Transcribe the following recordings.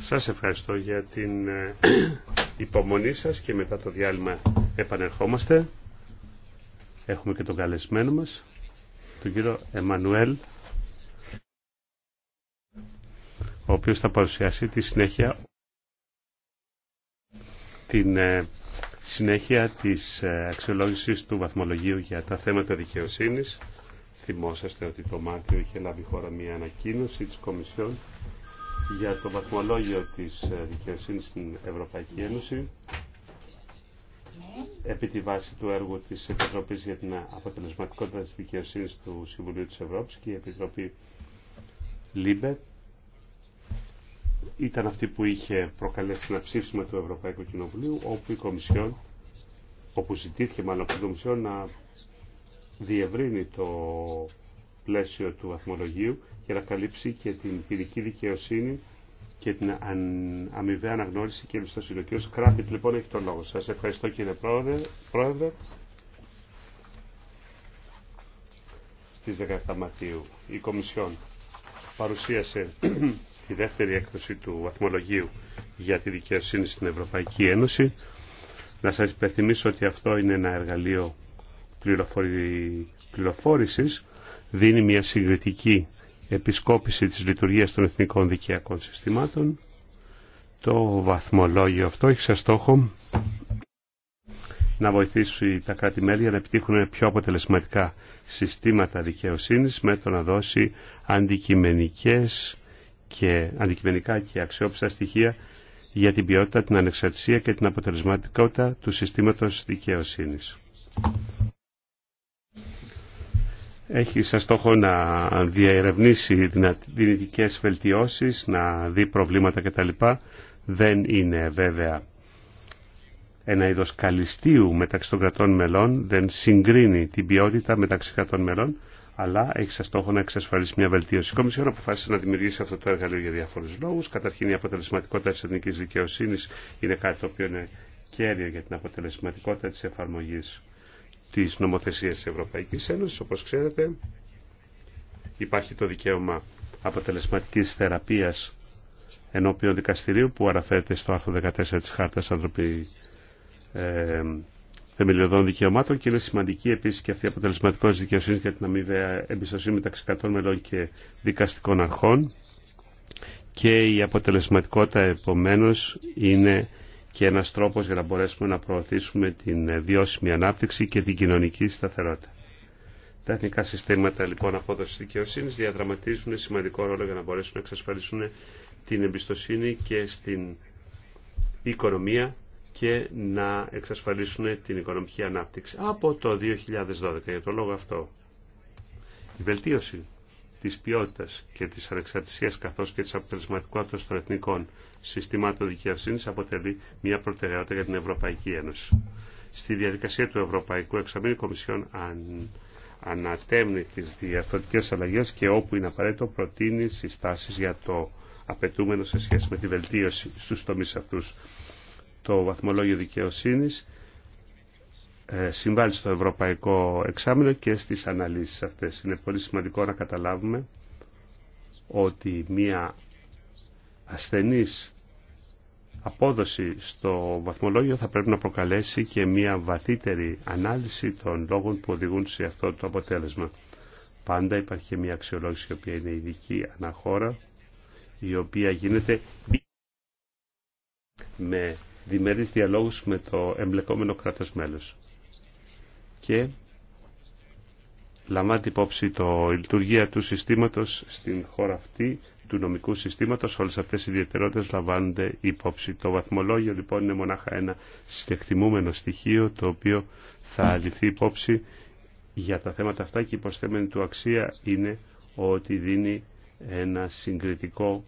Σας ευχαριστώ για την ε, υπομονή σας και μετά το διάλειμμα επανερχόμαστε. Έχουμε και τον καλεσμένο μας, τον κύριο Εμμανουέλ, ο οποίος θα παρουσιάσει τη συνέχεια την ε, συνέχεια της ε, αξιολόγησης του βαθμολογίου για τα θέματα δικαιοσύνης Θυμόσαστε ότι το Μάρτιο είχε λάβει χώρα μια ανακοίνωση της Κομισιόν για το βαθμολόγιο της ε, δικαιοσύνης στην Ευρωπαϊκή Ένωση επί τη βάση του έργου της Επιτροπής για την Αποτελεσματικότητα της Δικαιοσύνης του Συμβουλίου της Ευρώπης και η Επιτροπή ΛΥΜΠΕ ήταν αυτή που είχε προκαλέσει ένα ψήφισμα του Ευρωπαϊκού Κοινοβουλίου όπου η Κομισιόν όπου ζητήθηκε μάλλον από την Κομισιόν να διευρύνει το πλαίσιο του αθμολογίου για να καλύψει και την ποινική δικαιοσύνη και την αμοιβαία αναγνώριση και εμπιστοσύνη. Ο κ. Κράμπιτ λοιπόν έχει τον λόγο. Σας ευχαριστώ κύριε Πρόεδρε. Στις 17 Μαρτίου η Κομισιόν παρουσίασε τη δεύτερη έκδοση του αθμολογίου για τη δικαιοσύνη στην Ευρωπαϊκή Ένωση. Να σας υπενθυμίσω ότι αυτό είναι ένα εργαλείο Πληροφόρηση δίνει μια συγκριτική επισκόπηση της λειτουργίας των εθνικών δικαιακών συστημάτων. Το βαθμολόγιο αυτό έχει σε στόχο να βοηθήσει τα κράτη-μέλη να επιτύχουν πιο αποτελεσματικά συστήματα δικαιοσύνης με το να δώσει αντικειμενικές και, αντικειμενικά και αξιόπιστα στοιχεία για την ποιότητα, την ανεξαρτησία και την αποτελεσματικότητα του συστήματος δικαιοσύνης έχει σαν στόχο να διαερευνήσει δυνητικές βελτιώσεις, να δει προβλήματα κτλ. Δεν είναι βέβαια ένα είδος καλυστίου μεταξύ των κρατών μελών, δεν συγκρίνει την ποιότητα μεταξύ κρατών μελών, αλλά έχει σαν στόχο να εξασφαλίσει μια βελτίωση. Η Κομισιόν αποφάσισε να δημιουργήσει αυτό το εργαλείο για διάφορου λόγου. Καταρχήν, η αποτελεσματικότητα τη εθνική δικαιοσύνη είναι κάτι το οποίο είναι κέρδιο για την αποτελεσματικότητα τη εφαρμογή της νομοθεσίας της Ευρωπαϊκής Ένωσης. Όπως ξέρετε υπάρχει το δικαίωμα αποτελεσματικής θεραπείας ενώπιον δικαστηρίου που αναφέρεται στο άρθρο 14 της Χάρτας Ανθρωπή ε, Θεμελιωδών Δικαιωμάτων και είναι σημαντική επίσης και αυτή η αποτελεσματικότητα δικαιοσύνη για την αμοιβαία εμπιστοσύνη μεταξύ κρατών μελών και δικαστικών αρχών και η αποτελεσματικότητα επομένως είναι και ένας τρόπος για να μπορέσουμε να προωθήσουμε την ε, βιώσιμη ανάπτυξη και την κοινωνική σταθερότητα. Τα εθνικά συστήματα λοιπόν απόδοση δικαιοσύνη διαδραματίζουν σημαντικό ρόλο για να μπορέσουν να εξασφαλίσουν την εμπιστοσύνη και στην οικονομία και να εξασφαλίσουν την οικονομική ανάπτυξη. Από το 2012, για τον λόγο αυτό, η βελτίωση της ποιότητας και της ανεξαρτησίας καθώς και της αποτελεσματικότητας των εθνικών συστημάτων δικαιοσύνης αποτελεί μια προτεραιότητα για την Ευρωπαϊκή Ένωση. Στη διαδικασία του Ευρωπαϊκού Εξαμήνου Κομισιόν αν, ανατέμνει τις διαφορετικές αλλαγές και όπου είναι απαραίτητο προτείνει συστάσεις για το απαιτούμενο σε σχέση με τη βελτίωση στους τομείς αυτούς. Το βαθμολόγιο δικαιοσύνης ε, συμβάλλει στο ευρωπαϊκό εξάμεινο και στις αναλύσεις αυτές. Είναι πολύ σημαντικό να καταλάβουμε ότι μία ασθενής απόδοση στο βαθμολόγιο θα πρέπει να προκαλέσει και μία βαθύτερη ανάλυση των λόγων που οδηγούν σε αυτό το αποτέλεσμα. Πάντα υπάρχει και μία αξιολόγηση η οποία είναι ειδική αναχώρα, η οποία γίνεται με διμερείς διαλόγους με το εμπλεκόμενο κράτος μέλος και λαμβάνει υπόψη το, η λειτουργία του συστήματος στην χώρα αυτή, του νομικού συστήματος, όλες αυτές οι ιδιαιτερότητες λαμβάνονται υπόψη. Το βαθμολόγιο λοιπόν είναι μονάχα ένα συνεκτιμούμενο στοιχείο το οποίο θα ληφθεί υπόψη για τα θέματα αυτά και η υποστέμενη του αξία είναι ότι δίνει ένα συγκριτικό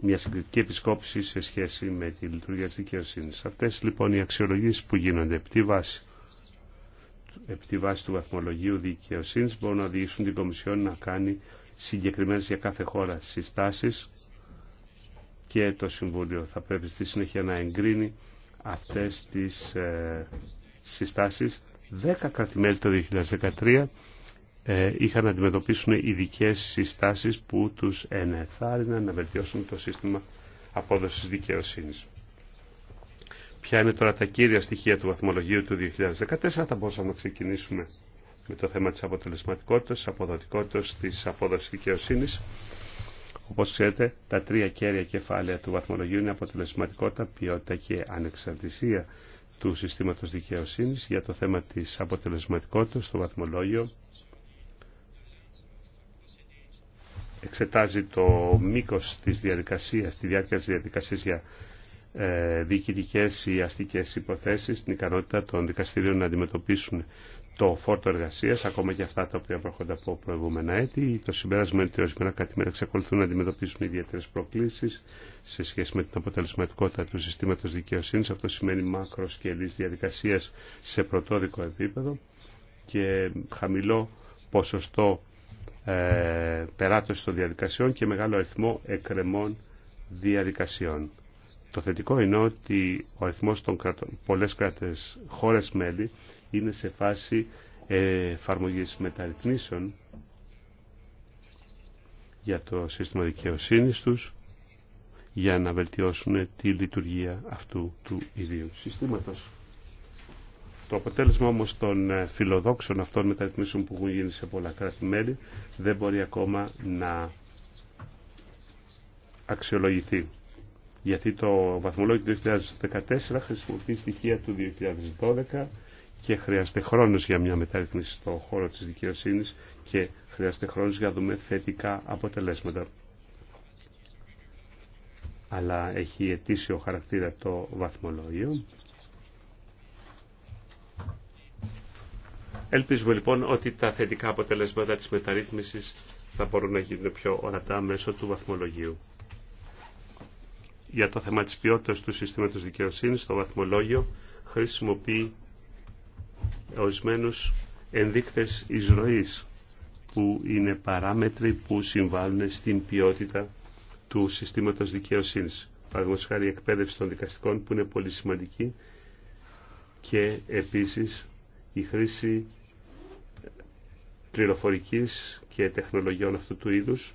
μια συγκριτική επισκόπηση σε σχέση με τη λειτουργία της δικαιοσύνης. Αυτές λοιπόν οι αξιολογήσεις που γίνονται επί τη βάση επί τη βάση του βαθμολογίου δικαιοσύνη μπορούν να οδηγήσουν την Κομισιόν να κάνει συγκεκριμένε για κάθε χώρα συστάσεις και το Συμβούλιο θα πρέπει στη συνέχεια να εγκρίνει αυτές τις ε, συστάσεις. Δέκα κρατημέλη το 2013 ε, είχαν να αντιμετωπίσουν ειδικέ συστάσεις που τους ενεθάρρυναν να βελτιώσουν το σύστημα απόδοσης δικαιοσύνης. Ποια είναι τώρα τα κύρια στοιχεία του βαθμολογίου του 2014, θα μπορούσαμε να ξεκινήσουμε με το θέμα της αποτελεσματικότητας, της αποδοτικότητας, της απόδοσης δικαιοσύνη. Όπως ξέρετε, τα τρία κέρια κεφάλαια του βαθμολογίου είναι αποτελεσματικότητα, ποιότητα και ανεξαρτησία του συστήματος δικαιοσύνης. Για το θέμα της αποτελεσματικότητας, το βαθμολόγιο εξετάζει το μήκος της διαδικασίας, τη διάρκεια τη διαδικασία. για ε, διοικητικές ή αστικές υποθέσεις, την ικανότητα των δικαστηρίων να αντιμετωπίσουν το φόρτο εργασίας, ακόμα και αυτά τα οποία προέρχονται από προηγούμενα έτη. Το συμπέρασμα είναι ότι ορισμένα κατημέρια εξακολουθούν να αντιμετωπίσουν ιδιαίτερε προκλήσει σε σχέση με την αποτελεσματικότητα του συστήματο δικαιοσύνη. Αυτό σημαίνει μάκρο διαδικασία σε πρωτόδικο επίπεδο και χαμηλό ποσοστό ε, περάτωση των διαδικασιών και μεγάλο αριθμό εκκρεμών διαδικασιών. Το θετικό είναι ότι ο αριθμός των κρατών, πολλές κράτες, χώρες μέλη είναι σε φάση ε, εφαρμογής μεταρρυθμίσεων για το σύστημα δικαιοσύνης τους για να βελτιώσουν τη λειτουργία αυτού του ιδίου συστήματος. Το αποτέλεσμα όμως των ε, φιλοδόξων αυτών μεταρρυθμίσεων που έχουν γίνει σε πολλά κράτη-μέλη δεν μπορεί ακόμα να αξιολογηθεί γιατί το βαθμολόγιο του 2014 χρησιμοποιεί στοιχεία του 2012 και χρειάζεται χρόνος για μια μεταρρύθμιση στον χώρο της δικαιοσύνης και χρειάζεται χρόνος για να δούμε θετικά αποτελέσματα. Αλλά έχει ετήσιο χαρακτήρα το βαθμολόγιο. Ελπίζουμε λοιπόν ότι τα θετικά αποτελέσματα της μεταρρύθμισης θα μπορούν να γίνουν πιο ορατά μέσω του βαθμολογίου για το θέμα της ποιότητας του συστήματος δικαιοσύνης στο βαθμολόγιο χρησιμοποιεί ορισμένους ενδείκτες ροής που είναι παράμετροι που συμβάλλουν στην ποιότητα του συστήματος δικαιοσύνης. Παραδείγματος χάρη εκπαίδευση των δικαστικών που είναι πολύ σημαντική και επίσης η χρήση πληροφορικής και τεχνολογιών αυτού του είδους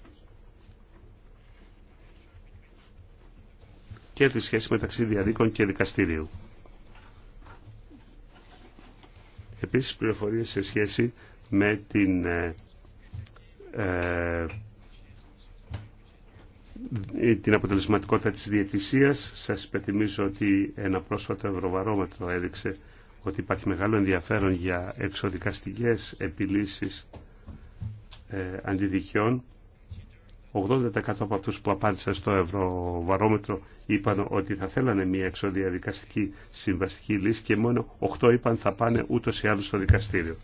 και τη σχέση μεταξύ διαδίκων και δικαστηρίου. Επίσης πληροφορίες σε σχέση με την ε, ε την αποτελεσματικότητα της διαιτησίας. Σας υπενθυμίζω ότι ένα πρόσφατο ευρωβαρόμετρο έδειξε ότι υπάρχει μεγάλο ενδιαφέρον για εξοδικαστικές επιλύσεις ε, αντιδικιών 80% από αυτούς που απάντησαν στο Ευρωβαρόμετρο είπαν ότι θα θέλανε μια εξωδιαδικαστική συμβαστική λύση και μόνο 8 είπαν θα πάνε ούτως ή άλλως στο δικαστήριο.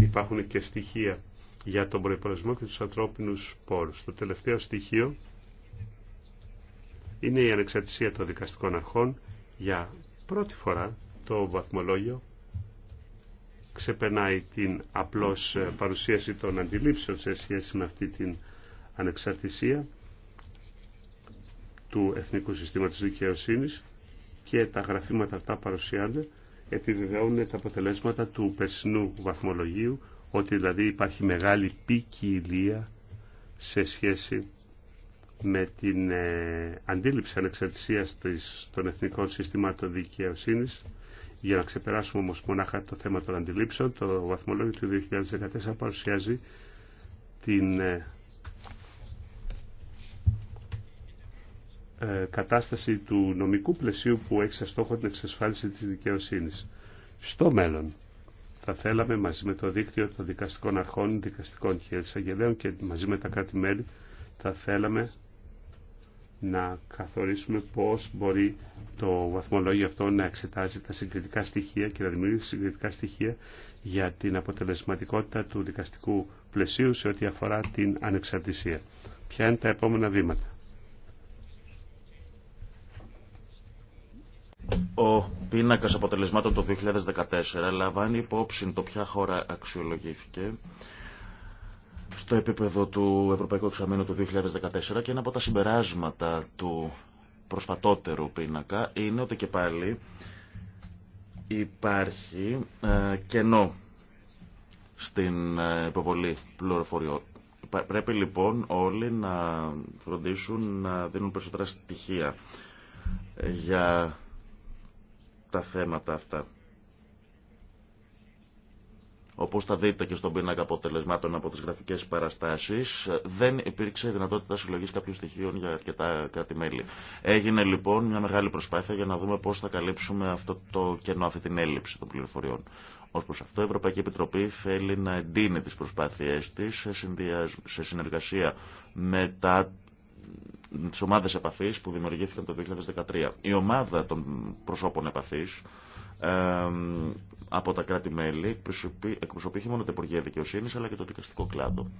Υπάρχουν και στοιχεία για τον προϋπολογισμό και τους ανθρώπινους πόρους. Το τελευταίο στοιχείο είναι η ανεξαρτησία των δικαστικών αρχών για πρώτη φορά το βαθμολόγιο ξεπερνάει την απλώς παρουσίαση των αντιλήψεων σε σχέση με αυτή την ανεξαρτησία του Εθνικού Συστήματος Δικαιοσύνης και τα γραφήματα αυτά παρουσιάζονται επιβεβαιώνουν τα αποτελέσματα του περσινού βαθμολογίου ότι δηλαδή υπάρχει μεγάλη ποικιλία σε σχέση με την ε, αντίληψη ανεξαρτησίας των εθνικών συστημάτων δικαιοσύνης. Για να ξεπεράσουμε όμως μονάχα το θέμα των αντιλήψεων, το βαθμολόγιο του 2014 παρουσιάζει την ε, Ε, κατάσταση του νομικού πλαισίου που έχει σε στόχο την εξασφάλιση της δικαιοσύνης. Στο μέλλον θα θέλαμε μαζί με το δίκτυο των δικαστικών αρχών, δικαστικών και εισαγγελέων και μαζί με τα κράτη-μέλη θα θέλαμε να καθορίσουμε πώς μπορεί το βαθμολόγιο αυτό να εξετάζει τα συγκριτικά στοιχεία και να δημιουργήσει συγκριτικά στοιχεία για την αποτελεσματικότητα του δικαστικού πλαισίου σε ό,τι αφορά την ανεξαρτησία. Ποια είναι τα επόμενα βήματα. Ο πίνακα αποτελεσμάτων το 2014 λαμβάνει υπόψη το ποια χώρα αξιολογήθηκε στο επίπεδο του Ευρωπαϊκού Εξαμήνου του 2014 και ένα από τα συμπεράσματα του προσπατότερου πίνακα είναι ότι και πάλι υπάρχει ε, κενό στην ε, υποβολή πληροφοριών. Πρέπει λοιπόν όλοι να φροντίσουν να δίνουν περισσότερα στοιχεία για τα θέματα αυτά. Όπως θα δείτε και στον πίνακα αποτελεσμάτων από τις γραφικές παραστάσεις, δεν υπήρξε δυνατότητα συλλογής κάποιων στοιχείων για αρκετά κράτη-μέλη. Έγινε λοιπόν μια μεγάλη προσπάθεια για να δούμε πώς θα καλύψουμε αυτό το κενό, αυτή την έλλειψη των πληροφοριών. Ω προ αυτό, η Ευρωπαϊκή Επιτροπή θέλει να εντείνει τι προσπάθειέ τη σε συνεργασία με τα τις ομάδες επαφής που δημιουργήθηκαν το 2013. Η ομάδα των προσώπων επαφής από τα κράτη-μέλη εκπροσωπεί όχι μόνο τα Υπουργεία Δικαιοσύνη αλλά και το δικαστικό κλάδο.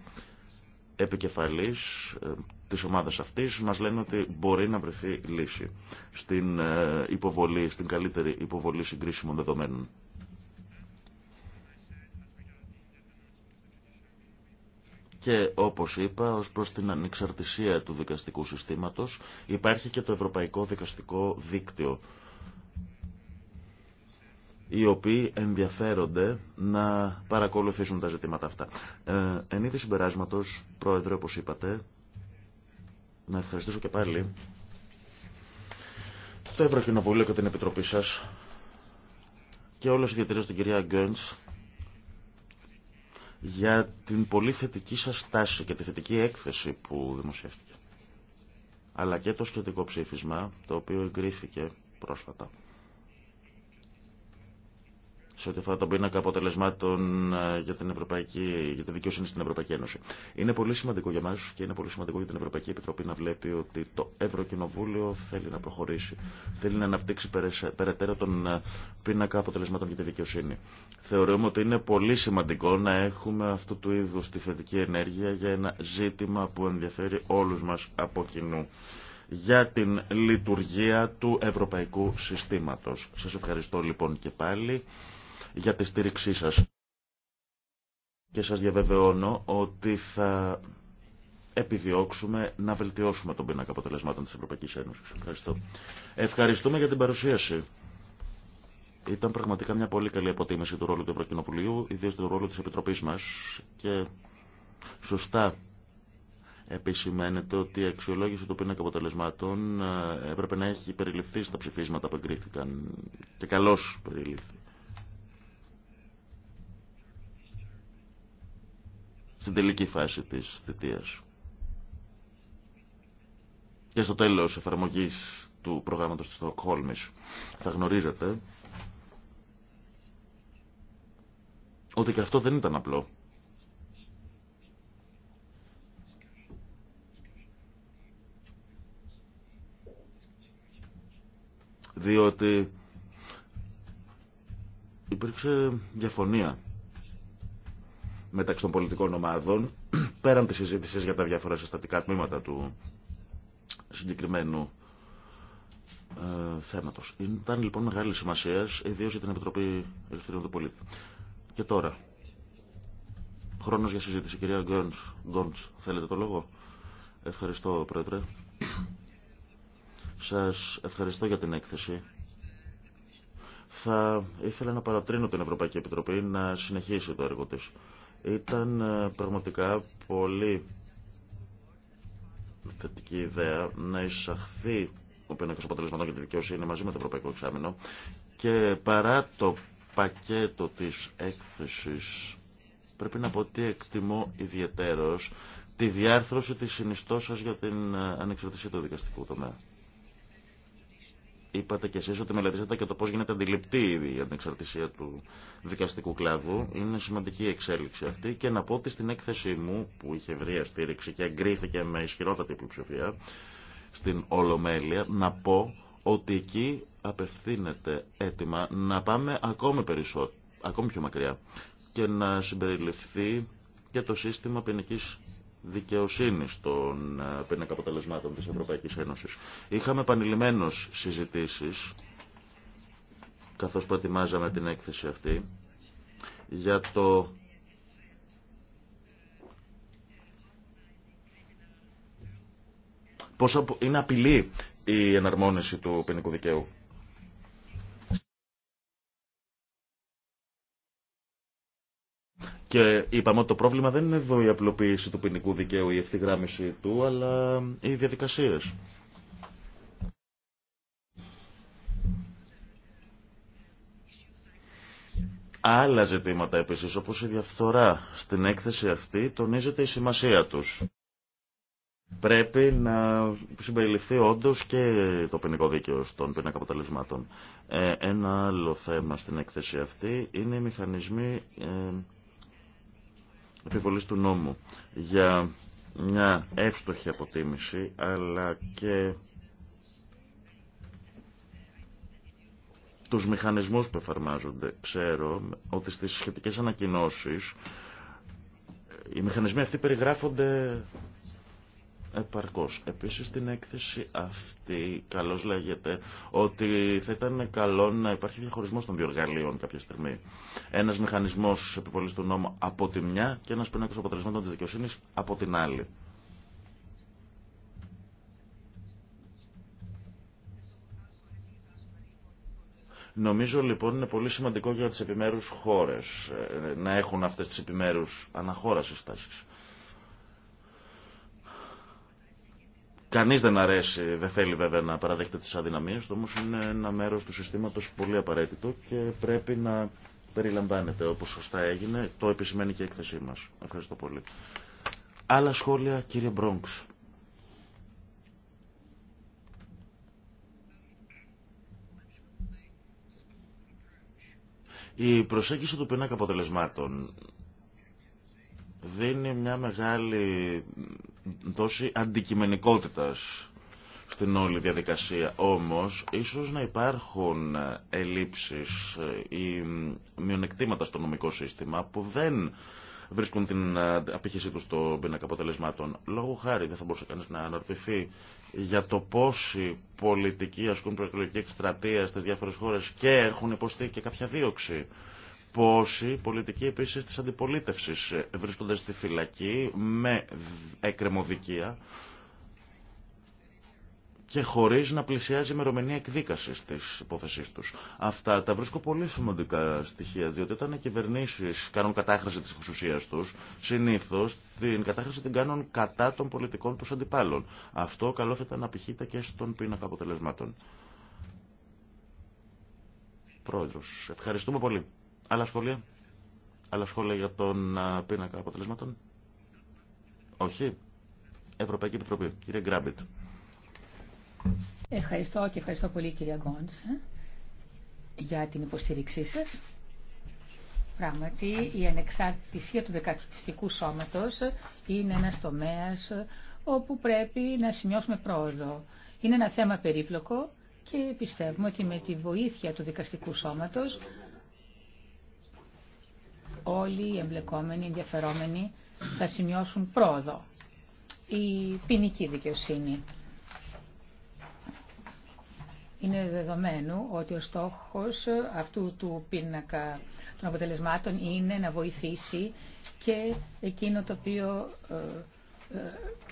Επικεφαλής ε, της ομάδας αυτής μας λένε ότι μπορεί να βρεθεί λύση στην ε, υποβολή, στην καλύτερη υποβολή συγκρίσιμων δεδομένων. Και όπως είπα, ως προς την ανεξαρτησία του δικαστικού συστήματος υπάρχει και το Ευρωπαϊκό Δικαστικό Δίκτυο οι οποίοι ενδιαφέρονται να παρακολουθήσουν τα ζητήματα αυτά. Ε, εν είδη συμπεράσματος, Πρόεδρε, όπως είπατε, να ευχαριστήσω και πάλι το Ευρωκοινοβούλιο και την Επιτροπή σας και όλες διατηρήσει την κυρία για την πολύ θετική σας τάση και τη θετική έκθεση που δημοσιεύτηκε. Αλλά και το σχετικό ψήφισμα, το οποίο εγκρίθηκε πρόσφατα σε ό,τι αφορά τον πίνακα αποτελεσμάτων ε, για, την Ευρωπαϊκή, για τη δικαιοσύνη στην Ευρωπαϊκή Ένωση. Είναι πολύ σημαντικό για μας και είναι πολύ σημαντικό για την Ευρωπαϊκή Επιτροπή να βλέπει ότι το Ευρωκοινοβούλιο θέλει να προχωρήσει. Θέλει να αναπτύξει περαιτέρω τον ε, πίνακα αποτελεσμάτων για τη δικαιοσύνη. Θεωρούμε ότι είναι πολύ σημαντικό να έχουμε αυτού του είδου τη θετική ενέργεια για ένα ζήτημα που ενδιαφέρει όλου μα από κοινού για την λειτουργία του ευρωπαϊκού συστήματος. Σας ευχαριστώ λοιπόν και πάλι για τη στήριξή σας. Και σας διαβεβαιώνω ότι θα επιδιώξουμε να βελτιώσουμε τον πίνακα αποτελεσμάτων της Ευρωπαϊκής Ένωσης. Ευχαριστώ. Ευχαριστούμε για την παρουσίαση. Ήταν πραγματικά μια πολύ καλή αποτίμηση του ρόλου του Ευρωκοινοβουλίου, ιδίως του ρόλου της Επιτροπής μας και σωστά επισημαίνεται ότι η αξιολόγηση του πίνακα αποτελεσμάτων ε, έπρεπε να έχει περιληφθεί στα ψηφίσματα που εγκρίθηκαν και καλώς περιληφθεί. στην τελική φάση της θητείας. Και στο τέλος εφαρμογής του προγράμματος της Στοκχόλμης θα γνωρίζετε ότι και αυτό δεν ήταν απλό. Διότι υπήρξε διαφωνία μεταξύ των πολιτικών ομάδων, πέραν τη συζήτηση για τα διάφορα συστατικά τμήματα του συγκεκριμένου ε, θέματος. Ήταν λοιπόν μεγάλη σημασία, ιδίω για την Επιτροπή Ελευθερίων του Πολίτη. Και τώρα, χρόνος για συζήτηση. Κυρία Γκόντς, θέλετε το λόγο. Ευχαριστώ, Πρόεδρε. Σας ευχαριστώ για την έκθεση. Θα ήθελα να παρατρύνω την Ευρωπαϊκή Επιτροπή να συνεχίσει το έργο της. Ήταν ε, πραγματικά πολύ θετική ιδέα να εισαχθεί ο πίνακα αποτελεσματών για τη δικαιοσύνη μαζί με το Ευρωπαϊκό Εξάμεινο και παρά το πακέτο της έκθεσης πρέπει να πω ότι εκτιμώ ιδιαιτέρως τη διάρθρωση της συνιστώσας για την ε, ανεξαρτησία του δικαστικού τομέα είπατε κι εσείς ότι μελετήσατε και το πώς γίνεται αντιληπτή η ανεξαρτησία του δικαστικού κλάδου. Είναι σημαντική η εξέλιξη αυτή και να πω ότι στην έκθεσή μου που είχε ευρεία στήριξη και εγκρίθηκε με ισχυρότατη πλειοψηφία στην Ολομέλεια να πω ότι εκεί απευθύνεται έτοιμα να πάμε ακόμη περισσότερο, ακόμη πιο μακριά και να συμπεριληφθεί και το σύστημα ποινική δικαιοσύνη των ε, πίνακα της Ευρωπαϊκής Ένωσης. Είχαμε επανειλημμένως συζητήσεις, καθώς προετοιμάζαμε την έκθεση αυτή, για το πόσο είναι απειλή η εναρμόνιση του ποινικού δικαίου. Και είπαμε ότι το πρόβλημα δεν είναι εδώ η απλοποίηση του ποινικού δικαίου, η ευθυγράμμιση του, αλλά οι διαδικασίες. Άλλα ζητήματα επίσης, όπως η διαφθορά, στην έκθεση αυτή τονίζεται η σημασία τους. Πρέπει να συμπεριληφθεί όντω και το ποινικό δίκαιο στον πίνακα αποτελεσμάτων. Ε, ένα άλλο θέμα στην έκθεση αυτή είναι οι μηχανισμοί ε, επιβολής του νόμου για μια εύστοχη αποτίμηση αλλά και τους μηχανισμούς που εφαρμάζονται. Ξέρω ότι στις σχετικές ανακοινώσεις οι μηχανισμοί αυτοί περιγράφονται επαρκώς. Επίσης στην έκθεση αυτή καλώς λέγεται ότι θα ήταν καλό να υπάρχει διαχωρισμός των δύο κάποια στιγμή. Ένας μηχανισμός επιβολής του νόμου από τη μια και ένας πίνακας αποτελεσμάτων της δικαιοσύνης από την άλλη. Νομίζω λοιπόν είναι πολύ σημαντικό για τις επιμέρους χώρες ε, να έχουν αυτές τις επιμέρους αναχώρα τάσης. Κανεί δεν αρέσει, δεν θέλει βέβαια να παραδέχεται τι αδυναμίε του, όμω είναι ένα μέρο του συστήματο πολύ απαραίτητο και πρέπει να περιλαμβάνεται όπω σωστά έγινε. Το επισημαίνει και η έκθεσή μα. Ευχαριστώ πολύ. Άλλα σχόλια, κύριε Μπρόγκ. Η προσέγγιση του πινάκα αποτελεσμάτων δίνει μια μεγάλη δώσει αντικειμενικότητας στην όλη διαδικασία. Όμως, ίσως να υπάρχουν ε, ελλείψεις ε, ή μειονεκτήματα στο νομικό σύστημα που δεν βρίσκουν την ε, απήχησή του στον πίνακα αποτελεσμάτων. Λόγω χάρη δεν θα μπορούσε κανείς να αναρτηθεί για το πόσοι πολιτικοί ασκούν προεκλογική εκστρατεία στις διάφορες χώρες και έχουν υποστεί και κάποια δίωξη πόσοι πολιτικοί επίση της αντιπολίτευσης ε, βρίσκονται στη φυλακή με εκκρεμωδικία και χωρί να πλησιάζει η ημερομηνία εκδίκαση τη υποθεσή τους. Αυτά τα βρίσκω πολύ σημαντικά στοιχεία, διότι όταν οι κυβερνήσεις κάνουν κατάχρηση της εξουσία τους, συνήθως την κατάχρηση την κάνουν κατά των πολιτικών του αντιπάλων. Αυτό καλό θα ήταν να πηχείται και στον πίνακα αποτελεσμάτων. Πρόεδρος, ευχαριστούμε πολύ. Άλλα σχόλια. Άλλα σχόλια για τον πίνακα αποτελεσμάτων. Όχι. Ευρωπαϊκή Επιτροπή. Κύριε Γκράμπιτ. Ευχαριστώ και ευχαριστώ πολύ κυρία Γκόντς ε, για την υποστήριξή σας. Πράγματι, η ανεξαρτησία του δικαστικού σώματος είναι ένας τομέας όπου πρέπει να σημειώσουμε πρόοδο. Είναι ένα θέμα περίπλοκο και πιστεύουμε ότι με τη βοήθεια του δικαστικού σώματος όλοι οι εμπλεκόμενοι, οι ενδιαφερόμενοι θα σημειώσουν πρόοδο. Η ποινική δικαιοσύνη. Είναι δεδομένου ότι ο στόχος αυτού του πίνακα των αποτελεσμάτων είναι να βοηθήσει και εκείνο το οποίο ε, ε,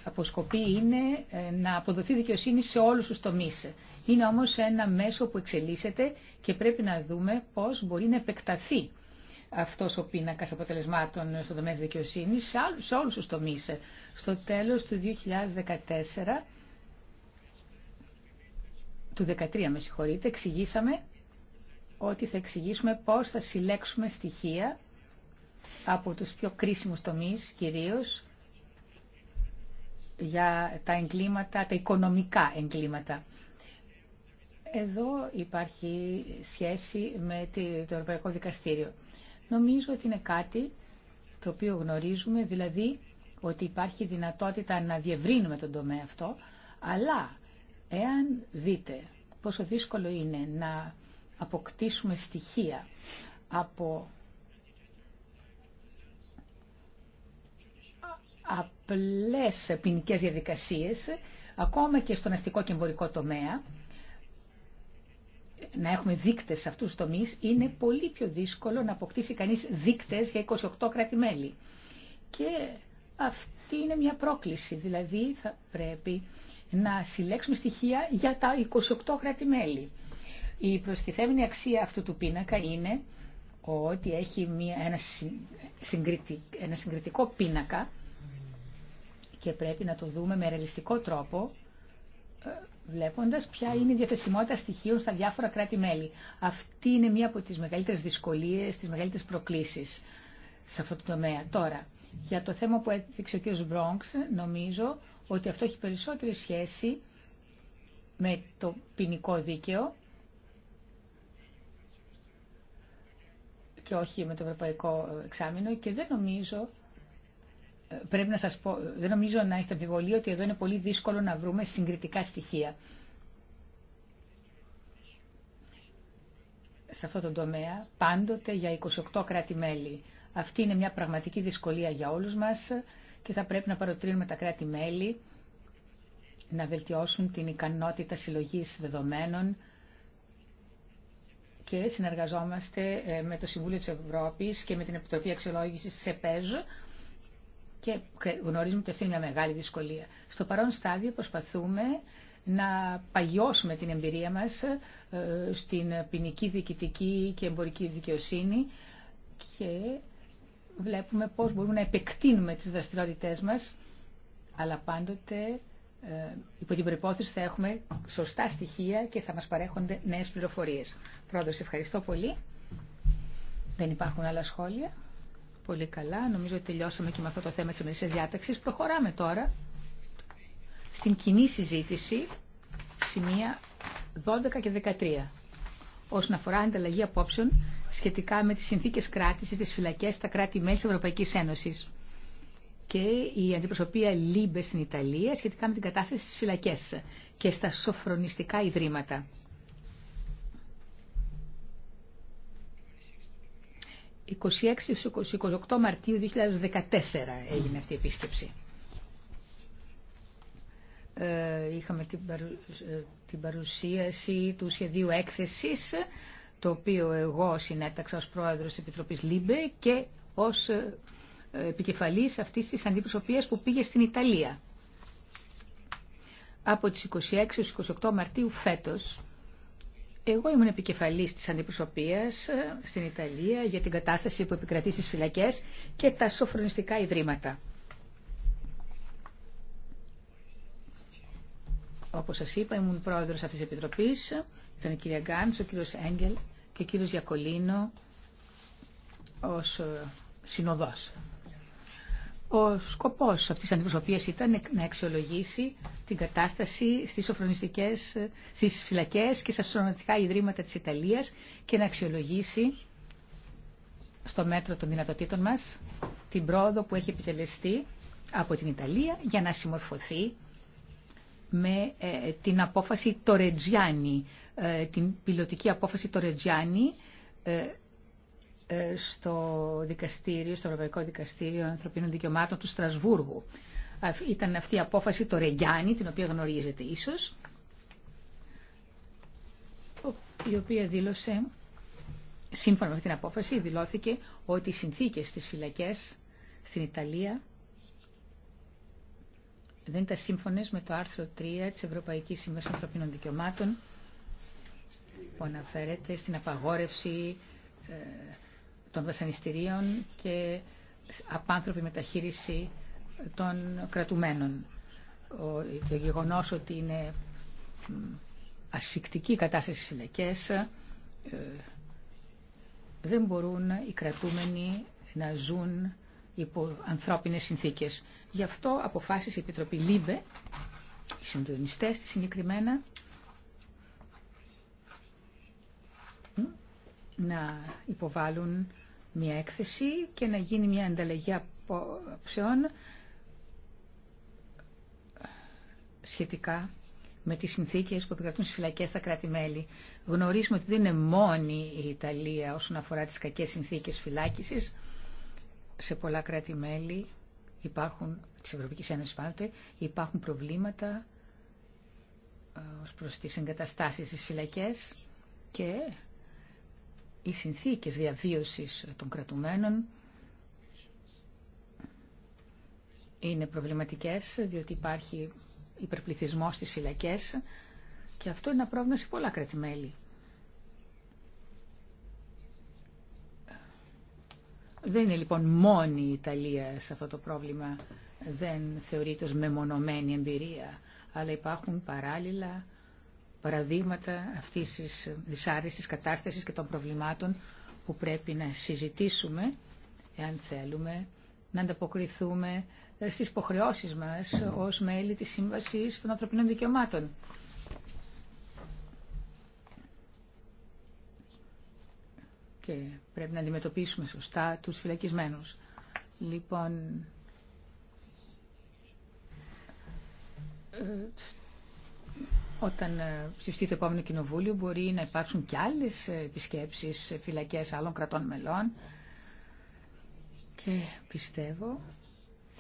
αποσκοπεί είναι ε, να αποδοθεί δικαιοσύνη σε όλους τους τομείς. Είναι όμως ένα μέσο που εξελίσσεται και πρέπει να δούμε πώς μπορεί να επεκταθεί αυτός ο πίνακας αποτελεσμάτων στο τομέα τη δικαιοσύνη σε, σε όλους τους τομείς. Στο τέλος του 2014, του 2013 με συγχωρείτε, εξηγήσαμε ότι θα εξηγήσουμε πώς θα συλλέξουμε στοιχεία από τους πιο κρίσιμους τομείς κυρίως για τα εγκλήματα, τα οικονομικά εγκλήματα. Εδώ υπάρχει σχέση με το Ευρωπαϊκό Δικαστήριο νομίζω ότι είναι κάτι το οποίο γνωρίζουμε, δηλαδή ότι υπάρχει δυνατότητα να διευρύνουμε τον τομέα αυτό, αλλά εάν δείτε πόσο δύσκολο είναι να αποκτήσουμε στοιχεία από απλές ποινικέ διαδικασίες, ακόμα και στον αστικό και εμπορικό τομέα, να έχουμε δείκτε σε αυτούς του τομεί, είναι πολύ πιο δύσκολο να αποκτήσει κανείς δείκτε για 28 κράτη-μέλη. Και αυτή είναι μια πρόκληση, δηλαδή θα πρέπει να συλλέξουμε στοιχεία για τα 28 κράτη-μέλη. Η προστιθέμενη αξία αυτού του πίνακα είναι ότι έχει μια, ένα, ένα συγκριτικό πίνακα και πρέπει να το δούμε με ρεαλιστικό τρόπο ε, βλέποντας ποια είναι η διαθεσιμότητα στοιχείων στα διάφορα κράτη-μέλη. Αυτή είναι μία από τις μεγαλύτερε δυσκολίες, τι μεγαλύτερε προκλήσεις σε αυτό το τομέα. Τώρα, για το θέμα που έδειξε ο κ. Μπρόγκ, νομίζω ότι αυτό έχει περισσότερη σχέση με το ποινικό δίκαιο και όχι με το ευρωπαϊκό εξάμεινο και δεν νομίζω πρέπει να σας πω, δεν νομίζω να έχετε αμφιβολία ότι εδώ είναι πολύ δύσκολο να βρούμε συγκριτικά στοιχεία. Σε αυτό το τομέα, πάντοτε για 28 κράτη-μέλη. Αυτή είναι μια πραγματική δυσκολία για όλους μας και θα πρέπει να παροτρύνουμε τα κράτη-μέλη να βελτιώσουν την ικανότητα συλλογής δεδομένων και συνεργαζόμαστε ε, με το Συμβούλιο της Ευρώπης και με την Επιτροπή Αξιολόγησης της ΕΠΕΖ και γνωρίζουμε ότι αυτή είναι μια μεγάλη δυσκολία. Στο παρόν στάδιο προσπαθούμε να παγιώσουμε την εμπειρία μας ε, στην ποινική, διοικητική και εμπορική δικαιοσύνη και βλέπουμε πώς μπορούμε να επεκτείνουμε τις δραστηριότητές μας, αλλά πάντοτε ε, υπό την προπόθεση θα έχουμε σωστά στοιχεία και θα μας παρέχονται νέες πληροφορίες. Πρόεδρος, ευχαριστώ πολύ. Δεν υπάρχουν άλλα σχόλια. Πολύ καλά. Νομίζω ότι τελειώσαμε και με αυτό το θέμα της εμερικής διάταξης. Προχωράμε τώρα στην κοινή συζήτηση σημεία 12 και 13 όσον αφορά ανταλλαγή απόψεων σχετικά με τις συνθήκες κράτησης της φυλακές στα κράτη-μέλη της Ευρωπαϊκής Ένωσης και η αντιπροσωπεία Λίμπε στην Ιταλία σχετικά με την κατάσταση στις φυλακές και στα σοφρονιστικά ιδρύματα. 26-28 Μαρτίου 2014 έγινε αυτή η επίσκεψη. Είχαμε την παρουσίαση του σχεδίου έκθεσης, το οποίο εγώ συνέταξα ως πρόεδρος της Επιτροπής ΛΥΜΠΕ και ως επικεφαλής αυτής της αντιπροσωπείας που πήγε στην Ιταλία. Από τις 26-28 Μαρτίου φέτος εγώ ήμουν επικεφαλής της αντιπροσωπείας ε, στην Ιταλία για την κατάσταση που επικρατεί στι φυλακές και τα σοφρονιστικά ιδρύματα. Όπως σα είπα, ήμουν πρόεδρος αυτής τη Επιτροπής, ήταν η κυρία Γκάντ, ο κύριος Έγγελ και ο κύριος Γιακολίνο ω ε, συνοδός ο σκοπός αυτής της αντιπροσωπεία ήταν να αξιολογήσει την κατάσταση στις, οφρονιστικές στις φυλακές και στα σοφρονιστικά ιδρύματα της Ιταλίας και να αξιολογήσει στο μέτρο των δυνατοτήτων μας την πρόοδο που έχει επιτελεστεί από την Ιταλία για να συμμορφωθεί με ε, την απόφαση ρετζιάνι, την πιλωτική απόφαση Ρετζιάνι ε, στο δικαστήριο, στο Ευρωπαϊκό Δικαστήριο Ανθρωπίνων Δικαιωμάτων του Στρασβούργου. Ήταν αυτή η απόφαση το Ρεγκιάνι, την οποία γνωρίζετε ίσως, η οποία δήλωσε, σύμφωνα με αυτή την απόφαση, δηλώθηκε ότι οι συνθήκες στις φυλακές στην Ιταλία δεν ήταν σύμφωνες με το άρθρο 3 της Ευρωπαϊκής Σύμβασης Ανθρωπίνων Δικαιωμάτων που αναφέρεται στην απαγόρευση ε, των βασανιστήριων και απάνθρωπη μεταχείριση των κρατουμένων. Το γεγονός ότι είναι ασφικτική κατάσταση φυλακές ε, δεν μπορούν οι κρατούμενοι να ζουν υπό ανθρώπινες συνθήκες. Γι' αυτό αποφάσισε η Επιτροπή ΛΥΜΠΕ, οι συντονιστές της συγκεκριμένα, να υποβάλουν μια έκθεση και να γίνει μια ανταλλαγή απόψεων σχετικά με τις συνθήκες που επικρατούν στις φυλακές στα κράτη-μέλη. Γνωρίζουμε ότι δεν είναι μόνη η Ιταλία όσον αφορά τις κακές συνθήκες φυλάκισης. Σε πολλά κράτη-μέλη υπάρχουν, της Ευρωπαϊκής Ένωσης πάντοτε, υπάρχουν προβλήματα ε, ως προς τις εγκαταστάσεις στις φυλακές και οι συνθήκες διαβίωσης των κρατουμένων είναι προβληματικές διότι υπάρχει υπερπληθυσμός στις φυλακές και αυτό είναι ένα πρόβλημα σε πολλά κρατημέλη. Δεν είναι λοιπόν μόνη η Ιταλία σε αυτό το πρόβλημα, δεν θεωρείται ως μεμονωμένη εμπειρία, αλλά υπάρχουν παράλληλα παραδείγματα αυτής της δυσάρεστης κατάστασης και των προβλημάτων που πρέπει να συζητήσουμε, εάν θέλουμε, να ανταποκριθούμε στις υποχρεώσεις μας ως μέλη της Σύμβασης των Ανθρωπινών Δικαιωμάτων. Και πρέπει να αντιμετωπίσουμε σωστά τους φυλακισμένους. Λοιπόν, ε, όταν ε, ψηφιστεί το επόμενο κοινοβούλιο μπορεί να υπάρξουν και άλλες ε, επισκέψεις ε, φυλακές άλλων κρατών μελών και πιστεύω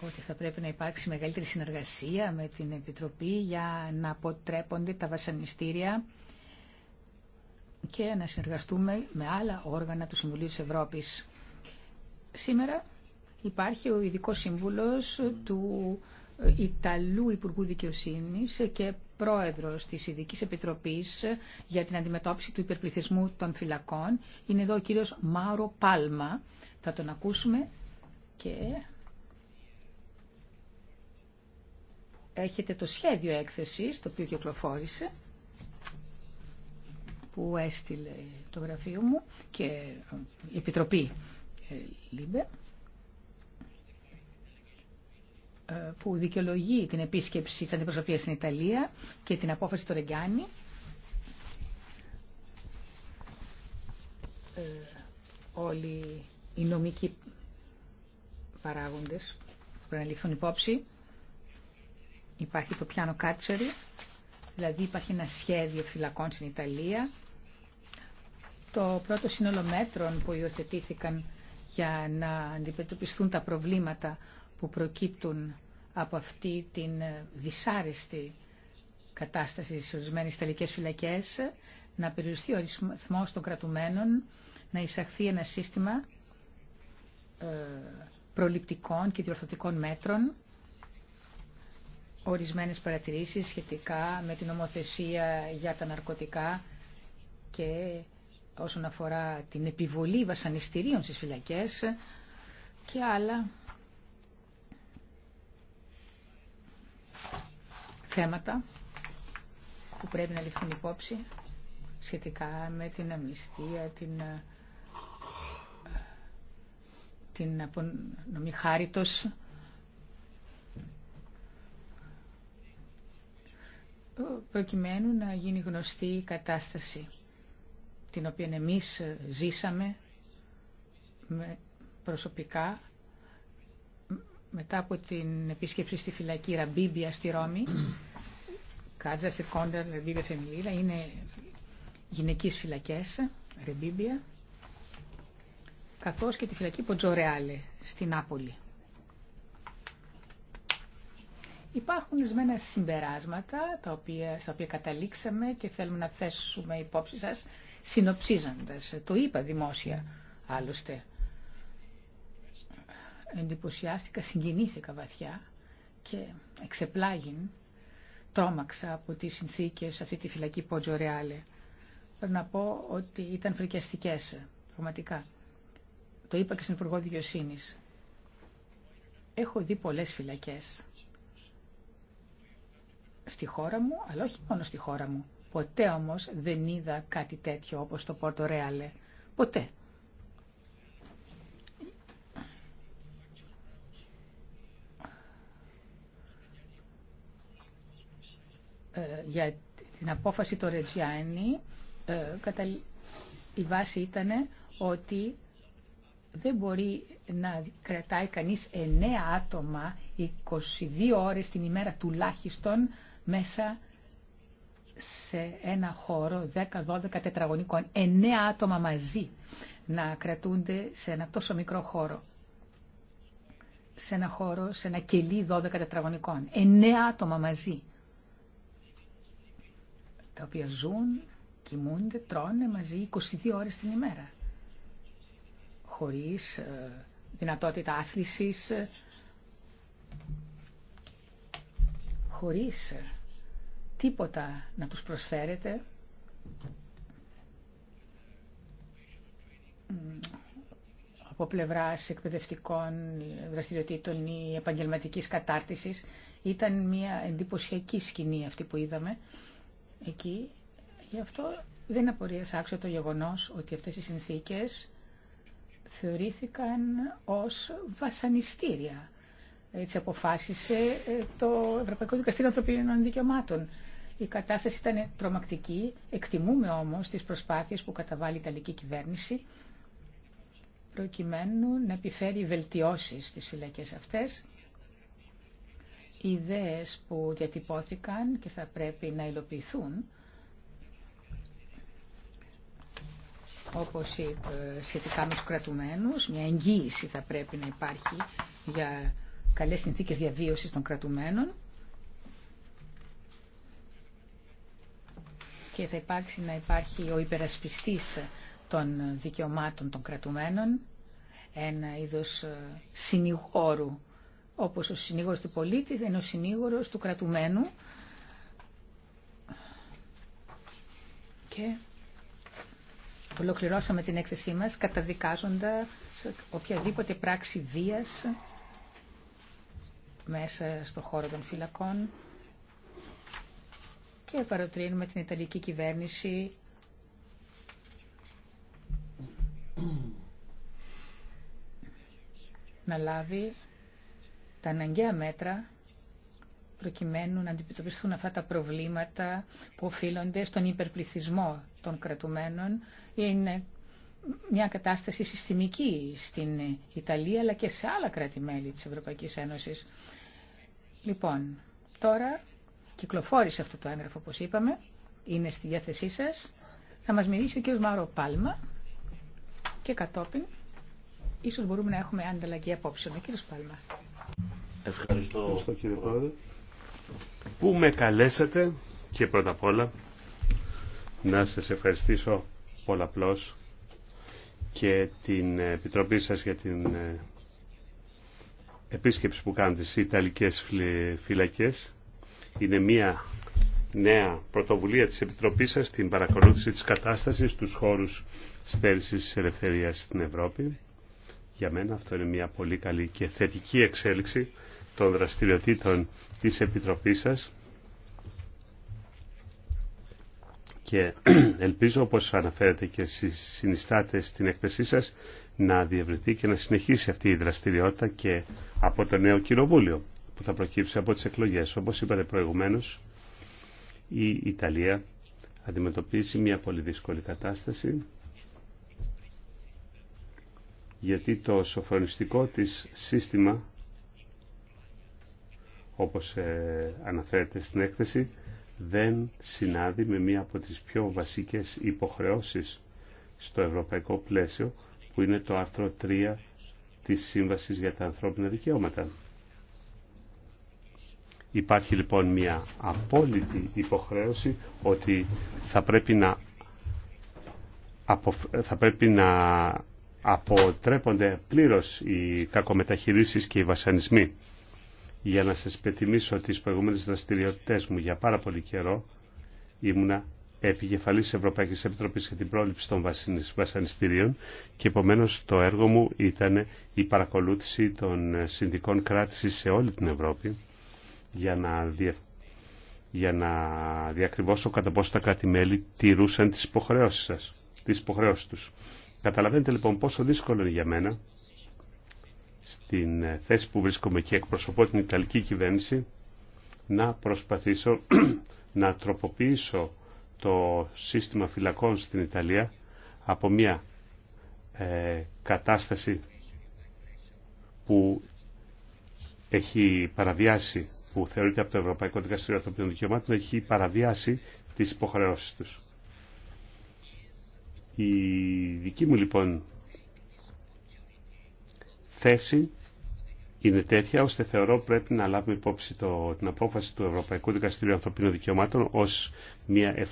ότι θα πρέπει να υπάρξει μεγαλύτερη συνεργασία με την Επιτροπή για να αποτρέπονται τα βασανιστήρια και να συνεργαστούμε με άλλα όργανα του Συμβουλίου της Ευρώπης. Σήμερα υπάρχει ο ειδικό σύμβουλος του Ιταλού Υπουργού Δικαιοσύνη και πρόεδρος τη ειδική Επιτροπής για την αντιμετώπιση του υπερπληθυσμού των φυλακών. Είναι εδώ ο κύριος Μάρο Πάλμα. Θα τον ακούσουμε και έχετε το σχέδιο έκθεσης το οποίο κυκλοφόρησε που έστειλε το γραφείο μου και η Επιτροπή ε, Λίμπε. που δικαιολογεί την επίσκεψη της αντιπροσωπείας στην Ιταλία και την απόφαση του Ρεγκάνη. Ε, όλοι οι νομικοί παράγοντες που πρέπει να ληφθούν υπόψη. Υπάρχει το πιάνο κάτσερι, δηλαδή υπάρχει ένα σχέδιο φυλακών στην Ιταλία. Το πρώτο σύνολο μέτρων που υιοθετήθηκαν για να αντιμετωπιστούν τα προβλήματα που προκύπτουν από αυτή την δυσάρεστη κατάσταση στις ορισμένες τελικές φυλακές, να περιοριστεί ο αριθμό των κρατουμένων, να εισαχθεί ένα σύστημα ε, προληπτικών και διορθωτικών μέτρων, ορισμένες παρατηρήσεις σχετικά με την ομοθεσία για τα ναρκωτικά και όσον αφορά την επιβολή βασανιστήριων στις φυλακές και άλλα θέματα που πρέπει να ληφθούν υπόψη σχετικά με την αμνηστία, την, ε, την απονομή χάριτος. προκειμένου να γίνει γνωστή η κατάσταση την οποία εμείς ζήσαμε με προσωπικά μετά από την επίσκεψη στη φυλακή Ραμπίμπια στη Ρώμη, Κάτζα σε κόντα Φεμιλίδα, είναι γυναικείς φυλακές, Ραμπίμπια, καθώς και τη φυλακή Ποντζορεάλε στην Νάπολη. Υπάρχουν ορισμένα συμπεράσματα τα οποία, στα οποία καταλήξαμε και θέλουμε να θέσουμε υπόψη σας συνοψίζοντας. Το είπα δημόσια άλλωστε εντυπωσιάστηκα, συγκινήθηκα βαθιά και εξεπλάγιν τρόμαξα από τις συνθήκες αυτή τη φυλακή Πότζο Ρεάλε. Πρέπει να πω ότι ήταν φρικιαστικές, πραγματικά. Το είπα και στην Υπουργό Δικαιοσύνη. Έχω δει πολλές φυλακές στη χώρα μου, αλλά όχι μόνο στη χώρα μου. Ποτέ όμως δεν είδα κάτι τέτοιο όπως το Πόρτο Ρεάλε. Ποτέ. Ε, για την απόφαση του Ρετζιάννη ε, η βάση ήταν ότι δεν μπορεί να κρατάει κανείς εννέα άτομα 22 ώρες την ημέρα τουλάχιστον μέσα σε ένα χώρο 10-12 τετραγωνικών. 9 άτομα μαζί να κρατούνται σε ένα τόσο μικρό χώρο. Σε ένα χώρο, σε ένα κελί 12 τετραγωνικών. εννεα άτομα ενα χωρο σε ενα κελι 12 τετραγωνικων εννεα ατομα μαζι τα οποία ζουν, κοιμούνται, τρώνε μαζί 22 ώρες την ημέρα, χωρίς ε, δυνατότητα άθλησης, ε, χωρίς ε, τίποτα να τους προσφέρεται, από πλευρά εκπαιδευτικών δραστηριοτήτων ή επαγγελματικής κατάρτισης. Ήταν μια εντυπωσιακή σκηνή αυτή που είδαμε εκεί. Γι' αυτό δεν απορίες άξιο το γεγονός ότι αυτές οι συνθήκες θεωρήθηκαν ως βασανιστήρια. Έτσι αποφάσισε ε, το Ευρωπαϊκό Δικαστήριο Ανθρωπίνων Δικαιωμάτων. Η κατάσταση ήταν τρομακτική. Εκτιμούμε όμως τις προσπάθειες που καταβάλει η Ιταλική κυβέρνηση προκειμένου να επιφέρει βελτιώσεις στις φυλακές αυτές ιδέες που διατυπώθηκαν και θα πρέπει να υλοποιηθούν, όπως ε, σχετικά με τους κρατουμένους, μια εγγύηση θα πρέπει να υπάρχει για καλές συνθήκες διαβίωσης των κρατουμένων και θα υπάρξει να υπάρχει ο υπερασπιστής των δικαιωμάτων των κρατουμένων, ένα είδος ε, συνηγόρου όπως ο συνήγορος του πολίτη δεν είναι ο συνήγορος του κρατουμένου και ολοκληρώσαμε την έκθεσή μας καταδικάζοντας οποιαδήποτε πράξη βίας μέσα στο χώρο των φυλακών και παροτρύνουμε την Ιταλική κυβέρνηση να λάβει τα αναγκαία μέτρα προκειμένου να αντιμετωπιστούν αυτά τα προβλήματα που οφείλονται στον υπερπληθυσμό των κρατουμένων. Είναι μια κατάσταση συστημική στην Ιταλία αλλά και σε άλλα κράτη-μέλη της Ευρωπαϊκής Ένωσης. Λοιπόν, τώρα κυκλοφόρησε αυτό το έγγραφο όπως είπαμε, είναι στη διάθεσή σας. Θα μας μιλήσει ο κ. Μαύρο Πάλμα και κατόπιν ίσως μπορούμε να έχουμε ανταλλαγή απόψεων. Ο Πάλμα. Ευχαριστώ, Ευχαριστώ κύριε Πρόεδρε που με καλέσατε και πρώτα απ' όλα να σας ευχαριστήσω πολλαπλώς και την Επιτροπή σας για την ε, επίσκεψη που κάνετε στις Ιταλικές φυλακές. Είναι μια νέα πρωτοβουλία της Επιτροπής σας στην παρακολούθηση της κατάστασης τους χώρους στέρησης της ελευθερίας στην Ευρώπη. Για μένα αυτό είναι μια πολύ καλή και θετική εξέλιξη των δραστηριοτήτων της Επιτροπής σας και ελπίζω όπως αναφέρετε και στις συνιστάτε στην έκθεσή σας να διευρυνθεί και να συνεχίσει αυτή η δραστηριότητα και από το νέο κοινοβούλιο που θα προκύψει από τις εκλογές. Όπως είπατε προηγουμένως, η Ιταλία αντιμετωπίζει μια πολύ δύσκολη κατάσταση γιατί το σοφρονιστικό της σύστημα όπως ε, αναφέρεται στην έκθεση, δεν συνάδει με μία από τις πιο βασικές υποχρεώσεις στο ευρωπαϊκό πλαίσιο, που είναι το άρθρο 3 της Σύμβασης για τα Ανθρώπινα Δικαιώματα. Υπάρχει λοιπόν μία απόλυτη υποχρέωση ότι θα πρέπει να, θα πρέπει να αποτρέπονται πλήρως οι κακομεταχειρήσεις και οι βασανισμοί για να σας πετιμήσω τις προηγούμενες δραστηριότητες μου για πάρα πολύ καιρό ήμουνα επικεφαλής Ευρωπαϊκής Επιτροπής για την πρόληψη των βασανιστήριων και επομένως το έργο μου ήταν η παρακολούθηση των συνδικών κράτησης σε όλη την Ευρώπη για να, για να διακριβώσω κατά πόσο τα κράτη-μέλη τηρούσαν τις υποχρεώσεις σας, τις υποχρεώσεις τους. Καταλαβαίνετε λοιπόν πόσο δύσκολο είναι για μένα στην ε, θέση που βρίσκομαι και εκπροσωπώ την Ιταλική κυβέρνηση να προσπαθήσω να τροποποιήσω το σύστημα φυλακών στην Ιταλία από μια ε, κατάσταση που έχει παραβιάσει, που θεωρείται από το Ευρωπαϊκό Δικαστήριο Ανθρωπίνων Δικαιωμάτων, έχει παραβιάσει τις υποχρεώσεις τους. Η δική μου λοιπόν θέση είναι τέτοια ώστε θεωρώ πρέπει να λάβουμε υπόψη το, την απόφαση του Ευρωπαϊκού Δικαστηρίου Ανθρωπίνων Δικαιωμάτων ως μια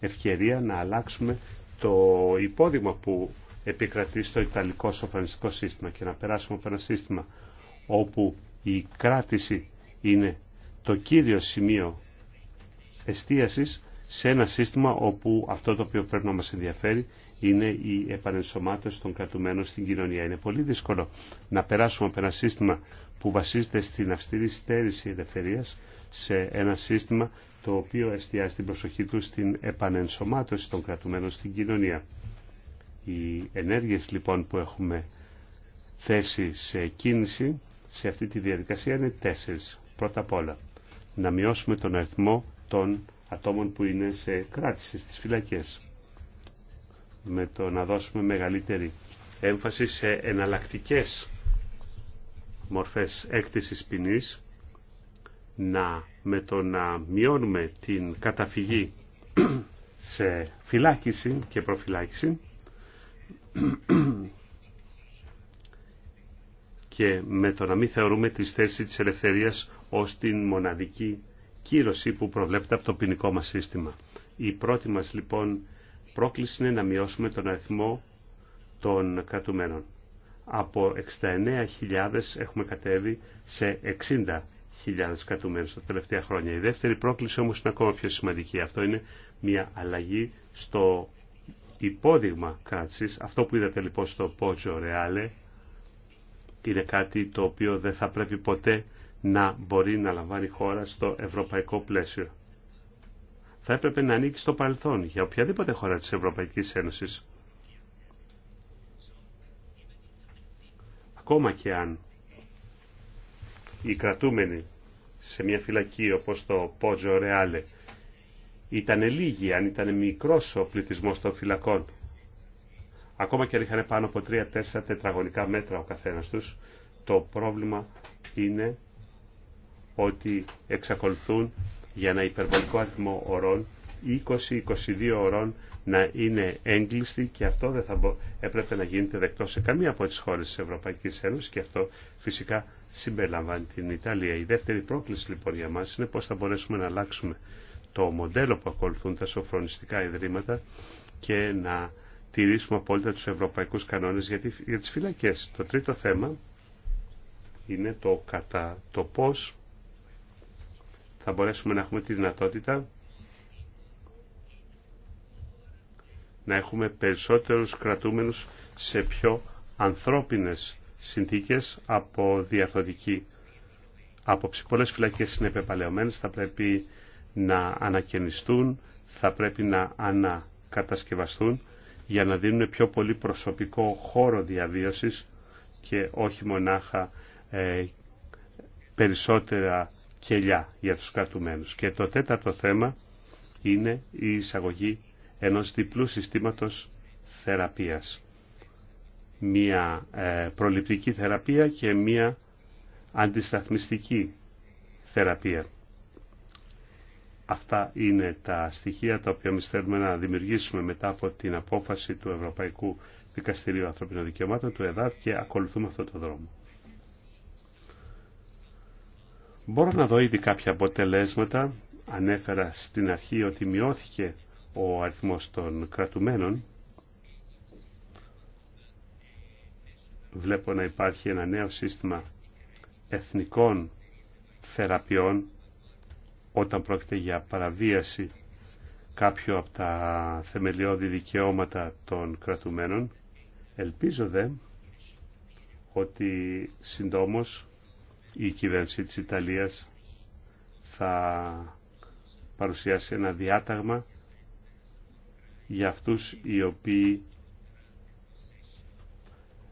ευκαιρία να αλλάξουμε το υπόδειγμα που επικρατεί στο Ιταλικό σοφανιστικό σύστημα και να περάσουμε από ένα σύστημα όπου η κράτηση είναι το κύριο σημείο εστίασης σε ένα σύστημα όπου αυτό το οποίο πρέπει να μας ενδιαφέρει είναι η επανενσωμάτωση των κρατουμένων στην κοινωνία. Είναι πολύ δύσκολο να περάσουμε από ένα σύστημα που βασίζεται στην αυστηρή στέρηση ελευθερία σε ένα σύστημα το οποίο εστιάζει την προσοχή του στην επανενσωμάτωση των κρατουμένων στην κοινωνία. Οι ενέργειες λοιπόν που έχουμε θέσει σε κίνηση σε αυτή τη διαδικασία είναι τέσσερις. Πρώτα απ' όλα, να μειώσουμε τον αριθμό των ατόμων που είναι σε κράτηση στις φυλακές με το να δώσουμε μεγαλύτερη έμφαση σε εναλλακτικές μορφές έκτησης ποινή να, με το να μειώνουμε την καταφυγή σε φυλάκιση και προφυλάκιση και με το να μην θεωρούμε τη θέση της ελευθερίας ως την μοναδική κύρωση που προβλέπεται από το ποινικό μας σύστημα. Η πρώτη μας λοιπόν πρόκληση είναι να μειώσουμε τον αριθμό των κρατουμένων. Από 69.000 έχουμε κατέβει σε 60.000 κρατουμένους τα τελευταία χρόνια. Η δεύτερη πρόκληση όμως είναι ακόμα πιο σημαντική. Αυτό είναι μια αλλαγή στο υπόδειγμα κράτησης. Αυτό που είδατε λοιπόν στο Πότζο Ρεάλε είναι κάτι το οποίο δεν θα πρέπει ποτέ να μπορεί να λαμβάνει χώρα στο ευρωπαϊκό πλαίσιο θα έπρεπε να ανήκει στο παρελθόν για οποιαδήποτε χώρα της Ευρωπαϊκής Ένωσης. Ακόμα και αν οι κρατούμενοι σε μια φυλακή όπως το Πότζο Ρεάλε ήταν λίγοι, αν ήταν μικρός ο πληθυσμός των φυλακών, ακόμα και αν είχαν πάνω από 3-4 τετραγωνικά μέτρα ο καθένας τους, το πρόβλημα είναι ότι εξακολουθούν για ένα υπερβολικό αριθμό ωρών, 20-22 ορών να είναι έγκλειστοι και αυτό δεν θα έπρεπε να γίνεται δεκτό σε καμία από τις χώρες της Ευρωπαϊκής Ένωσης και αυτό φυσικά συμπεριλαμβάνει την Ιταλία. Η δεύτερη πρόκληση λοιπόν για μας είναι πώς θα μπορέσουμε να αλλάξουμε το μοντέλο που ακολουθούν τα σοφρονιστικά ιδρύματα και να τηρήσουμε απόλυτα τους ευρωπαϊκούς κανόνες για τις φυλακές. Το τρίτο θέμα είναι το κατά το πώς θα μπορέσουμε να έχουμε τη δυνατότητα να έχουμε περισσότερους κρατούμενους σε πιο ανθρώπινες συνθήκες από διαρθωτική άποψη. Πολλές φυλακές είναι επεπαλαιωμένες, θα πρέπει να ανακαινιστούν, θα πρέπει να ανακατασκευαστούν για να δίνουν πιο πολύ προσωπικό χώρο διαβίωσης και όχι μονάχα ε, περισσότερα κελιά για τους κρατουμένους. Και το τέταρτο θέμα είναι η εισαγωγή ενός διπλού συστήματος θεραπείας. Μία ε, προληπτική θεραπεία και μία αντισταθμιστική θεραπεία. Αυτά είναι τα στοιχεία τα οποία εμείς θέλουμε να δημιουργήσουμε μετά από την απόφαση του Ευρωπαϊκού Δικαστηρίου Ανθρωπίνων Δικαιωμάτων του ΕΔΑΤ και ακολουθούμε αυτό το δρόμο. Μπορώ να δω ήδη κάποια αποτελέσματα. Ανέφερα στην αρχή ότι μειώθηκε ο αριθμός των κρατουμένων. Βλέπω να υπάρχει ένα νέο σύστημα εθνικών θεραπείων όταν πρόκειται για παραβίαση κάποιο από τα θεμελιώδη δικαιώματα των κρατουμένων. Ελπίζω δε ότι συντόμως η κυβέρνηση της Ιταλίας θα παρουσιάσει ένα διάταγμα για αυτούς οι οποίοι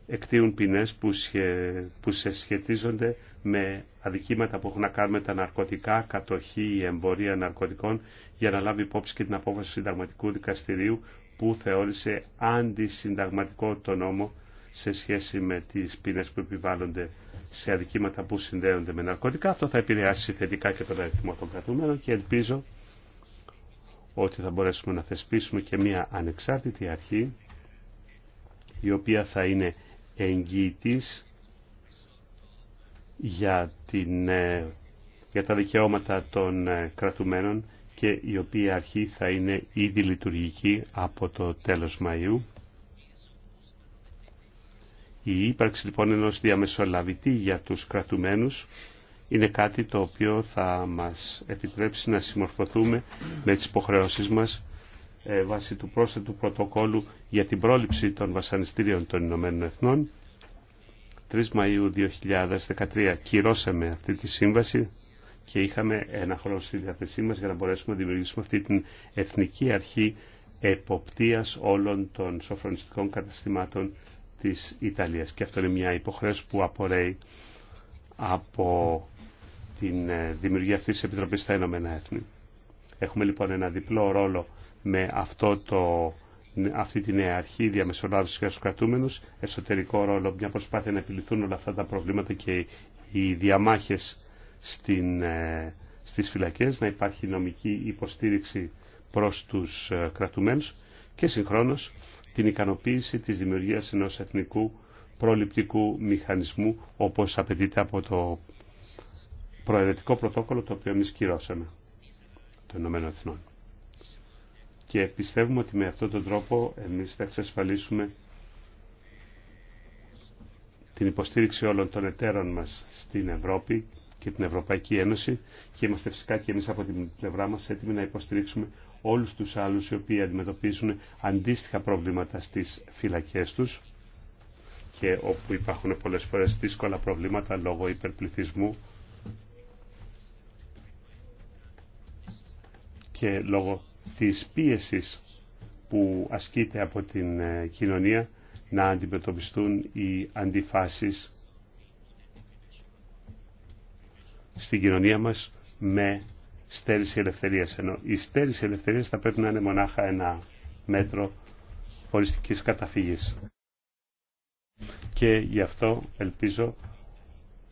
εκτείουν ποινές που, που σε σχετίζονται με αδικήματα που έχουν να κάνουν με τα ναρκωτικά, κατοχή ή εμπορία ναρκωτικών για να λάβει υπόψη και την απόφαση του συνταγματικού δικαστηρίου που θεώρησε αντισυνταγματικό το νόμο σε σχέση με τις ποινές που επιβάλλονται σε αδικήματα που συνδέονται με ναρκωτικά. Αυτό θα επηρεάσει θετικά και τον αριθμό των κρατούμενων και ελπίζω ότι θα μπορέσουμε να θεσπίσουμε και μια ανεξάρτητη αρχή η οποία θα είναι εγγυητής για, ε, για τα δικαιώματα των ε, κρατουμένων και η οποία αρχή θα είναι ήδη λειτουργική από το τέλος Μαΐου η ύπαρξη λοιπόν ενός διαμεσολαβητή για τους κρατουμένους είναι κάτι το οποίο θα μας επιτρέψει να συμμορφωθούμε με τις υποχρεώσεις μας ε, βάσει του πρόσθετου πρωτοκόλου για την πρόληψη των βασανιστήριων των Ηνωμένων Εθνών. 3 Μαΐου 2013 κυρώσαμε αυτή τη σύμβαση και είχαμε ένα χρόνο στη διάθεσή μας για να μπορέσουμε να δημιουργήσουμε αυτή την Εθνική Αρχή Εποπτείας όλων των σοφρονιστικών καταστημάτων της Ιταλίας. Και αυτό είναι μια υποχρέωση που απορρέει από τη ε, δημιουργία αυτής της Επιτροπής στα Ηνωμένα Έθνη. Έχουμε λοιπόν ένα διπλό ρόλο με αυτό το, αυτή τη νέα αρχή διαμεσολάβηση για του κρατούμενους, εσωτερικό ρόλο, μια προσπάθεια να επιληθούν όλα αυτά τα προβλήματα και οι διαμάχες στην, ε, στις φυλακές, να υπάρχει νομική υποστήριξη προς τους ε, κρατουμένους και συγχρόνως την ικανοποίηση της δημιουργίας ενός εθνικού προληπτικού μηχανισμού όπως απαιτείται από το προαιρετικό πρωτόκολλο το οποίο εμείς κυρώσαμε των Ηνωμένων Και πιστεύουμε ότι με αυτόν τον τρόπο εμείς θα εξασφαλίσουμε την υποστήριξη όλων των εταίρων μας στην Ευρώπη και την Ευρωπαϊκή Ένωση και είμαστε φυσικά και εμείς από την πλευρά μας έτοιμοι να υποστηρίξουμε όλους τους άλλους οι οποίοι αντιμετωπίζουν αντίστοιχα προβλήματα στις φυλακές τους και όπου υπάρχουν πολλές φορές δύσκολα προβλήματα λόγω υπερπληθυσμού και λόγω της πίεσης που ασκείται από την ε, κοινωνία να αντιμετωπιστούν οι αντιφάσεις στην κοινωνία μας με στέρηση ελευθερία. Ενώ η στέρηση ελευθερία θα πρέπει να είναι μονάχα ένα μέτρο οριστική καταφυγή. Και γι' αυτό ελπίζω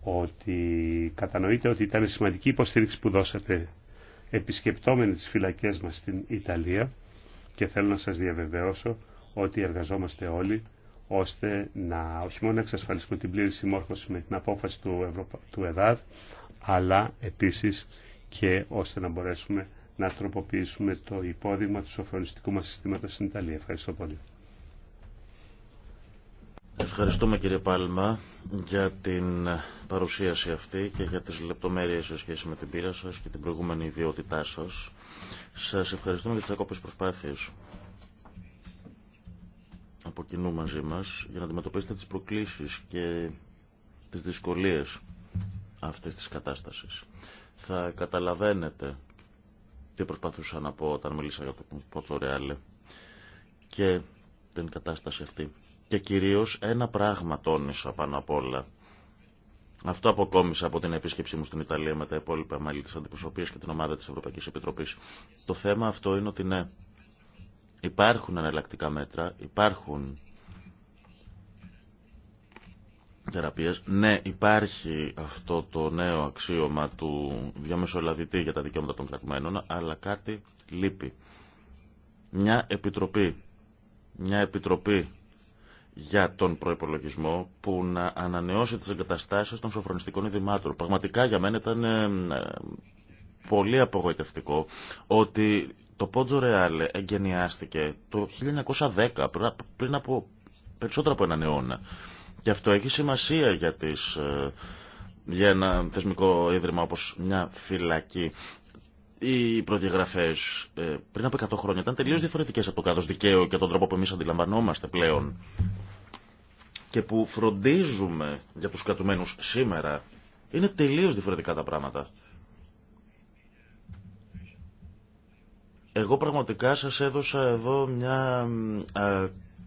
ότι κατανοείτε ότι ήταν σημαντική υποστήριξη που δώσατε επισκεπτόμενοι τις φυλακές μας στην Ιταλία και θέλω να σας διαβεβαιώσω ότι εργαζόμαστε όλοι ώστε να όχι μόνο να εξασφαλίσουμε την πλήρη συμμόρφωση με την απόφαση του, του ΕΔΑΔ αλλά επίσης και ώστε να μπορέσουμε να τροποποιήσουμε το υπόδειγμα του σοφρονιστικού μας συστήματος στην Ιταλία. Ευχαριστώ πολύ. Ευχαριστούμε κύριε Πάλμα για την παρουσίαση αυτή και για τις λεπτομέρειες σε σχέση με την πείρα σας και την προηγούμενη ιδιότητά σας. Σας ευχαριστούμε για τις ακόπες προσπάθειες από κοινού μαζί μας για να αντιμετωπίσετε τις προκλήσεις και τις δυσκολίες αυτής της κατάστασης. Θα καταλαβαίνετε τι προσπαθούσα να πω όταν μίλησα για το Ποτσορεάλε και την κατάσταση αυτή. Και κυρίως ένα πράγμα τόνισα πάνω απ' όλα. Αυτό αποκόμισα από την επίσκεψή μου στην Ιταλία με τα υπόλοιπα μέλη της Αντιπροσωπείας και την ομάδα της Ευρωπαϊκής Επιτροπής. Το θέμα αυτό είναι ότι ναι, υπάρχουν εναλλακτικά μέτρα, υπάρχουν θεραπείας. Ναι, υπάρχει αυτό το νέο αξίωμα του διαμεσολαβητή για τα δικαιώματα των κρατουμένων, αλλά κάτι λείπει. Μια επιτροπή, μια επιτροπή για τον προπολογισμό που να ανανεώσει τις εγκαταστάσεις των σοφρονιστικών ειδημάτων. Πραγματικά για μένα ήταν ε, πολύ απογοητευτικό ότι το πόντζο Ρεάλε εγκαινιάστηκε το 1910, πριν από περισσότερο από έναν αιώνα. Και αυτό έχει σημασία για, τις, ε, για ένα θεσμικό ίδρυμα όπως μια φυλακή. Οι προδιαγραφέ ε, πριν από 100 χρόνια ήταν τελείω διαφορετικέ από το κράτο δικαίου και τον τρόπο που εμεί αντιλαμβανόμαστε πλέον και που φροντίζουμε για τους κρατουμένους σήμερα είναι τελείως διαφορετικά τα πράγματα. Εγώ πραγματικά σας έδωσα εδώ μια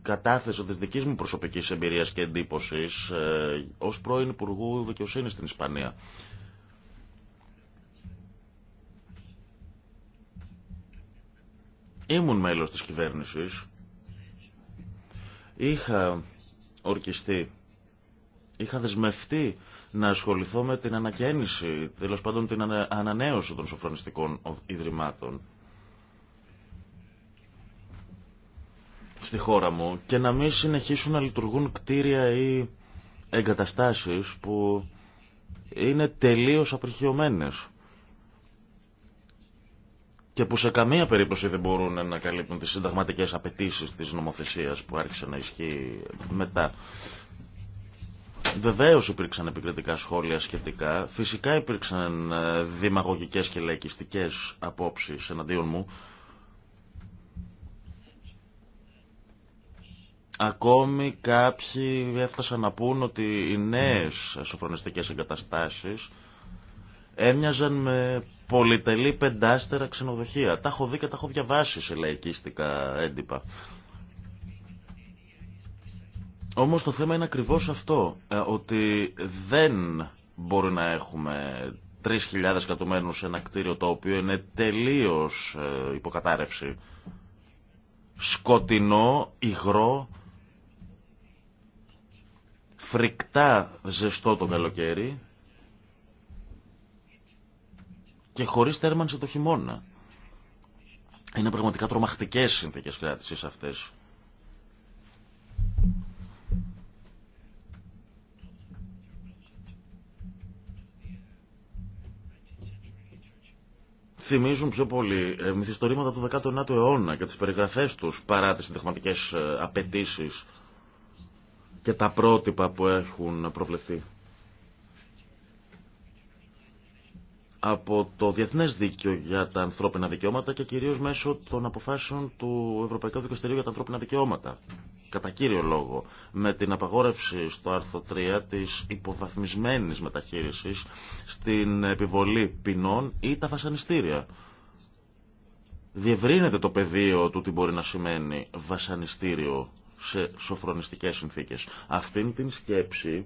Κατάθεση της δικής μου προσωπικής εμπειρίας και εντύπωση ε, ως πρώην Υπουργού Δικαιοσύνης στην Ισπανία. Ήμουν μέλος της κυβέρνησης. Είχα ορκιστεί, είχα δεσμευτεί να ασχοληθώ με την ανακαίνιση, τέλο πάντων την ανανέωση των σοφρονιστικών ιδρυμάτων στη χώρα μου και να μην συνεχίσουν να λειτουργούν κτίρια ή εγκαταστάσεις που είναι τελείως απριχιωμένες και που σε καμία περίπτωση δεν μπορούν να καλύπτουν τις συνταγματικές απαιτήσεις της νομοθεσίας που άρχισε να ισχύει μετά. Βεβαίως υπήρξαν επικριτικά σχόλια σχετικά, φυσικά υπήρξαν ε, δημαγωγικές και λαϊκιστικές απόψεις εναντίον μου, Ακόμη κάποιοι έφτασαν να πούν ότι οι νέες σοφρονιστικές εγκαταστάσεις έμοιαζαν με πολυτελή πεντάστερα ξενοδοχεία. Τα έχω δει και τα έχω διαβάσει σε λαϊκίστικα έντυπα. Όμως το θέμα είναι ακριβώς αυτό, ε, ότι δεν μπορεί να έχουμε 3.000 κατωμένους σε ένα κτίριο το οποίο είναι τελείως ε, υποκατάρρευση. Σκοτεινό, υγρό, φρικτά ζεστό το καλοκαίρι και χωρίς τέρμανση το χειμώνα. Είναι πραγματικά τρομακτικές συνθήκες κράτησης αυτές. θυμίζουν πιο πολύ ε, μυθιστορήματα του 19ου αιώνα και τις περιγραφές τους παρά τις συνταγματικές ε, απαιτήσει και τα πρότυπα που έχουν προβλεφθεί. από το Διεθνές Δίκαιο για τα Ανθρώπινα Δικαιώματα και κυρίως μέσω των αποφάσεων του Ευρωπαϊκού Δικαστηρίου για τα Ανθρώπινα Δικαιώματα. Κατά κύριο λόγο, με την απαγόρευση στο άρθρο 3 της υποβαθμισμένης μεταχείρισης στην επιβολή ποινών ή τα βασανιστήρια. Διευρύνεται το πεδίο του τι μπορεί να σημαίνει βασανιστήριο σε σοφρονιστικές συνθήκες. Αυτήν την σκέψη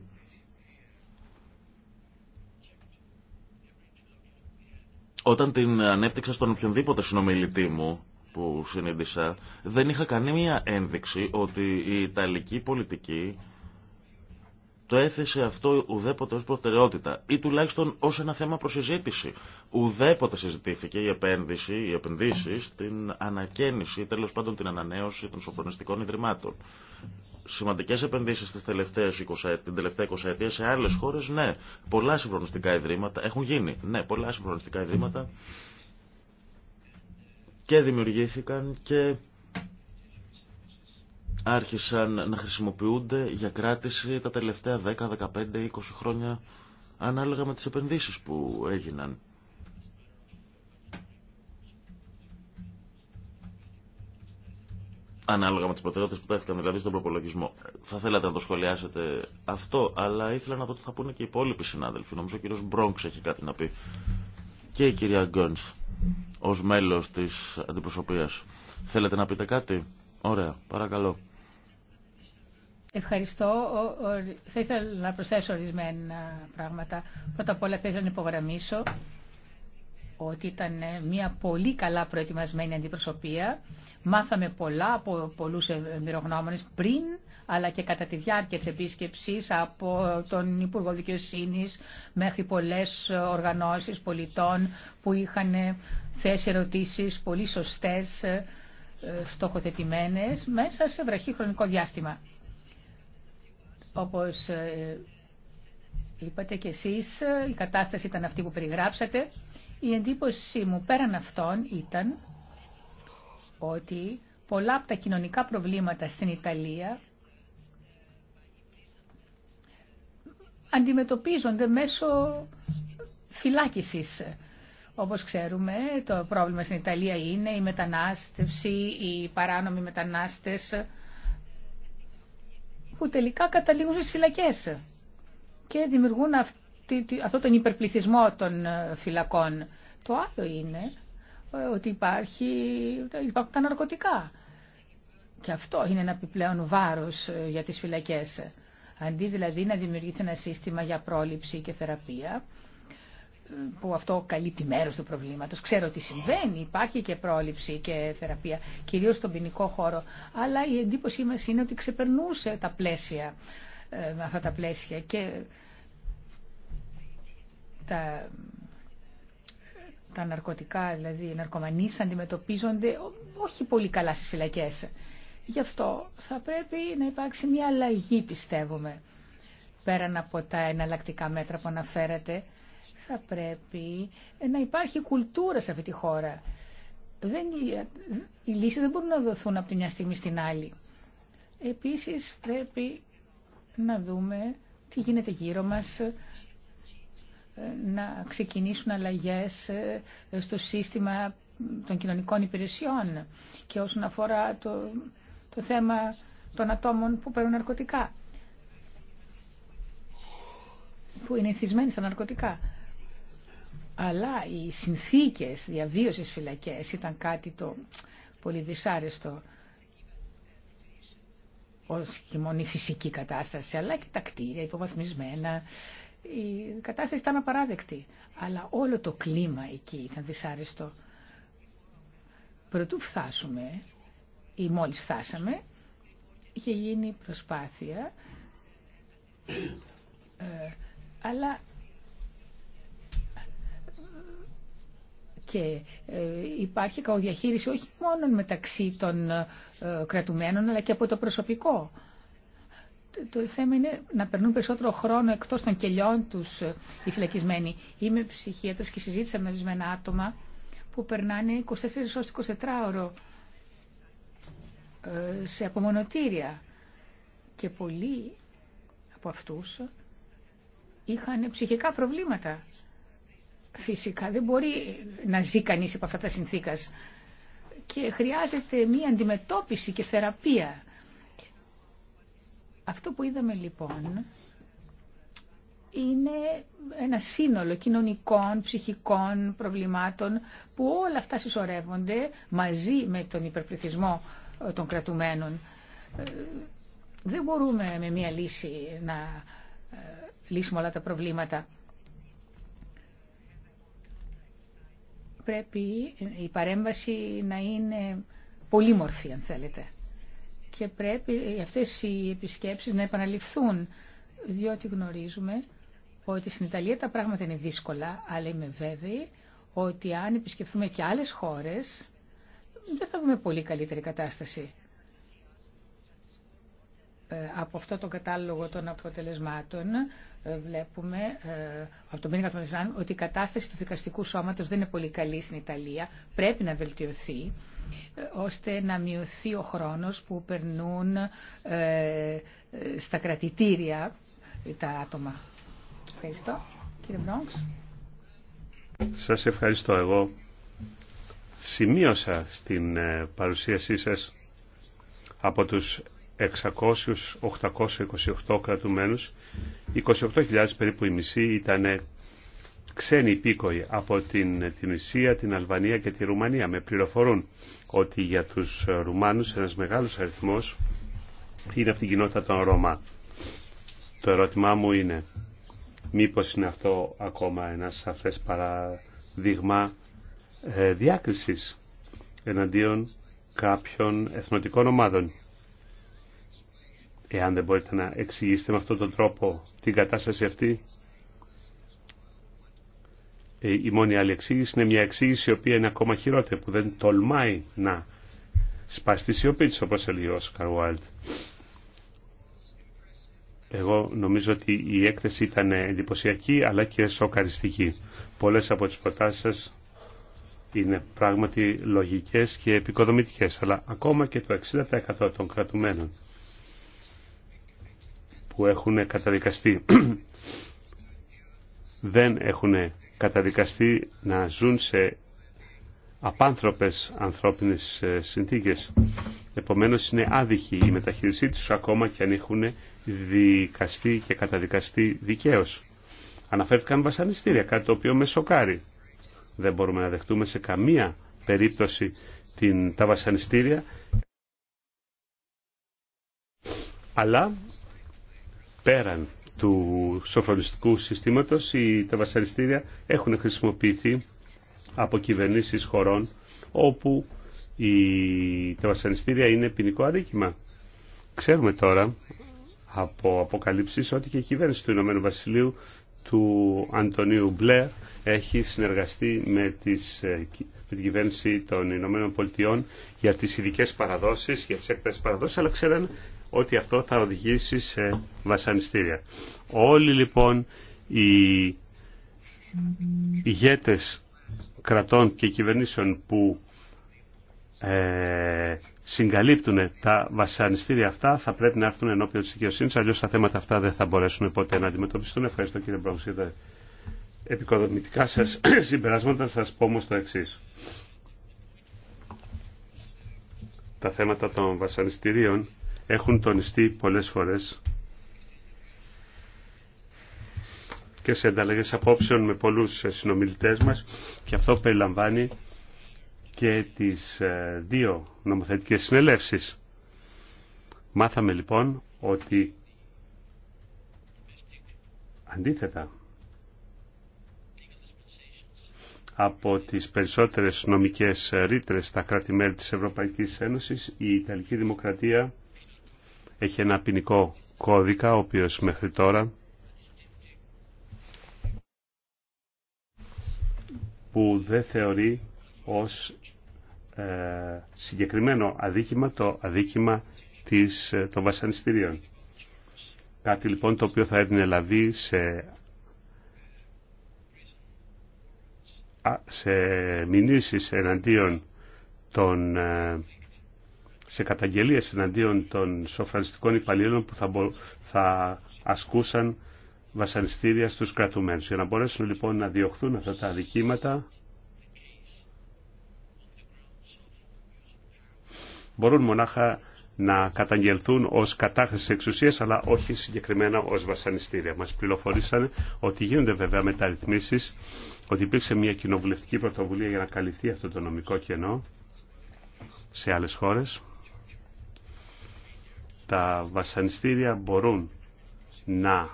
όταν την ανέπτυξα στον οποιονδήποτε συνομιλητή μου που συνείδησα δεν είχα κανένα ένδειξη ότι η Ιταλική πολιτική το έθεσε αυτό ουδέποτε ως προτεραιότητα ή τουλάχιστον ως ένα θέμα προσυζήτηση. Ουδέποτε συζητήθηκε η επένδυση, οι επενδύσεις, την ανακαίνιση ή τέλος πάντων την ανανέωση των σοφρονιστικών ιδρυμάτων. Σημαντικές επενδύσεις τελευταίες 20, την τελευταία 20 ετία σε άλλες χώρες, ναι. Πολλά σοφρονιστικά ιδρύματα έχουν γίνει. Ναι, πολλά σοφρονιστικά ιδρύματα και δημιουργήθηκαν και άρχισαν να χρησιμοποιούνται για κράτηση τα τελευταία 10, 15, 20 χρόνια ανάλογα με τις επενδύσεις που έγιναν. Ανάλογα με τις προτεραιότητες που τέθηκαν δηλαδή στον προπολογισμό. Θα θέλατε να το σχολιάσετε αυτό, αλλά ήθελα να δω τι θα πούνε και οι υπόλοιποι συνάδελφοι. Νομίζω ο κύριος Μπρόγκς έχει κάτι να πει. Και η κυρία Γκόντς, ως μέλος της αντιπροσωπείας. Θέλετε να πείτε κάτι? Ωραία, παρακαλώ. Ευχαριστώ. Θα ήθελα να προσθέσω ορισμένα πράγματα. Πρώτα απ' όλα θα ήθελα να υπογραμμίσω ότι ήταν μια πολύ καλά προετοιμασμένη αντιπροσωπεία. Μάθαμε πολλά από πολλούς εμπειρογνώμονες πριν αλλά και κατά τη διάρκεια της επίσκεψης από τον Υπουργό Δικαιοσύνη μέχρι πολλές οργανώσεις πολιτών που είχαν θέσει ερωτήσεις πολύ σωστές, ε, στοχοθετημένες μέσα σε βραχή χρονικό διάστημα. Όπως ε, είπατε κι εσείς, η κατάσταση ήταν αυτή που περιγράψατε. Η εντύπωσή μου πέραν αυτών ήταν ότι πολλά από τα κοινωνικά προβλήματα στην Ιταλία αντιμετωπίζονται μέσω φυλάκισης. Όπως ξέρουμε, το πρόβλημα στην Ιταλία είναι η μετανάστευση, οι παράνομοι μετανάστες, που τελικά καταλήγουν στις φυλακές και δημιουργούν αυτό τον υπερπληθυσμό των ε, φυλακών. Το άλλο είναι ε, ότι υπάρχει, ε, υπάρχουν τα ναρκωτικά. Και αυτό είναι ένα επιπλέον βάρος για τις φυλακές. Αντί δηλαδή να δημιουργηθεί ένα σύστημα για πρόληψη και θεραπεία, που αυτό καλύπτει μέρος του προβλήματος. Ξέρω ότι συμβαίνει, υπάρχει και πρόληψη και θεραπεία, κυρίως στον ποινικό χώρο, αλλά η εντύπωσή μας είναι ότι ξεπερνούσε τα πλαίσια, ε, αυτά τα πλαίσια και τα, τα ναρκωτικά, δηλαδή οι ναρκωμανείς αντιμετωπίζονται όχι πολύ καλά στις φυλακές. Γι' αυτό θα πρέπει να υπάρξει μια αλλαγή, πιστεύουμε, πέραν από τα εναλλακτικά μέτρα που αναφέρατε, θα πρέπει ε, να υπάρχει κουλτούρα σε αυτή τη χώρα. Δεν, ε, οι λύσει δεν μπορούν να δοθούν από τη μια στιγμή στην άλλη. Επίσης πρέπει να δούμε τι γίνεται γύρω μας, ε, να ξεκινήσουν αλλαγές στο σύστημα των κοινωνικών υπηρεσιών και όσον αφορά το, το θέμα των ατόμων που παίρνουν ναρκωτικά, που είναι εθισμένοι στα ναρκωτικά αλλά οι συνθήκες διαβίωσης φυλακές ήταν κάτι το πολύ δυσάρεστο και μόνο η φυσική κατάσταση, αλλά και τα κτίρια υποβαθμισμένα. Η κατάσταση ήταν απαράδεκτη. Αλλά όλο το κλίμα εκεί ήταν δυσάρεστο. Πρωτού φτάσουμε, ή μόλις φτάσαμε, είχε γίνει προσπάθεια, ε, αλλά και ε, υπάρχει καοδιαχείριση όχι μόνο μεταξύ των ε, κρατουμένων αλλά και από το προσωπικό. Το θέμα είναι να περνούν περισσότερο χρόνο εκτός των κελιών τους ε, οι φυλακισμένοι. Είμαι ψυχίατρος και συζήτησα με ορισμένα άτομα που περνάνε 24 ώρες 24 ώρο σε απομονωτήρια και πολλοί από αυτούς είχαν ψυχικά προβλήματα Φυσικά δεν μπορεί να ζει κανεί από αυτά τα συνθήκα και χρειάζεται μία αντιμετώπιση και θεραπεία. Αυτό που είδαμε λοιπόν είναι ένα σύνολο κοινωνικών, ψυχικών προβλημάτων που όλα αυτά συσσωρεύονται μαζί με τον υπερπληθυσμό ε, των κρατουμένων. Ε, δεν μπορούμε με μία λύση να ε, λύσουμε όλα τα προβλήματα. πρέπει η παρέμβαση να είναι πολύμορφη αν θέλετε και πρέπει αυτές οι επισκέψεις να επαναληφθούν διότι γνωρίζουμε ότι στην Ιταλία τα πράγματα είναι δύσκολα αλλά είμαι βέβαιη ότι αν επισκεφθούμε και άλλες χώρες δεν θα βρούμε πολύ καλύτερη κατάσταση. Ε, από αυτό το κατάλογο των αποτελεσμάτων ε, βλέπουμε ε, από ότι η κατάσταση του δικαστικού σώματος δεν είναι πολύ καλή στην Ιταλία. Πρέπει να βελτιωθεί ώστε να μειωθεί ο χρόνος που περνούν στα κρατητήρια τα άτομα. Ευχαριστώ. Κύριε Μπρόγκς. Σας ευχαριστώ εγώ. Σημείωσα στην παρουσίασή σας από τους 600-828 κρατουμένους, 28.000 περίπου η μισή ήταν ξένοι υπήκοοι από την Τινησία, την Αλβανία και τη Ρουμανία. Με πληροφορούν ότι για τους Ρουμάνους ένας μεγάλος αριθμός είναι από την κοινότητα των Ρώμα. Το ερώτημά μου είναι μήπως είναι αυτό ακόμα ένα σαφές παραδείγμα ε, διάκρισης εναντίον κάποιων εθνοτικών ομάδων. Εάν δεν μπορείτε να εξηγήσετε με αυτόν τον τρόπο την κατάσταση αυτή, ε, η μόνη άλλη εξήγηση είναι μια εξήγηση η οποία είναι ακόμα χειρότερη, που δεν τολμάει να σπάσει τη σιωπή της, όπως έλεγε ο Όσκαρ Εγώ νομίζω ότι η έκθεση ήταν εντυπωσιακή αλλά και σοκαριστική. Πολλές από τις προτάσεις σας είναι πράγματι λογικές και επικοδομητικές, αλλά ακόμα και το 60% των κρατουμένων που έχουν καταδικαστεί δεν έχουν καταδικαστεί να ζουν σε απάνθρωπες ανθρώπινες ε, συνθήκες. Επομένως είναι άδικη η μεταχείρισή τους ακόμα και αν έχουν δικαστεί και καταδικαστεί δικαίως. Αναφέρθηκαν βασανιστήρια, κάτι το οποίο με σοκάρει. Δεν μπορούμε να δεχτούμε σε καμία περίπτωση την, τα βασανιστήρια. Αλλά πέραν του σοφρονιστικού συστήματος, οι, τα έχουν χρησιμοποιηθεί από κυβερνήσεις χωρών όπου η, τα βασανιστήρια είναι ποινικό αδίκημα. Ξέρουμε τώρα από αποκαλύψεις ότι και η κυβέρνηση του Ηνωμένου Βασιλείου του Αντωνίου Μπλερ έχει συνεργαστεί με, τις, ε, με την κυβέρνηση των Ηνωμένων Πολιτειών για τις ειδικέ παραδόσεις, για τις έκτασεις παραδόσεις, αλλά ξέραν ότι αυτό θα οδηγήσει σε βασανιστήρια. Όλοι λοιπόν οι ηγέτες κρατών και κυβερνήσεων που ε, συγκαλύπτουν τα βασανιστήρια αυτά θα πρέπει να έρθουν ενώπιον της δικαιοσύνης αλλιώς τα θέματα αυτά δεν θα μπορέσουν ποτέ να αντιμετωπιστούν. Ευχαριστώ κύριε Μπρόγκος για επικοδομητικά σας συμπεράσματα. Σας πω όμως το εξής. Τα θέματα των βασανιστήριων έχουν τονιστεί πολλές φορές και σε ανταλλαγές απόψεων με πολλούς συνομιλητές μας και αυτό περιλαμβάνει και τις ε, δύο νομοθετικές συνελεύσεις. Μάθαμε λοιπόν ότι αντίθετα από τις περισσότερες νομικές ρήτρες στα κράτη-μέλη της Ευρωπαϊκής Ένωσης η Ιταλική Δημοκρατία έχει ένα ποινικό κώδικα, ο οποίος μέχρι τώρα που δεν θεωρεί ως ε, συγκεκριμένο αδίκημα το αδίκημα της, ε, των βασανιστήριων. Κάτι λοιπόν το οποίο θα έδινε λαβή σε, σε μηνύσεις εναντίον των ε, σε καταγγελίες εναντίον των σοφρανιστικών υπαλλήλων που θα, θα ασκούσαν βασανιστήρια στους κρατουμένους. Για να μπορέσουν λοιπόν να διωχθούν αυτά τα αδικήματα μπορούν μονάχα να καταγγελθούν ως κατάχρηση εξουσίας αλλά όχι συγκεκριμένα ως βασανιστήρια. Μας πληροφορήσανε ότι γίνονται βέβαια μεταρρυθμίσεις, ότι υπήρξε μια κοινοβουλευτική πρωτοβουλία για να καλυφθεί αυτό το νομικό κενό σε άλλες χώρες τα βασανιστήρια μπορούν να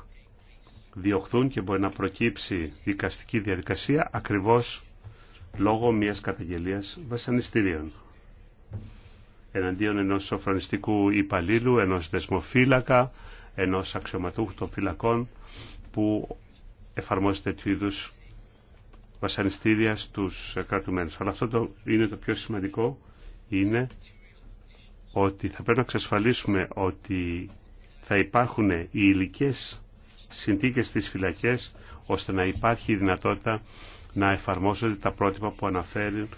διωχθούν και μπορεί να προκύψει δικαστική διαδικασία ακριβώς λόγω μιας καταγγελίας βασανιστήριων. Εναντίον ενός σοφρανιστικού υπαλλήλου, ενός δεσμοφύλακα, ενός αξιωματούχου των φυλακών που εφαρμόζει τέτοιου είδου βασανιστήρια στους κρατουμένους. Αλλά αυτό το είναι το πιο σημαντικό, είναι ότι θα πρέπει να εξασφαλίσουμε ότι θα υπάρχουν οι υλικέ συνθήκες στις φυλακές ώστε να υπάρχει η δυνατότητα να εφαρμόζονται τα πρότυπα που αναφέρει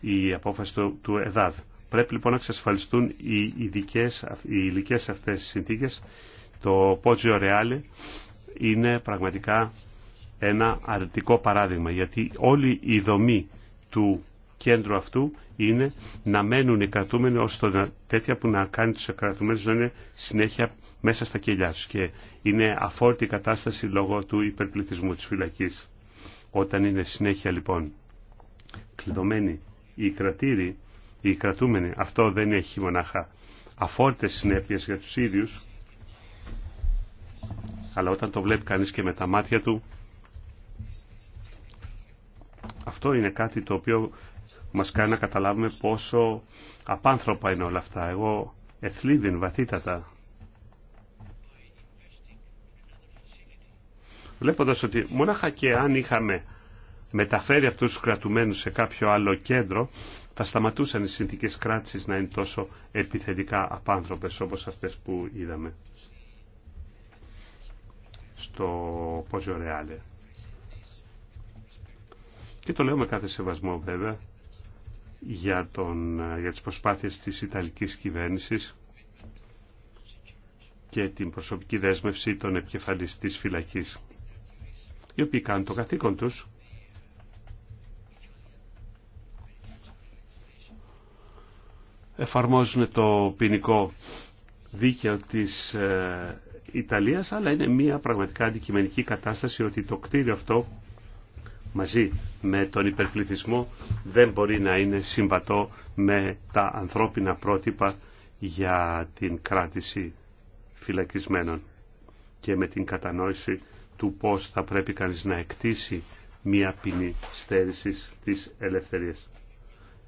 η απόφαση του, ΕΔΑΔ. Πρέπει λοιπόν να εξασφαλιστούν οι, ειδικές, οι υλικές αυτές συνθήκες. Το Πότζιο Ρεάλε είναι πραγματικά ένα αρνητικό παράδειγμα γιατί όλη η δομή του κέντρο αυτού είναι να μένουν οι κρατούμενοι ώστε τέτοια που να κάνει τους κρατουμένους να είναι συνέχεια μέσα στα κελιά τους και είναι αφόρτη η κατάσταση λόγω του υπερπληθυσμού της φυλακής. Όταν είναι συνέχεια λοιπόν κλειδωμένοι οι κρατήροι, οι κρατούμενοι, αυτό δεν έχει μονάχα αφόρτες συνέπειες για τους ίδιους, αλλά όταν το βλέπει κανείς και με τα μάτια του, αυτό είναι κάτι το οποίο μας κάνει να καταλάβουμε πόσο απάνθρωπα είναι όλα αυτά. Εγώ εθλίβην βαθύτατα. Βλέποντας ότι μόναχα και αν είχαμε μεταφέρει αυτούς τους κρατουμένους σε κάποιο άλλο κέντρο, θα σταματούσαν οι συνθήκες κράτησης να είναι τόσο επιθετικά απάνθρωπες όπως αυτές που είδαμε στο Πόζιο Ρεάλε. Και το λέω με κάθε σεβασμό βέβαια, για, τον, ε, για τις προσπάθειες της Ιταλικής κυβέρνησης και την προσωπική δέσμευση των επικεφαλής της φυλακής, οι οποίοι κάνουν το καθήκον τους εφαρμόζουν το ποινικό δίκαιο της ε, Ιταλίας, αλλά είναι μια πραγματικά αντικειμενική κατάσταση ότι το κτίριο αυτό μαζί με τον υπερπληθυσμό δεν μπορεί να είναι συμβατό με τα ανθρώπινα πρότυπα για την κράτηση φυλακισμένων και με την κατανόηση του πώς θα πρέπει κανείς να εκτίσει μία ποινή στέρησης της ελευθερίας.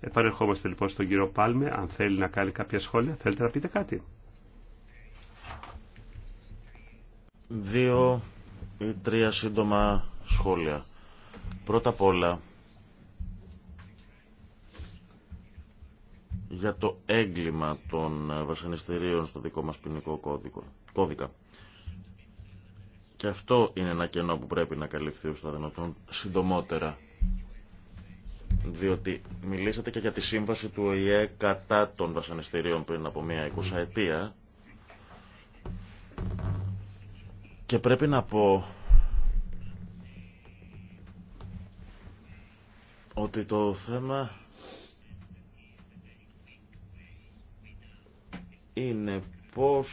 Επανερχόμαστε λοιπόν στον κύριο Πάλμε, αν θέλει να κάνει κάποια σχόλια, θέλετε να πείτε κάτι. Δύο ή τρία σύντομα σχόλια. Πρώτα απ' όλα, για το έγκλημα των ε, βασανιστήριων στο δικό μας ποινικό κώδικο, κώδικα. Και αυτό είναι ένα κενό που πρέπει να καλυφθεί ως το δυνατόν συντομότερα. Διότι μιλήσατε και για τη σύμβαση του ΟΗΕ κατά των βασανιστήριων πριν από μία εικοσαετία. Και πρέπει να πω ότι το θέμα είναι πώς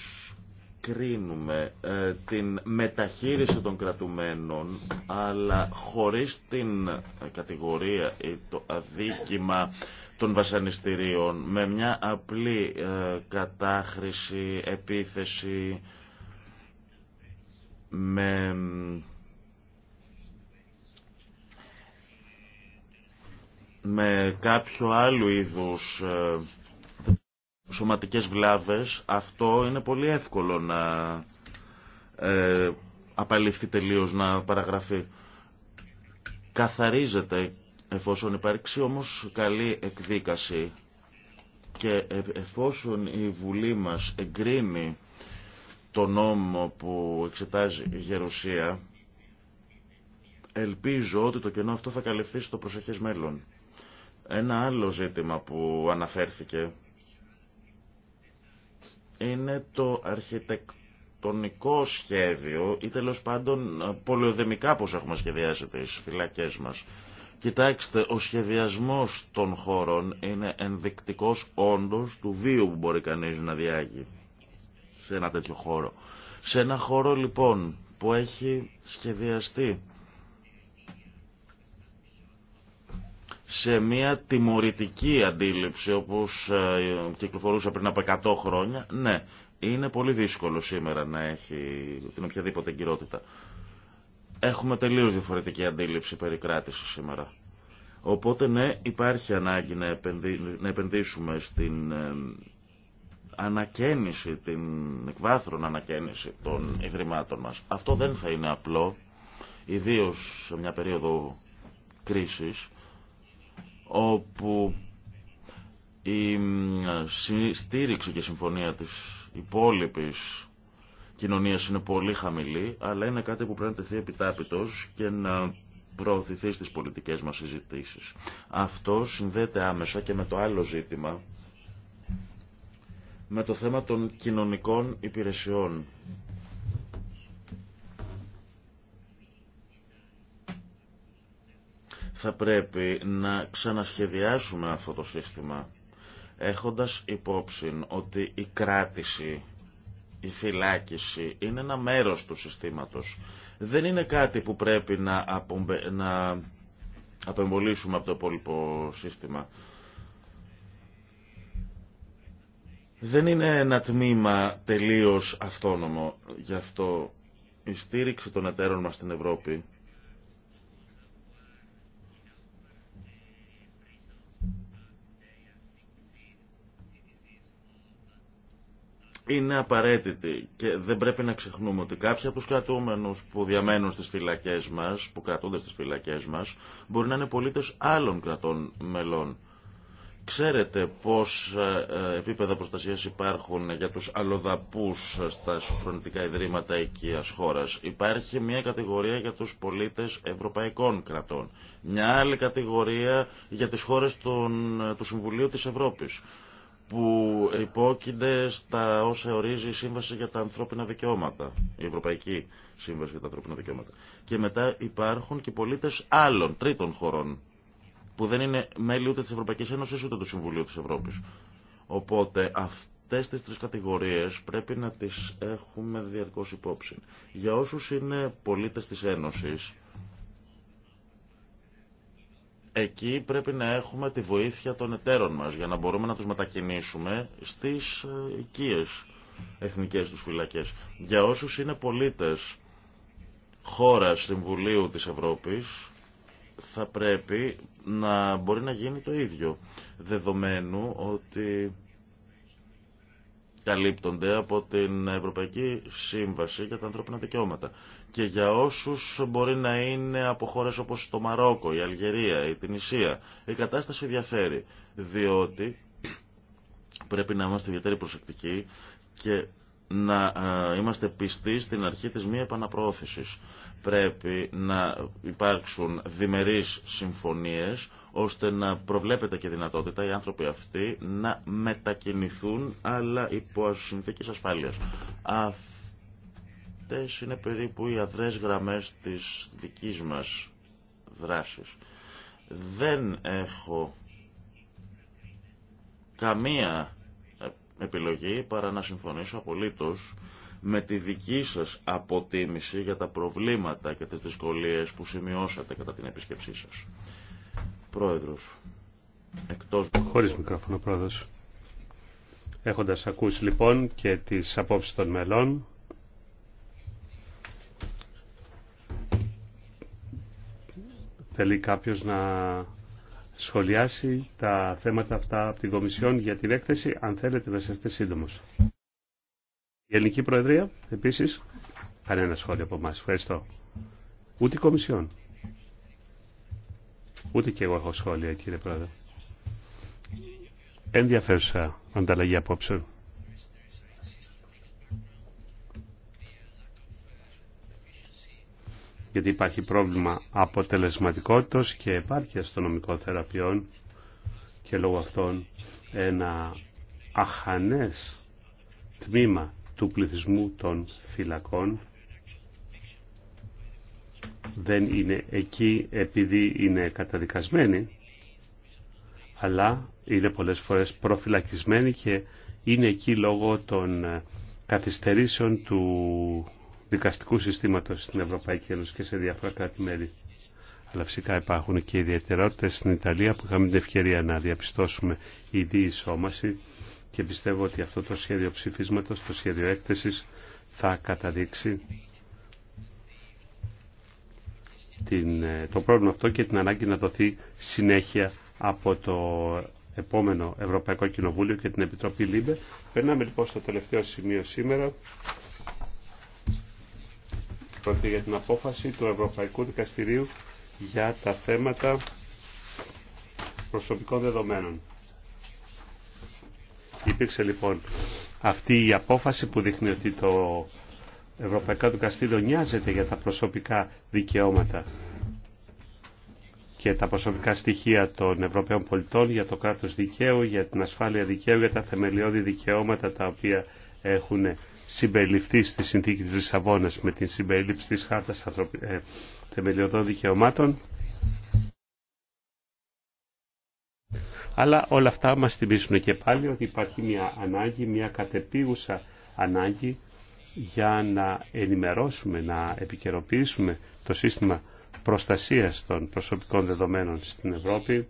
κρίνουμε ε, την μεταχείριση των κρατουμένων αλλά χωρίς την κατηγορία ή το αδίκημα των βασανιστήριων με μια απλή ε, κατάχρηση, επίθεση με με κάποιο άλλο είδους ε, σωματικές βλάβες, αυτό είναι πολύ εύκολο να ε, απαλληφθεί τελείως, να παραγραφεί. Καθαρίζεται εφόσον υπάρξει όμως καλή εκδίκαση και ε, εφόσον η Βουλή μας εγκρίνει το νόμο που εξετάζει η Γερουσία, ελπίζω ότι το κενό αυτό θα καλυφθεί στο προσεχές μέλλον. Ένα άλλο ζήτημα που αναφέρθηκε είναι το αρχιτεκτονικό σχέδιο ή τέλο πάντων πολεοδεμικά πώς έχουμε σχεδιάσει τις φυλακές μας. Κοιτάξτε, ο σχεδιασμός των χώρων είναι ενδεικτικός όντως του βίου που μπορεί κανείς να διάγει σε ένα τέτοιο χώρο. Σε ένα χώρο λοιπόν που έχει σχεδιαστεί σε μια τιμωρητική αντίληψη όπως ε, κυκλοφορούσε πριν από 100 χρόνια, ναι, είναι πολύ δύσκολο σήμερα να έχει την οποιαδήποτε εγκυρότητα. Έχουμε τελείως διαφορετική αντίληψη περί κράτησης σήμερα. Οπότε ναι, υπάρχει ανάγκη να, επενδύσουμε στην ε, ανακαίνιση, την εκβάθρον ανακαίνιση των ιδρυμάτων μας. Αυτό δεν θα είναι απλό, ιδίως σε μια περίοδο κρίσης, όπου η στήριξη και συμφωνία της υπόλοιπης κοινωνίας είναι πολύ χαμηλή, αλλά είναι κάτι που πρέπει να τεθεί επιτάπητος και να προωθηθεί στις πολιτικές μας συζητήσεις. Αυτό συνδέεται άμεσα και με το άλλο ζήτημα, με το θέμα των κοινωνικών υπηρεσιών θα πρέπει να ξανασχεδιάσουμε αυτό το σύστημα έχοντας υπόψη ότι η κράτηση, η φυλάκιση είναι ένα μέρος του συστήματος. Δεν είναι κάτι που πρέπει να, απομπε... να απεμβολήσουμε από το υπόλοιπο σύστημα. Δεν είναι ένα τμήμα τελείως αυτόνομο. Γι' αυτό η στήριξη των εταίρων μας στην Ευρώπη είναι απαραίτητη και δεν πρέπει να ξεχνούμε ότι κάποιοι από τους κρατούμενου που διαμένουν στις φυλακές μας, που κρατούνται στις φυλακές μας, μπορεί να είναι πολίτες άλλων κρατών μελών. Ξέρετε πώς ε, ε, επίπεδα προστασίας υπάρχουν για τους αλλοδαπούς ε, στα φροντικά ιδρύματα οικίας χώρας. Υπάρχει μια κατηγορία για τους πολίτες ευρωπαϊκών κρατών. Μια άλλη κατηγορία για τις χώρες των, του Συμβουλίου της Ευρώπης που υπόκεινται στα όσα ορίζει η Σύμβαση για τα Ανθρώπινα Δικαιώματα, η Ευρωπαϊκή Σύμβαση για τα Ανθρώπινα Δικαιώματα. Και μετά υπάρχουν και πολίτες άλλων, τρίτων χωρών, που δεν είναι μέλη ούτε τη Ευρωπαϊκή Ένωση ούτε του Συμβουλίου της Ευρώπης. Οπότε αυτές τις τρεις κατηγορίες πρέπει να τις έχουμε διαρκώ υπόψη. Για όσου είναι πολίτε τη Ένωση. Εκεί πρέπει να έχουμε τη βοήθεια των εταίρων μας για να μπορούμε να τους μετακινήσουμε στις ε, οικίες εθνικές τους φυλακές. Για όσους είναι πολίτες χώρας Συμβουλίου της Ευρώπης θα πρέπει να μπορεί να γίνει το ίδιο. Δεδομένου ότι καλύπτονται από την Ευρωπαϊκή Σύμβαση για τα ανθρώπινα δικαιώματα και για όσους μπορεί να είναι από χώρες όπως το Μαρόκο, η Αλγερία, η Τινησία. Η κατάσταση διαφέρει, διότι πρέπει να είμαστε ιδιαίτερη προσεκτικοί και να ε, είμαστε πιστοί στην αρχή της μη επαναπρόθεσης. Πρέπει να υπάρξουν διμερείς συμφωνίες ώστε να προβλέπεται και δυνατότητα οι άνθρωποι αυτοί να μετακινηθούν αλλά υπό συνθήκες ασφάλειας είναι περίπου οι αδρές γραμμές της δικής μας δράσης. Δεν έχω καμία επιλογή παρά να συμφωνήσω απολύτως με τη δική σας αποτίμηση για τα προβλήματα και τις δυσκολίες που σημειώσατε κατά την επίσκεψή σας. Πρόεδρος, εκτός... Χωρίς μικρόφωνο, πρόεδρος. Έχοντας ακούσει λοιπόν και τις απόψεις των μελών, Θέλει κάποιος να σχολιάσει τα θέματα αυτά από την Κομισιόν για την έκθεση, αν θέλετε να είστε σύντομος. Η Ελληνική Προεδρία, επίσης, κανένα σχόλιο από εμάς. Ευχαριστώ. Ούτε η Κομισιόν. Ούτε και εγώ έχω σχόλια, κύριε Πρόεδρε. Ενδιαφέρουσα ανταλλαγή απόψεων. γιατί υπάρχει πρόβλημα αποτελεσματικότητας και υπάρχει των νομικών θεραπείων και λόγω αυτών ένα αχανές τμήμα του πληθυσμού των φυλακών δεν είναι εκεί επειδή είναι καταδικασμένοι αλλά είναι πολλές φορές προφυλακισμένοι και είναι εκεί λόγω των καθυστερήσεων του δικαστικού συστήματος στην Ευρωπαϊκή Ένωση και σε διάφορα κράτη-μέλη. Αλλά φυσικά υπάρχουν και ιδιαιτερότητε στην Ιταλία που είχαμε την ευκαιρία να διαπιστώσουμε η διεισόμαση και πιστεύω ότι αυτό το σχέδιο ψηφίσματος, το σχέδιο έκθεσης θα καταδείξει την, ε, το πρόβλημα αυτό και την ανάγκη να δοθεί συνέχεια από το επόμενο Ευρωπαϊκό Κοινοβούλιο και την Επιτροπή ΛΥΜΠΕ. Περνάμε λοιπόν στο τελευταίο σημείο σήμερα Πρόκειται για την απόφαση του Ευρωπαϊκού Δικαστηρίου για τα θέματα προσωπικών δεδομένων. Υπήρξε λοιπόν αυτή η απόφαση που δείχνει ότι το Ευρωπαϊκό Δικαστήριο νοιάζεται για τα προσωπικά δικαιώματα και τα προσωπικά στοιχεία των Ευρωπαίων πολιτών για το κράτος δικαίου, για την ασφάλεια δικαίου, για τα θεμελιώδη δικαιώματα τα οποία έχουν συμπεριληφθεί στη συνθήκη της Λισαβόνας με την συμπερίληψη της Χάρτας ε, Θεμελιωδών Δικαιωμάτων. Αλλά όλα αυτά μας θυμίσουν και πάλι ότι υπάρχει μια ανάγκη, μια κατεπίγουσα ανάγκη για να ενημερώσουμε, να επικαιροποιήσουμε το σύστημα προστασίας των προσωπικών δεδομένων στην Ευρώπη.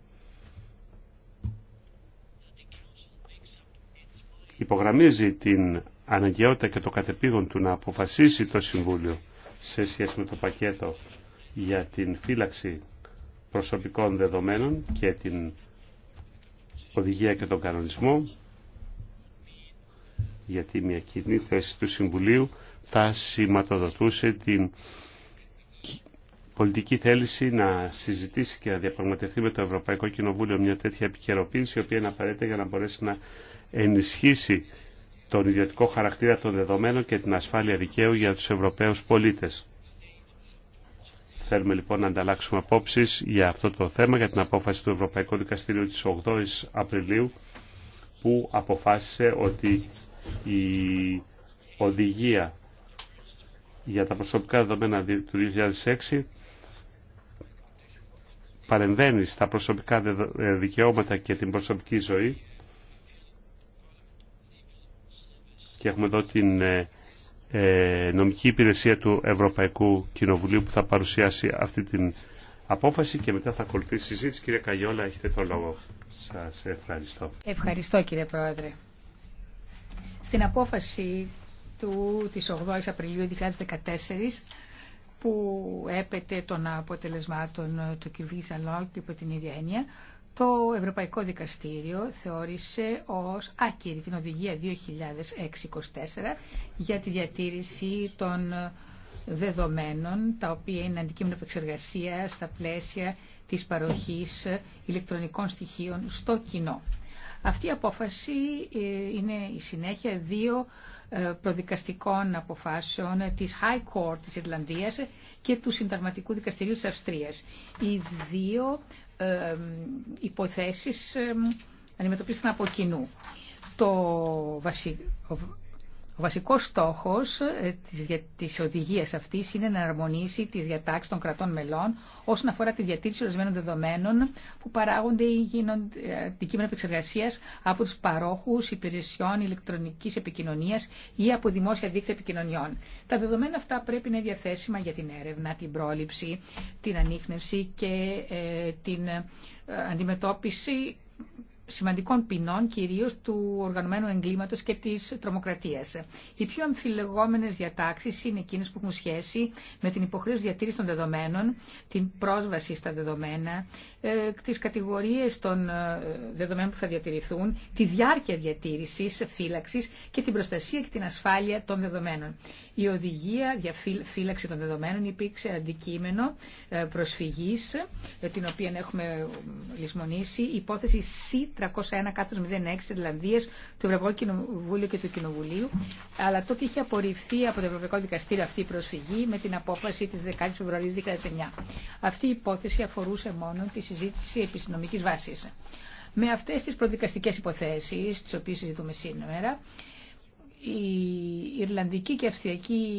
Υπογραμμίζει την αναγκαιότητα και το κατεπήγον του να αποφασίσει το Συμβούλιο σε σχέση με το πακέτο για την φύλαξη προσωπικών δεδομένων και την οδηγία και τον κανονισμό γιατί μια κοινή θέση του Συμβουλίου θα σηματοδοτούσε την πολιτική θέληση να συζητήσει και να διαπραγματευτεί με το Ευρωπαϊκό Κοινοβούλιο μια τέτοια επικαιροποίηση η οποία είναι απαραίτητα για να μπορέσει να ενισχύσει τον ιδιωτικό χαρακτήρα των δεδομένων και την ασφάλεια δικαίου για τους Ευρωπαίους πολίτες. Θέλουμε λοιπόν να ανταλλάξουμε απόψεις για αυτό το θέμα, για την απόφαση του Ευρωπαϊκού Δικαστηρίου της 8ης Απριλίου, που αποφάσισε ότι η οδηγία για τα προσωπικά δεδομένα του 2006 παρεμβαίνει στα προσωπικά δικαιώματα και την προσωπική ζωή και έχουμε εδώ την ε, ε, νομική υπηρεσία του Ευρωπαϊκού Κοινοβουλίου που θα παρουσιάσει αυτή την απόφαση και μετά θα ακολουθήσει η συζήτηση. Κύριε Καγιόλα, έχετε το λόγο. Σας ευχαριστώ. Ευχαριστώ κύριε Πρόεδρε. Στην απόφαση του, της 8ης Απριλίου 2014 που έπεται των αποτελεσμάτων του κ. Βίζα υπό την ίδια έννοια το Ευρωπαϊκό Δικαστήριο θεώρησε ως άκυρη την οδηγία για τη διατήρηση των δεδομένων τα οποία είναι αντικείμενο επεξεργασία στα πλαίσια της παροχής ηλεκτρονικών στοιχείων στο κοινό. Αυτή η απόφαση ε, είναι η συνέχεια δύο ε, προδικαστικών αποφάσεων της High Court της Ιρλανδίας και του Συνταγματικού Δικαστηρίου της Αυστρίας. Οι δύο υποθέσεις αντιμετωπίστηκαν από κοινού. Το, βασι... Ο βασικός στόχος ε, της οδηγίας αυτής είναι να αρμονίσει τις διατάξεις των κρατών μελών όσον αφορά τη διατήρηση ορισμένων δεδομένων που παράγονται ή γίνονται ε, αντικείμενα επεξεργασία από τους παρόχους υπηρεσιών ηλεκτρονικής επικοινωνίας ή από δημόσια δίκτυα επικοινωνιών. Τα δεδομένα αυτά πρέπει να είναι διαθέσιμα για την έρευνα, την πρόληψη, την ανείχνευση και ε, την αντιμετώπιση σημαντικών ποινών, κυρίω του οργανωμένου εγκλήματο και τη τρομοκρατίας. Οι πιο αμφιλεγόμενε διατάξει είναι εκείνες που έχουν σχέση με την υποχρέωση διατήρηση των δεδομένων, την πρόσβαση στα δεδομένα, ε, τι κατηγορίε των ε, δεδομένων που θα διατηρηθούν, τη διάρκεια διατήρηση φύλαξη και την προστασία και την ασφάλεια των δεδομένων. Η οδηγία για φύλαξη των δεδομένων υπήρξε αντικείμενο ε, προσφυγή, την οποία έχουμε λησμονήσει, υπόθεση SIT 301 06 Ιρλανδίας του Ευρωπαϊκού Κοινοβουλίου και του Κοινοβουλίου, αλλά τότε είχε απορριφθεί από το Ευρωπαϊκό Δικαστήριο αυτή η προσφυγή με την απόφαση της 10 Φεβρουαρίου 2009. Αυτή η υπόθεση αφορούσε μόνο τη συζήτηση επιστημονικη βάσης. Με αυτές τις προδικαστικές υποθέσεις, τι οποίες συζητούμε σήμερα, η Ιρλανδική και Αυστριακή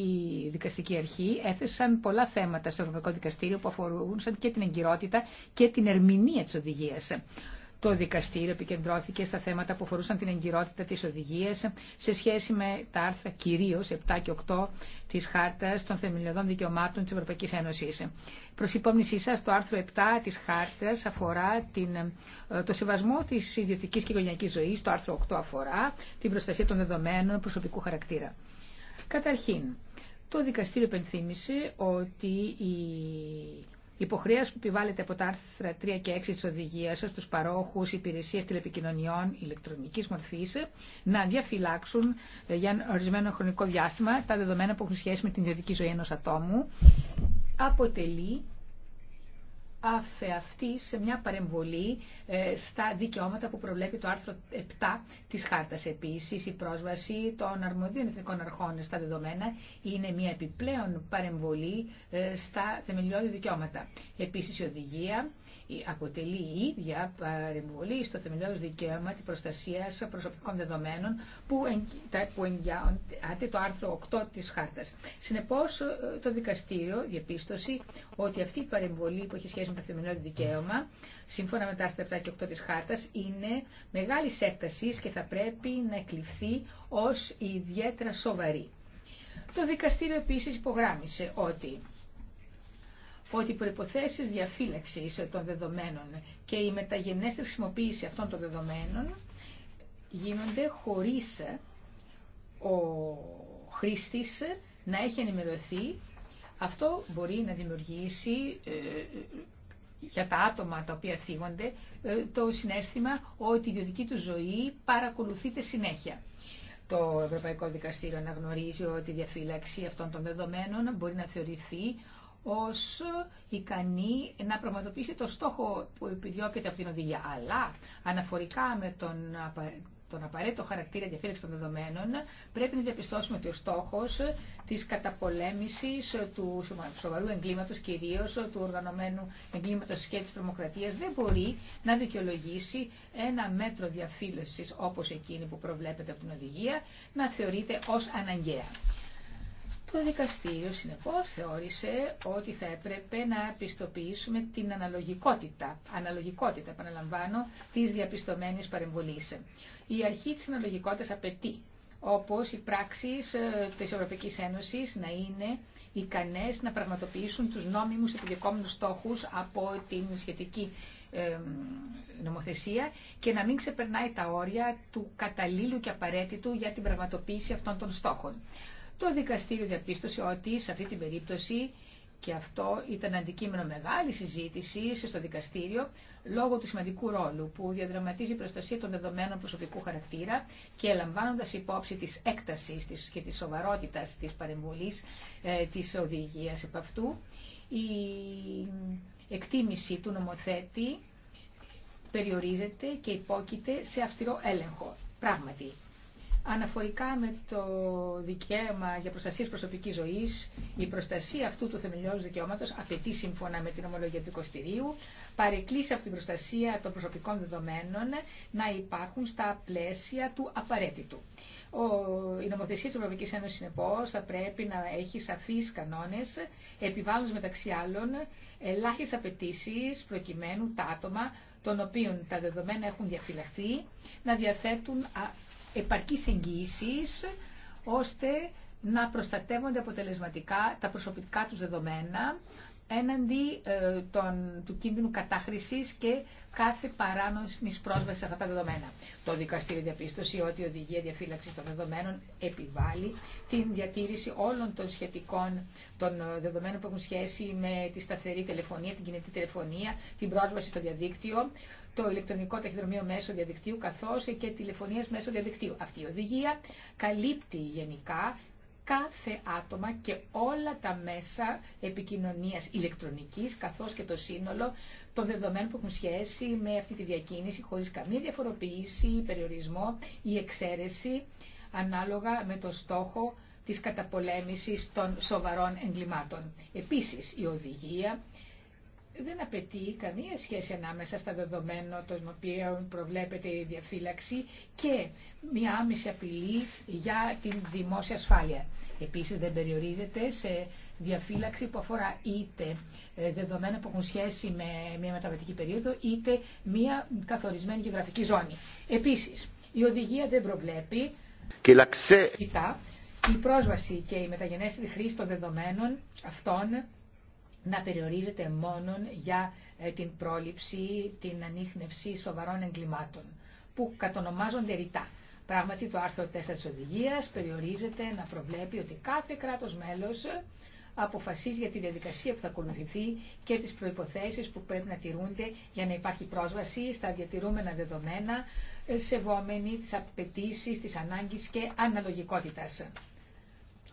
Δικαστική Αρχή έθεσαν πολλά θέματα στο Ευρωπαϊκό Δικαστήριο που αφορούσαν και την εγκυρότητα και την ερμηνεία της οδηγίας. Το δικαστήριο επικεντρώθηκε στα θέματα που αφορούσαν την εγκυρότητα της οδηγίας σε σχέση με τα άρθρα κυρίως 7 και 8 της Χάρτας των Θεμελιωδών Δικαιωμάτων της Ευρωπαϊκής Ένωσης. Προς υπόμνησή σας, το άρθρο 7 της Χάρτας αφορά την, ε, το σεβασμό της ιδιωτικής και οικογενειακής ζωής, το άρθρο 8 αφορά την προστασία των δεδομένων προσωπικού χαρακτήρα. Καταρχήν, το δικαστήριο επενθύμησε ότι η υποχρέωση που επιβάλλεται από τα άρθρα 3 και 6 της οδηγίας στους παρόχους υπηρεσίες τηλεπικοινωνιών ηλεκτρονικής μορφής να διαφυλάξουν ε, για ορισμένο χρονικό διάστημα τα δεδομένα που έχουν σχέση με την ιδιωτική ζωή ενός ατόμου αποτελεί αφεαυτή σε μια παρεμβολή ε, στα δικαιώματα που προβλέπει το άρθρο 7 της Χάρτας. Επίσης, η πρόσβαση των αρμοδίων εθνικών αρχών στα δεδομένα είναι μια επιπλέον παρεμβολή ε, στα θεμελιώδη δικαιώματα. Επίσης, η οδηγία αποτελεί η ίδια παρεμβολή στο θεμελιώδη δικαίωμα της προστασίας προσωπικών δεδομένων που εγγυάται το άρθρο 8 της χάρτας. Συνεπώς ε, το δικαστήριο διαπίστωσε ότι αυτή η παρεμβολή που έχει σχέση με το θεμελιώδη δικαίωμα σύμφωνα με τα άρθρα 7 και 8 της χάρτας είναι μεγάλη έκταση και θα πρέπει να εκλειφθεί ω ιδιαίτερα σοβαρή. Το δικαστήριο επίσης υπογράμμισε ότι ότι οι προποθέσει διαφύλαξης των δεδομένων και η μεταγενέστερη χρησιμοποίηση αυτών των δεδομένων γίνονται χωρί ο χρήστη να έχει ενημερωθεί. Αυτό μπορεί να δημιουργήσει ε, για τα άτομα τα οποία φύγονται ε, το συνέστημα ότι η ιδιωτική του ζωή παρακολουθείται συνέχεια. Το Ευρωπαϊκό Δικαστήριο αναγνωρίζει ότι η διαφύλαξη αυτών των δεδομένων μπορεί να θεωρηθεί ως ικανή να πραγματοποιήσει το στόχο που επιδιώκεται από την οδηγία. Αλλά αναφορικά με τον, τον απαραίτητο χαρακτήρα διαφύλαξη των δεδομένων, πρέπει να διαπιστώσουμε ότι ο στόχος της καταπολέμησης του σοβαρού εγκλήματος, κυρίως του οργανωμένου εγκλήματος και της τρομοκρατίας, δεν μπορεί να δικαιολογήσει ένα μέτρο διαφύλασης όπως εκείνη που προβλέπεται από την οδηγία να θεωρείται ως αναγκαία. Το δικαστήριο συνεπώς θεώρησε ότι θα έπρεπε να πιστοποιήσουμε την αναλογικότητα, αναλογικότητα επαναλαμβάνω, της διαπιστωμένης παρεμβολής. Η αρχή της αναλογικότητας απαιτεί όπως οι πράξεις ε, της Ευρωπαϊκής Ένωσης να είναι ικανές να πραγματοποιήσουν τους νόμιμους επιδεκόμενους στόχους από την σχετική νομοθεσία και να μην ξεπερνάει τα όρια του καταλήλου και απαραίτητου για την πραγματοποίηση αυτών των στόχων. Το δικαστήριο διαπίστωσε ότι σε αυτή την περίπτωση και αυτό ήταν αντικείμενο μεγάλη συζήτηση στο δικαστήριο λόγω του σημαντικού ρόλου που διαδραματίζει η προστασία των δεδομένων προσωπικού χαρακτήρα και λαμβάνοντα υπόψη τη έκταση και τη σοβαρότητας τη παρεμβολή ε, τη οδηγία επ' αυτού, η εκτίμηση του νομοθέτη περιορίζεται και υπόκειται σε αυστηρό έλεγχο. Πράγματι, Αναφορικά με το δικαίωμα για προστασία προσωπική ζωή, η προστασία αυτού του θεμελιώδου δικαιώματο απαιτεί σύμφωνα με την ομολογία του Κωστηρίου παρεκκλήσει από την προστασία των προσωπικών δεδομένων να υπάρχουν στα πλαίσια του απαραίτητου. Ο, η νομοθεσία τη Ευρωπαϊκή Ένωση, συνεπώ, θα πρέπει να έχει σαφεί κανόνε, επιβάλλοντα μεταξύ άλλων ελάχιστε απαιτήσει προκειμένου τα άτομα των οποίων τα δεδομένα έχουν διαφυλαχθεί να διαθέτουν επαρκείς εγγύησης ώστε να προστατεύονται αποτελεσματικά τα προσωπικά τους δεδομένα έναντι ε, του κίνδυνου κατάχρησης και κάθε παράνομη πρόσβαση σε αυτά τα δεδομένα. Το δικαστήριο διαπίστωσε ότι η οδηγία διαφύλαξη των δεδομένων επιβάλλει την διατήρηση όλων των σχετικών των δεδομένων που έχουν σχέση με τη σταθερή τηλεφωνία, την κινητή τηλεφωνία, την πρόσβαση στο διαδίκτυο, το ηλεκτρονικό ταχυδρομείο μέσω διαδικτύου καθώ και τηλεφωνία μέσω διαδικτύου. Αυτή η οδηγία καλύπτει γενικά κάθε άτομα και όλα τα μέσα επικοινωνίας ηλεκτρονικής καθώς και το σύνολο των δεδομένων που έχουν σχέση με αυτή τη διακίνηση χωρίς καμία διαφοροποίηση, περιορισμό ή εξαίρεση ανάλογα με το στόχο της καταπολέμησης των σοβαρών εγκλημάτων. Επίσης, η οδηγία δεν απαιτεί καμία σχέση ανάμεσα στα δεδομένα των οποίων προβλέπεται η διαφύλαξη και μια άμεση απειλή για την δημόσια ασφάλεια. Επίσης δεν περιορίζεται σε διαφύλαξη που αφορά είτε ε, δεδομένα που έχουν σχέση με μια μεταβατική περίοδο είτε μια καθορισμένη γεωγραφική ζώνη. Επίσης η οδηγία δεν προβλέπει και η πρόσβαση και η μεταγενέστερη χρήση των δεδομένων αυτών να περιορίζεται μόνο για ε, την πρόληψη, την ανείχνευση σοβαρών εγκλημάτων, που κατονομάζονται ρητά. Πράγματι, το άρθρο 4 της οδηγίας περιορίζεται να προβλέπει ότι κάθε κράτος μέλος ε, αποφασίζει για τη διαδικασία που θα ακολουθηθεί και τις προϋποθέσεις που πρέπει να τηρούνται για να υπάρχει πρόσβαση στα διατηρούμενα δεδομένα ε, σεβόμενη τις απαιτήσει, τις ανάγκες και αναλογικότητας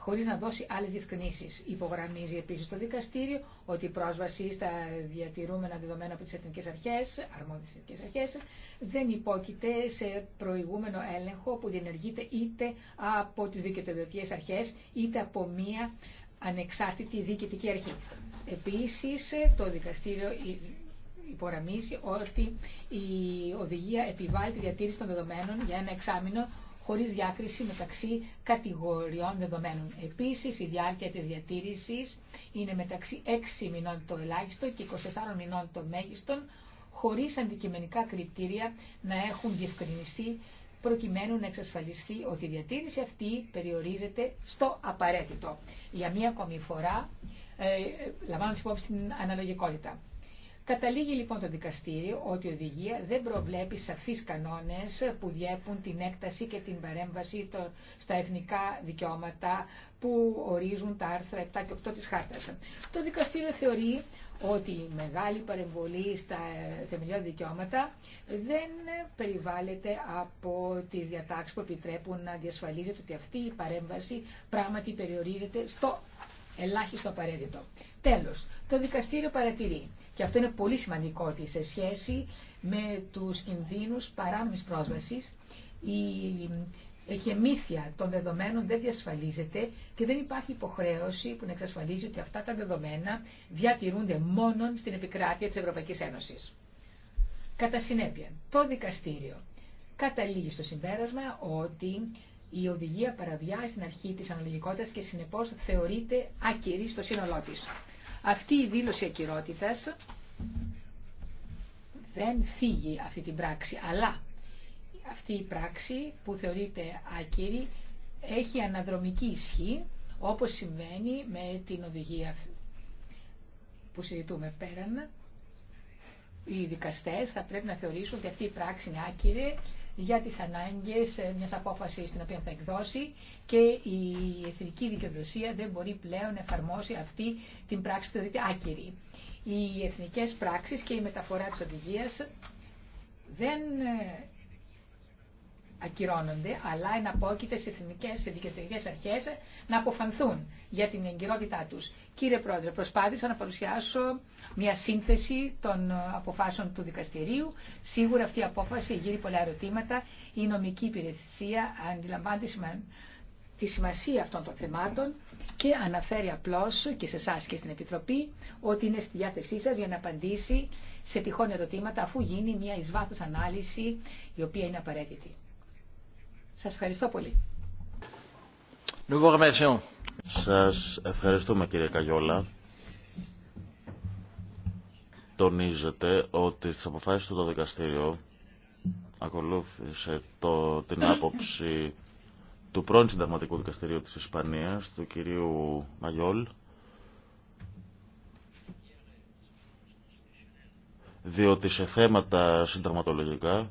χωρίς να δώσει άλλες διευκρινήσεις. Υπογραμμίζει επίσης το δικαστήριο ότι η πρόσβαση στα διατηρούμενα δεδομένα από τις εθνικές αρχές, αρμόδιες εθνικές αρχές, δεν υπόκειται σε προηγούμενο έλεγχο που διενεργείται είτε από τις δικαιοδοτικές αρχές, είτε από μία ανεξάρτητη διοικητική αρχή. Επίσης, το δικαστήριο υπογραμμίζει ότι η οδηγία επιβάλλει τη διατήρηση των δεδομένων για ένα εξάμεινο χωρίς διάκριση μεταξύ κατηγοριών δεδομένων. Επίσης, η διάρκεια της διατήρησης είναι μεταξύ 6 μηνών το ελάχιστο και 24 μηνών το μέγιστο, χωρίς αντικειμενικά κριτήρια να έχουν διευκρινιστεί προκειμένου να εξασφαλιστεί ότι η διατήρηση αυτή περιορίζεται στο απαραίτητο. Για μία ακόμη φορά, ε, λαμβάνοντας υπόψη την αναλογικότητα. Καταλήγει λοιπόν το δικαστήριο ότι η οδηγία δεν προβλέπει σαφείς κανόνες που διέπουν την έκταση και την παρέμβαση στα εθνικά δικαιώματα που ορίζουν τα άρθρα 7 και 8 της χάρτας. Το δικαστήριο θεωρεί ότι η μεγάλη παρεμβολή στα ε, θεμελιώδη δικαιώματα δεν περιβάλλεται από τις διατάξεις που επιτρέπουν να διασφαλίζεται ότι αυτή η παρέμβαση πράγματι περιορίζεται στο ελάχιστο απαραίτητο. Τέλος, το δικαστήριο παρατηρεί, και αυτό είναι πολύ σημαντικό ότι σε σχέση με τους κινδύνους παράνομης πρόσβασης, η εχεμήθεια των δεδομένων δεν διασφαλίζεται και δεν υπάρχει υποχρέωση που να εξασφαλίζει ότι αυτά τα δεδομένα διατηρούνται μόνο στην επικράτεια της Ευρωπαϊκής Ένωσης. Κατά συνέπεια, το δικαστήριο καταλήγει στο συμπέρασμα ότι η οδηγία παραβιάζει την αρχή της αναλογικότητας και συνεπώς θεωρείται ακυρή στο σύνολό της. Αυτή η δήλωση ακυρότητας δεν φύγει αυτή την πράξη, αλλά αυτή η πράξη που θεωρείται άκυρη έχει αναδρομική ισχύ, όπως συμβαίνει με την οδηγία που συζητούμε πέραν. Οι δικαστές θα πρέπει να θεωρήσουν ότι αυτή η πράξη είναι άκυρη για τις ανάγκες ε, μιας απόφασης την οποία θα εκδώσει και η εθνική δικαιοδοσία δεν μπορεί πλέον να εφαρμόσει αυτή την πράξη που θεωρείται άκυρη. Οι εθνικές πράξεις και η μεταφορά της οδηγίας δεν ε, ακυρώνονται, αλλά εναπόκειται σε εθνικές δικαιοδοσίες αρχές να αποφανθούν για την εγκυρότητά τους. Κύριε Πρόεδρε, προσπάθησα να παρουσιάσω μια σύνθεση των ε, αποφάσεων του δικαστηρίου. Σίγουρα αυτή η απόφαση γύρει πολλά ερωτήματα. Η νομική υπηρεσία αντιλαμβάνεται τη σημασία αυτών των θεμάτων και αναφέρει απλώς και σε εσά και στην Επιτροπή ότι είναι στη διάθεσή σας για να απαντήσει σε τυχόν ερωτήματα αφού γίνει μια εις ανάλυση η οποία είναι απαραίτητη. Σας ευχαριστώ πολύ. Σας ευχαριστούμε κύριε Καγιόλα. Τονίζετε ότι στις αποφάσεις του το δικαστήριο ακολούθησε το, την άποψη του πρώην συνταγματικού δικαστηρίου της Ισπανίας, του κυρίου Μαγιόλ, διότι σε θέματα συνταγματολογικά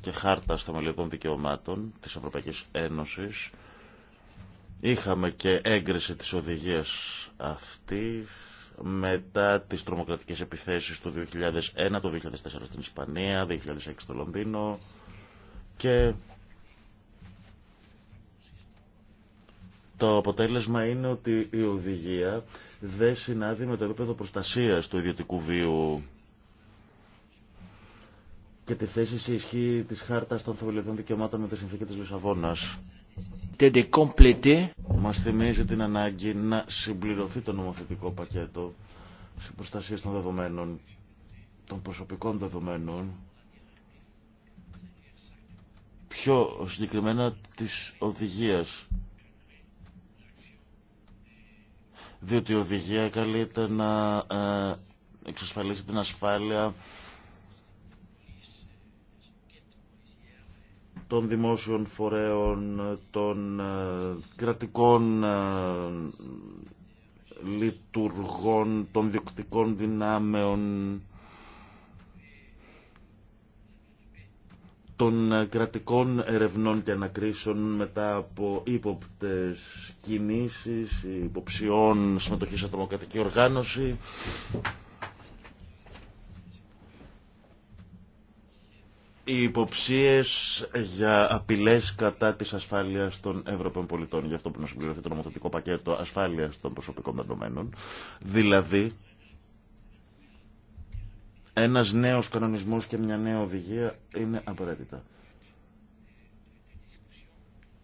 και χάρτα θεμελιωδών δικαιωμάτων της Ευρωπαϊκής Ένωσης Είχαμε και έγκριση της οδηγίας αυτή μετά τις τρομοκρατικές επιθέσεις του 2001, το 2004 στην Ισπανία, 2006 στο Λονδίνο και το αποτέλεσμα είναι ότι η οδηγία δεν συνάδει με το επίπεδο προστασίας του ιδιωτικού βίου και τη θέση σε ισχύ της Χάρτας των Θεμελιωδών Δικαιωμάτων με τη Συνθήκη της Λισαβόνας. Μας θυμίζει την ανάγκη να συμπληρωθεί το νομοθετικό πακέτο σε προστασία των δεδομένων, των προσωπικών δεδομένων, πιο συγκεκριμένα της οδηγίας. Διότι η οδηγία καλείται να ε, εξασφαλίσει την ασφάλεια των δημόσιων φορέων, των ε, κρατικών ε, λειτουργών, των διοκτικών δυνάμεων, των ε, κρατικών ερευνών και ανακρίσεων μετά από ύποπτες κινήσεις, υποψιών συμμετοχής ατομοκρατική οργάνωση. οι υποψίες για απειλές κατά της ασφάλειας των Ευρωπαίων πολιτών, για αυτό που να συμπληρωθεί το νομοθετικό πακέτο ασφάλειας των προσωπικών δεδομένων, δηλαδή ένας νέος κανονισμός και μια νέα οδηγία είναι απαραίτητα.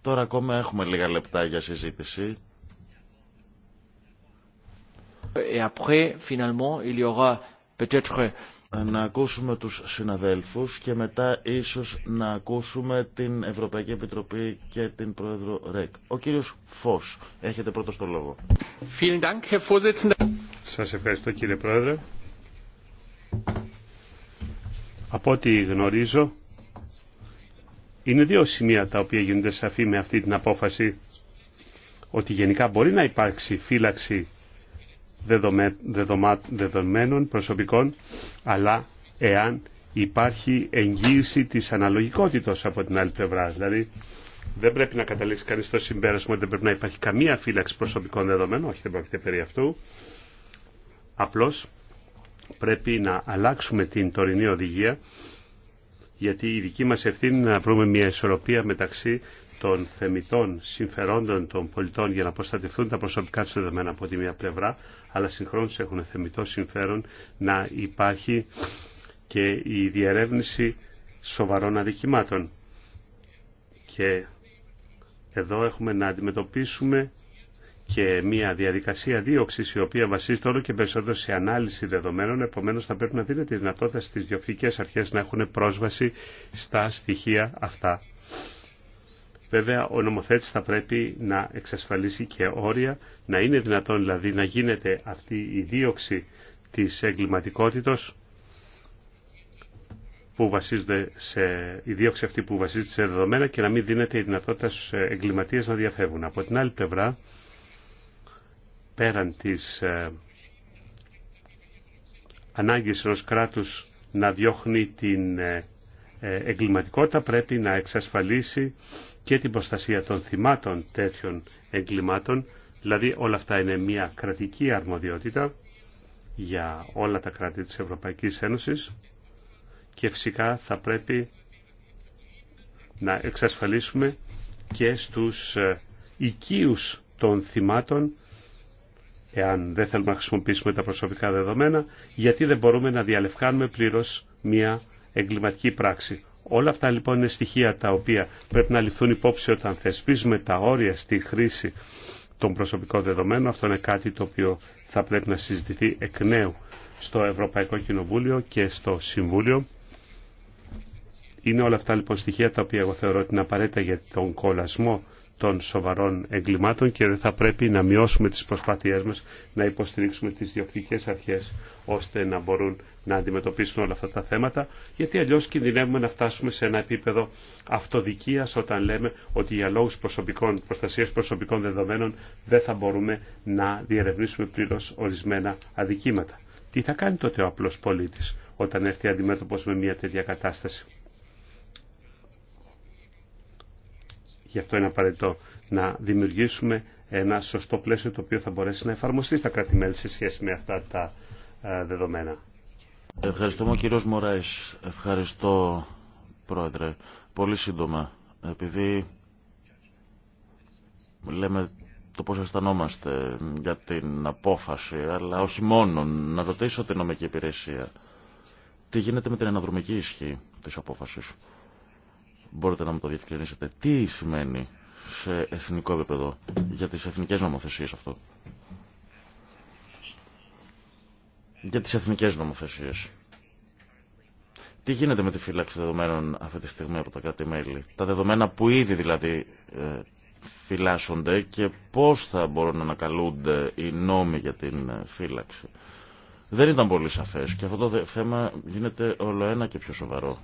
Τώρα ακόμα έχουμε λίγα λεπτά για συζήτηση. Και μετά, finalement, il y να ακούσουμε τους συναδέλφους και μετά ίσως να ακούσουμε την Ευρωπαϊκή Επιτροπή και την Πρόεδρο ΡΕΚ. Ο κύριος Φως, έχετε πρώτος το λόγο. Σας ευχαριστώ κύριε Πρόεδρε. Από ό,τι γνωρίζω, είναι δύο σημεία τα οποία γίνονται σαφή με αυτή την απόφαση ότι γενικά μπορεί να υπάρξει φύλαξη δεδομένων προσωπικών, αλλά εάν υπάρχει εγγύηση της αναλογικότητας από την άλλη πλευρά. Δηλαδή, δεν πρέπει να καταλήξει κανείς το συμπέρασμα ότι δεν πρέπει να υπάρχει καμία φύλαξη προσωπικών δεδομένων, όχι δεν πρόκειται περί αυτού. Απλώς πρέπει να αλλάξουμε την τωρινή οδηγία, γιατί η δική μας ευθύνη είναι να βρούμε μια ισορροπία μεταξύ των θεμητών συμφερόντων των πολιτών για να προστατευτούν τα προσωπικά του δεδομένα από τη μία πλευρά, αλλά συγχρόνως έχουν θεμητό συμφέρον να υπάρχει και η διερεύνηση σοβαρών αδικημάτων. Και εδώ έχουμε να αντιμετωπίσουμε και μια διαδικασία δίωξη η οποία βασίζεται όλο και περισσότερο σε ανάλυση δεδομένων. Επομένω, θα πρέπει να δίνεται τη δυνατότητα στι διοικητικέ αρχέ να έχουν πρόσβαση στα στοιχεία αυτά. Βέβαια, ο νομοθέτης θα πρέπει να εξασφαλίσει και όρια, να είναι δυνατόν δηλαδή να γίνεται αυτή η δίωξη της εγκληματικότητος που βασίζεται σε, η δίωξη αυτή που βασίζεται σε δεδομένα και να μην δίνεται η δυνατότητα στους εγκληματίες να διαφεύγουν. Από την άλλη πλευρά, πέραν της ε, ανάγκης ενός κράτους να διώχνει την ε, ε, εγκληματικότητα πρέπει να εξασφαλίσει και την προστασία των θυμάτων τέτοιων εγκλημάτων, δηλαδή όλα αυτά είναι μια κρατική αρμοδιότητα για όλα τα κράτη της Ευρωπαϊκής Ένωσης και φυσικά θα πρέπει να εξασφαλίσουμε και στους ε, οικίους των θυμάτων εάν δεν θέλουμε να χρησιμοποιήσουμε τα προσωπικά δεδομένα, γιατί δεν μπορούμε να διαλευκάνουμε πλήρως μια εγκληματική πράξη. Όλα αυτά λοιπόν είναι στοιχεία τα οποία πρέπει να ληφθούν υπόψη όταν θεσπίζουμε τα όρια στη χρήση των προσωπικών δεδομένων. Αυτό είναι κάτι το οποίο θα πρέπει να συζητηθεί εκ νέου στο Ευρωπαϊκό Κοινοβούλιο και στο Συμβούλιο. Είναι όλα αυτά λοιπόν στοιχεία τα οποία εγώ θεωρώ ότι είναι απαραίτητα για τον κολασμό των σοβαρών εγκλημάτων και δεν θα πρέπει να μειώσουμε τις προσπάθειές μας να υποστηρίξουμε τις διοκτικές αρχές ώστε να μπορούν να αντιμετωπίσουν όλα αυτά τα θέματα γιατί αλλιώς κινδυνεύουμε να φτάσουμε σε ένα επίπεδο αυτοδικίας όταν λέμε ότι για λόγους προσωπικών, προστασίας προσωπικών δεδομένων δεν θα μπορούμε να διερευνήσουμε πλήρως ορισμένα αδικήματα. Τι θα κάνει τότε ο απλός πολίτης όταν έρθει αντιμέτωπος με μια τέτοια κατάσταση. Γι' αυτό είναι απαραίτητο να δημιουργήσουμε ένα σωστό πλαίσιο το οποίο θα μπορέσει να εφαρμοστεί στα κράτη-μέλη σε σχέση με αυτά τα ε, δεδομένα. Ευχαριστούμε κύριο Μωράης. Ευχαριστώ πρόεδρε. Πολύ σύντομα. Επειδή λέμε το πώς αισθανόμαστε για την απόφαση, αλλά όχι μόνο, να ρωτήσω την νομική υπηρεσία. Τι γίνεται με την αναδρομική ισχύ της απόφασης. Μπορείτε να μου το διευκρινίσετε. Τι σημαίνει σε εθνικό επίπεδο για τις εθνικές νομοθεσίες αυτό. Για τις εθνικές νομοθεσίες. Τι γίνεται με τη φύλαξη δεδομένων αυτή τη στιγμή από τα κράτη-μέλη. Τα δεδομένα που ήδη δηλαδή ε, φυλάσσονται και πώς θα μπορούν να ανακαλούνται οι νόμοι για την ε, φύλαξη. Δεν ήταν πολύ σαφές και αυτό το θέμα γίνεται όλο ένα και πιο σοβαρό.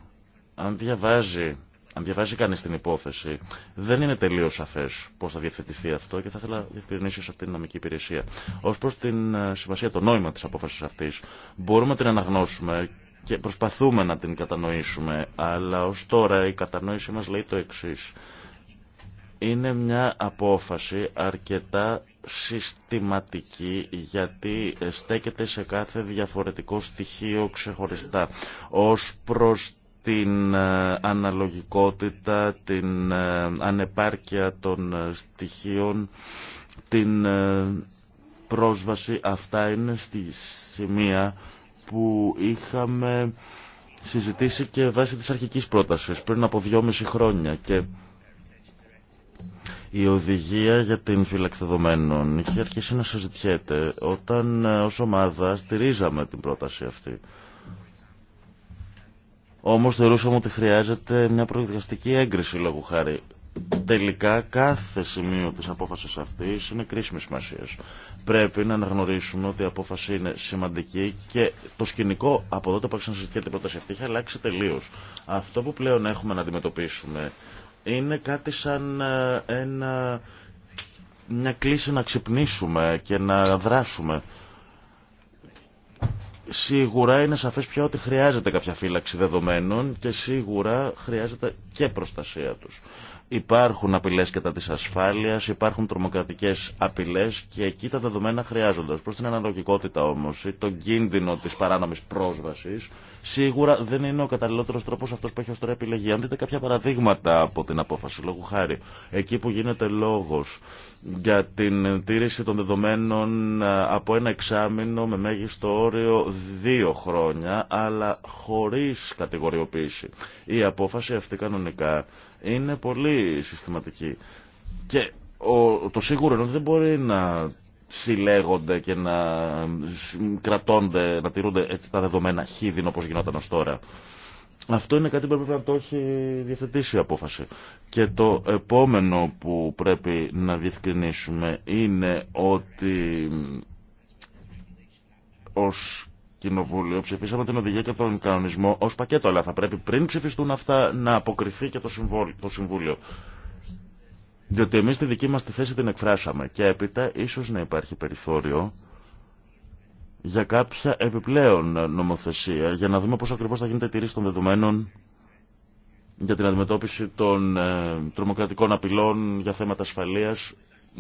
Αν διαβάζει αν διαβάζει κανεί την υπόθεση, δεν είναι τελείως σαφέ πώ θα διευθετηθεί αυτό και θα ήθελα σε από την νομική υπηρεσία. Ω προς την ε, σημασία, το νόημα τη απόφαση αυτή. μπορούμε να την αναγνώσουμε και προσπαθούμε να την κατανοήσουμε, αλλά ω τώρα η κατανόησή μας λέει το εξή, Είναι μια απόφαση αρκετά συστηματική γιατί στέκεται σε κάθε διαφορετικό στοιχείο ξεχωριστά ως προς την ε, αναλογικότητα, την ε, ανεπάρκεια των ε, στοιχείων, την πρόσβαση. Αυτά είναι στη σημεία που είχαμε συζητήσει και βάσει της αρχικής πρότασης πριν από δυόμιση χρόνια και η οδηγία για την φύλαξη δεδομένων είχε αρχίσει να συζητιέται όταν ως ομάδα στηρίζαμε την πρόταση αυτή. Όμως θεωρούσαμε ότι χρειάζεται μια προεδραστική έγκριση λόγου χάρη. Τελικά κάθε σημείο της απόφασης αυτής είναι κρίσιμη σημασία. Πρέπει να αναγνωρίσουμε ότι η απόφαση είναι σημαντική και το σκηνικό από εδώ το που συζητιέται την πρόταση αυτή έχει αλλάξει τελείως. Αυτό που πλέον έχουμε να αντιμετωπίσουμε είναι κάτι σαν ε, ένα, μια κλίση να ξυπνήσουμε και να δράσουμε. Σίγουρα είναι σαφές πια ότι χρειάζεται κάποια φύλαξη δεδομένων και σίγουρα χρειάζεται και προστασία τους. Υπάρχουν απειλέ κατά τη ασφάλεια, υπάρχουν τρομοκρατικέ απειλέ και εκεί τα δεδομένα χρειάζονται. Προ την αναλογικότητα όμω ή τον κίνδυνο τη παράνομη πρόσβαση, σίγουρα δεν είναι ο καταλληλότερο τρόπο αυτό που έχει ω τώρα επιλεγεί. Αν δείτε κάποια παραδείγματα από την απόφαση, λόγου χάρη, εκεί που γίνεται λόγο για την τήρηση των δεδομένων από ένα εξάμεινο με μέγιστο όριο δύο χρόνια, αλλά χωρί κατηγοριοποίηση. Η απόφαση αυτή κανονικά είναι πολύ συστηματική. Και το σίγουρο είναι ότι δεν μπορεί να συλλέγονται και να κρατώνται, να τηρούνται τα δεδομένα χίδιν όπως γινόταν ως τώρα. Αυτό είναι κάτι που πρέπει να το έχει διευθετήσει η απόφαση. Και το επόμενο που πρέπει να διευκρινίσουμε είναι ότι ως Κοινοβούλιο ψηφίσαμε την οδηγία και τον κανονισμό ως πακέτο, αλλά θα πρέπει πριν ψηφιστούν αυτά να αποκριθεί και το, το Συμβούλιο. Διότι εμείς τη δική μας τη θέση την εκφράσαμε και έπειτα ίσως να υπάρχει περιθώριο για κάποια επιπλέον νομοθεσία, για να δούμε πώς ακριβώς θα γίνεται η τηρήση των δεδομένων για την αντιμετώπιση των ε, τρομοκρατικών απειλών για θέματα ασφαλείας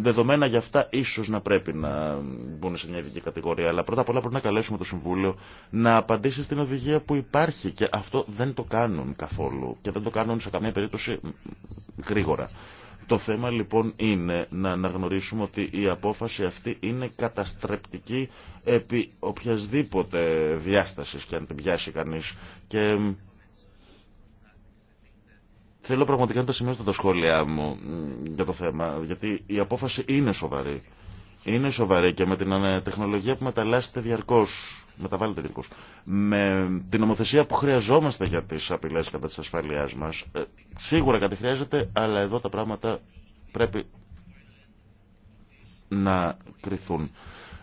δεδομένα για αυτά ίσω να πρέπει να μπουν σε μια ειδική κατηγορία. Αλλά πρώτα απ' όλα πρέπει να καλέσουμε το Συμβούλιο να απαντήσει στην οδηγία που υπάρχει. Και αυτό δεν το κάνουν καθόλου. Και δεν το κάνουν σε καμία περίπτωση γρήγορα. Το θέμα λοιπόν είναι να αναγνωρίσουμε ότι η απόφαση αυτή είναι καταστρεπτική επί οποιασδήποτε διάστασης και αν την πιάσει κανείς και Θέλω πραγματικά να τα σημειώσετε τα σχόλιά μου για το θέμα, γιατί η απόφαση είναι σοβαρή. Είναι σοβαρή και με την ε, τεχνολογία που μεταλλάσσεται διαρκώ, μεταβάλλεται διαρκώ, με την νομοθεσία που χρειαζόμαστε για τι απειλέ κατά τη ασφαλεία μα, ε, σίγουρα κάτι χρειάζεται, αλλά εδώ τα πράγματα πρέπει να κρυθούν.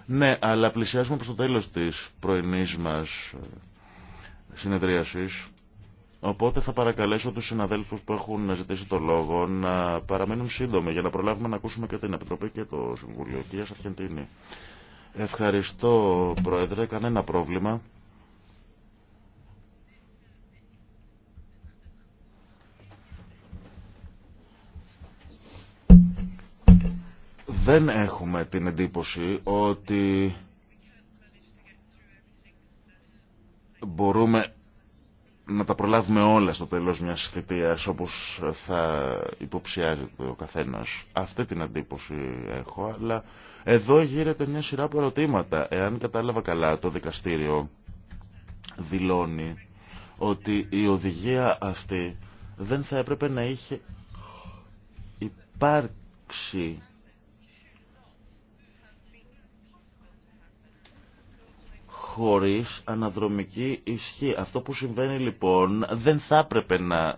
Ναι, αλλά πλησιάζουμε προς το τέλος της πρωινής μας ε, συνεδρίασης. Οπότε θα παρακαλέσω τους συναδέλφους που έχουν ζητήσει το λόγο να παραμείνουν σύντομοι για να προλάβουμε να ακούσουμε και την Επιτροπή και το Συμβουλίο. Κυρία Σαρχεντίνη, ευχαριστώ Πρόεδρε, κανένα πρόβλημα. Δεν έχουμε την εντύπωση ότι μπορούμε να τα προλάβουμε όλα στο τέλος μιας θητείας όπως θα υποψιάζεται ο καθένας. Αυτή την αντίποση έχω, αλλά εδώ γύρεται μια σειρά από ερωτήματα. Εάν κατάλαβα καλά το δικαστήριο δηλώνει ότι η οδηγία αυτή δεν θα έπρεπε να είχε υπάρξει χωρίς αναδρομική ισχύ. Αυτό που συμβαίνει λοιπόν δεν θα έπρεπε να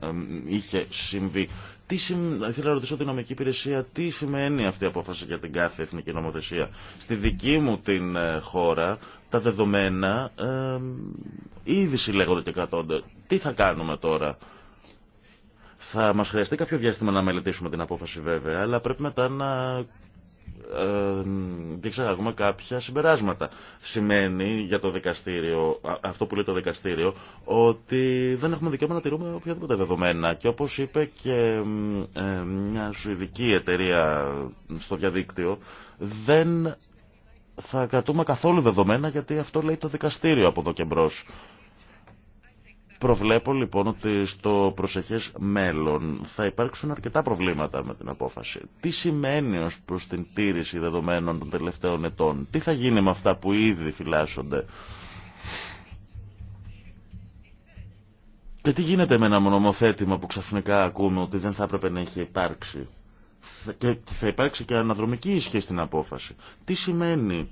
είχε συμβεί. Τι συμ... Θέλω να ρωτήσω την νομική υπηρεσία τι σημαίνει αυτή η απόφαση για την κάθε εθνική νομοθεσία. Στη δική μου την ε, χώρα τα δεδομένα ε, ήδη συλλέγονται και κρατώνται. Τι θα κάνουμε τώρα. Θα μας χρειαστεί κάποιο διάστημα να μελετήσουμε την απόφαση βέβαια, αλλά πρέπει μετά να διεξαγάγουμε κάποια συμπεράσματα. Σημαίνει για το δικαστήριο, αυτό που λέει το δικαστήριο, ότι δεν έχουμε δικαίωμα να τηρούμε οποιαδήποτε δεδομένα. Και όπως είπε και ε, μια σουηδική εταιρεία στο διαδίκτυο, δεν θα κρατούμε καθόλου δεδομένα γιατί αυτό λέει το δικαστήριο από εδώ και μπρος. Προβλέπω λοιπόν ότι στο προσεχές μέλλον θα υπάρξουν αρκετά προβλήματα με την απόφαση. Τι σημαίνει ως προς την τήρηση δεδομένων των τελευταίων ετών, τι θα γίνει με αυτά που ήδη φυλάσσονται. Και τι γίνεται με ένα μονομοθέτημα που ξαφνικά ακούμε ότι δεν θα έπρεπε να έχει υπάρξει. Και θα υπάρξει και αναδρομική ισχύ στην απόφαση. Τι σημαίνει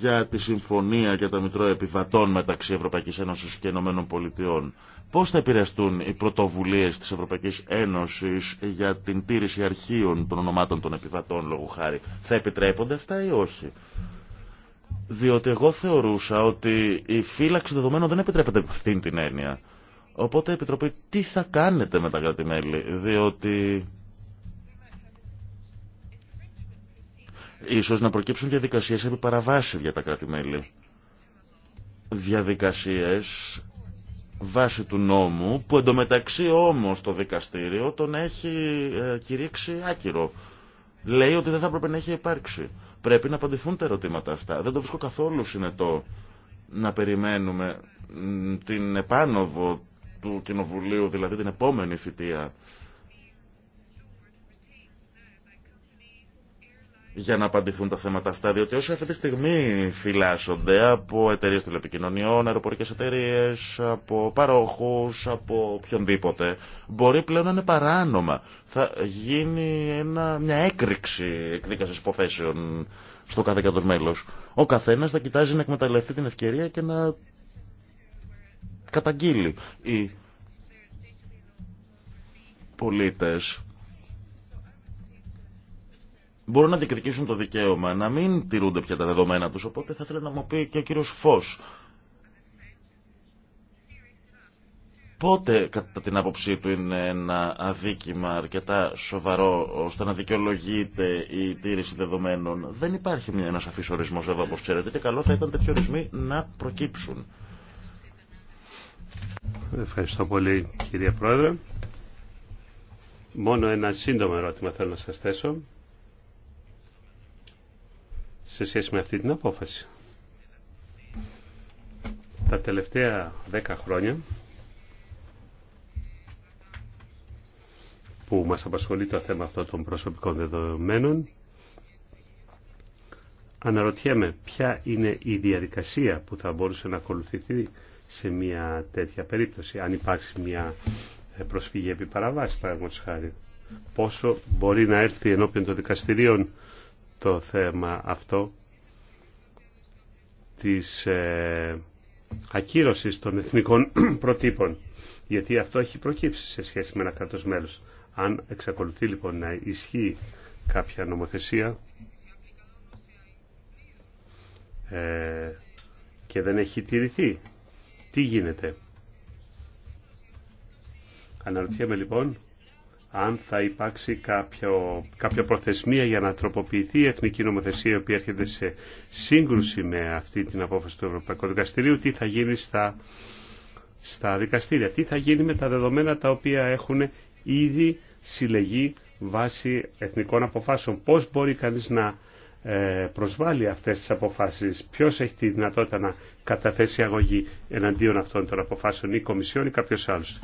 για τη συμφωνία για τα Μητρώα Επιβατών μεταξύ Ευρωπαϊκής Ένωσης και Ηνωμένων Πολιτειών. Πώς θα επηρεαστούν οι πρωτοβουλίες της Ευρωπαϊκής Ένωσης για την τήρηση αρχείων των ονομάτων των επιβατών λόγου χάρη. Θα επιτρέπονται αυτά ή όχι. Διότι εγώ θεωρούσα ότι η φύλαξη δεδομένων δεν επιτρέπεται αυτήν την έννοια. Οπότε, Επιτροπή, τι θα κάνετε με τα κράτη-μέλη, διότι Ίσως να προκύψουν διαδικασίες επί παραβάση για τα κράτη-μέλη. Διαδικασίες βάσει του νόμου που εντωμεταξύ όμως το δικαστήριο τον έχει ε, κηρύξει άκυρο. Λέει ότι δεν θα έπρεπε να έχει υπάρξει. Πρέπει να απαντηθούν τα ερωτήματα αυτά. Δεν το βρίσκω καθόλου συνετό να περιμένουμε την επάνωδο του Κοινοβουλίου, δηλαδή την επόμενη θητεία για να απαντηθούν τα θέματα αυτά, διότι όσοι αυτή τη στιγμή φυλάσσονται από εταιρείε τηλεπικοινωνιών, αεροπορικέ εταιρείε, από παρόχου, από οποιονδήποτε, μπορεί πλέον να είναι παράνομα. Θα γίνει ένα, μια έκρηξη εκδίκαση υποθέσεων στο κάθε κράτο μέλο. Ο καθένα θα κοιτάζει να εκμεταλλευτεί την ευκαιρία και να καταγγείλει. Οι πολίτε μπορούν να διεκδικήσουν το δικαίωμα να μην τηρούνται πια τα δεδομένα τους, οπότε θα ήθελα να μου πει και ο κύριος Φως. Πότε, κατά την άποψή του, είναι ένα αδίκημα αρκετά σοβαρό ώστε να δικαιολογείται η τήρηση δεδομένων. Δεν υπάρχει μια σαφής ορισμός εδώ, όπως ξέρετε, και καλό θα ήταν τέτοιοι ορισμοί να προκύψουν. Ευχαριστώ πολύ, κυρία Πρόεδρε. Μόνο ένα σύντομο ερώτημα θέλω να σας θέσω σε σχέση με αυτή την απόφαση. Τα τελευταία δέκα χρόνια που μας απασχολεί το θέμα αυτό των προσωπικών δεδομένων αναρωτιέμαι ποια είναι η διαδικασία που θα μπορούσε να ακολουθηθεί σε μια τέτοια περίπτωση αν υπάρξει μια προσφυγή επί παραβάση χάρη πόσο μπορεί να έρθει ενώπιον των δικαστηρίων το θέμα αυτό της ε, ακύρωσης των εθνικών προτύπων. Γιατί αυτό έχει προκύψει σε σχέση με ένα κράτος μέλος. Αν εξακολουθεί λοιπόν να ισχύει κάποια νομοθεσία ε, και δεν έχει τηρηθεί, τι γίνεται. Αναρωτιέμαι λοιπόν αν θα υπάρξει κάποιο, κάποια προθεσμία για να τροποποιηθεί η εθνική νομοθεσία η οποία έρχεται σε σύγκρουση με αυτή την απόφαση του Ευρωπαϊκού Δικαστηρίου, τι θα γίνει στα, στα δικαστήρια, τι θα γίνει με τα δεδομένα τα οποία έχουν ήδη συλλεγεί βάσει εθνικών αποφάσεων, πώς μπορεί κανείς να ε, προσβάλλει αυτές τις αποφάσεις, ποιος έχει τη δυνατότητα να καταθέσει αγωγή εναντίον αυτών των αποφάσεων, ή η κομισιον ή κάποιος άλλος.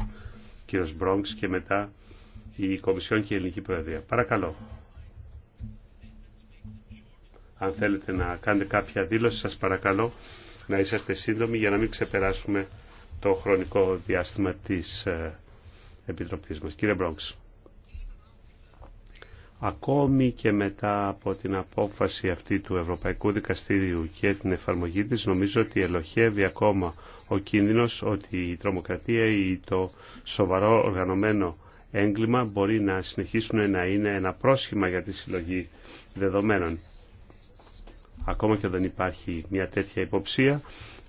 Κύριος Μπρόγκς και μετά η Κομισιόν και η Ελληνική Προεδρία. Παρακαλώ. Αν θέλετε να κάνετε κάποια δήλωση, σας παρακαλώ να είσαστε σύντομοι για να μην ξεπεράσουμε το χρονικό διάστημα της ε, Επιτροπής μας. Κύριε Μπρόγκς. Ακόμη και μετά από την απόφαση αυτή του Ευρωπαϊκού Δικαστήριου και την εφαρμογή της, νομίζω ότι ελοχεύει ακόμα ο κίνδυνος ότι η τρομοκρατία ή το σοβαρό οργανωμένο έγκλημα μπορεί να συνεχίσουν να είναι ένα πρόσχημα για τη συλλογή δεδομένων. Ακόμα και όταν υπάρχει μια τέτοια υποψία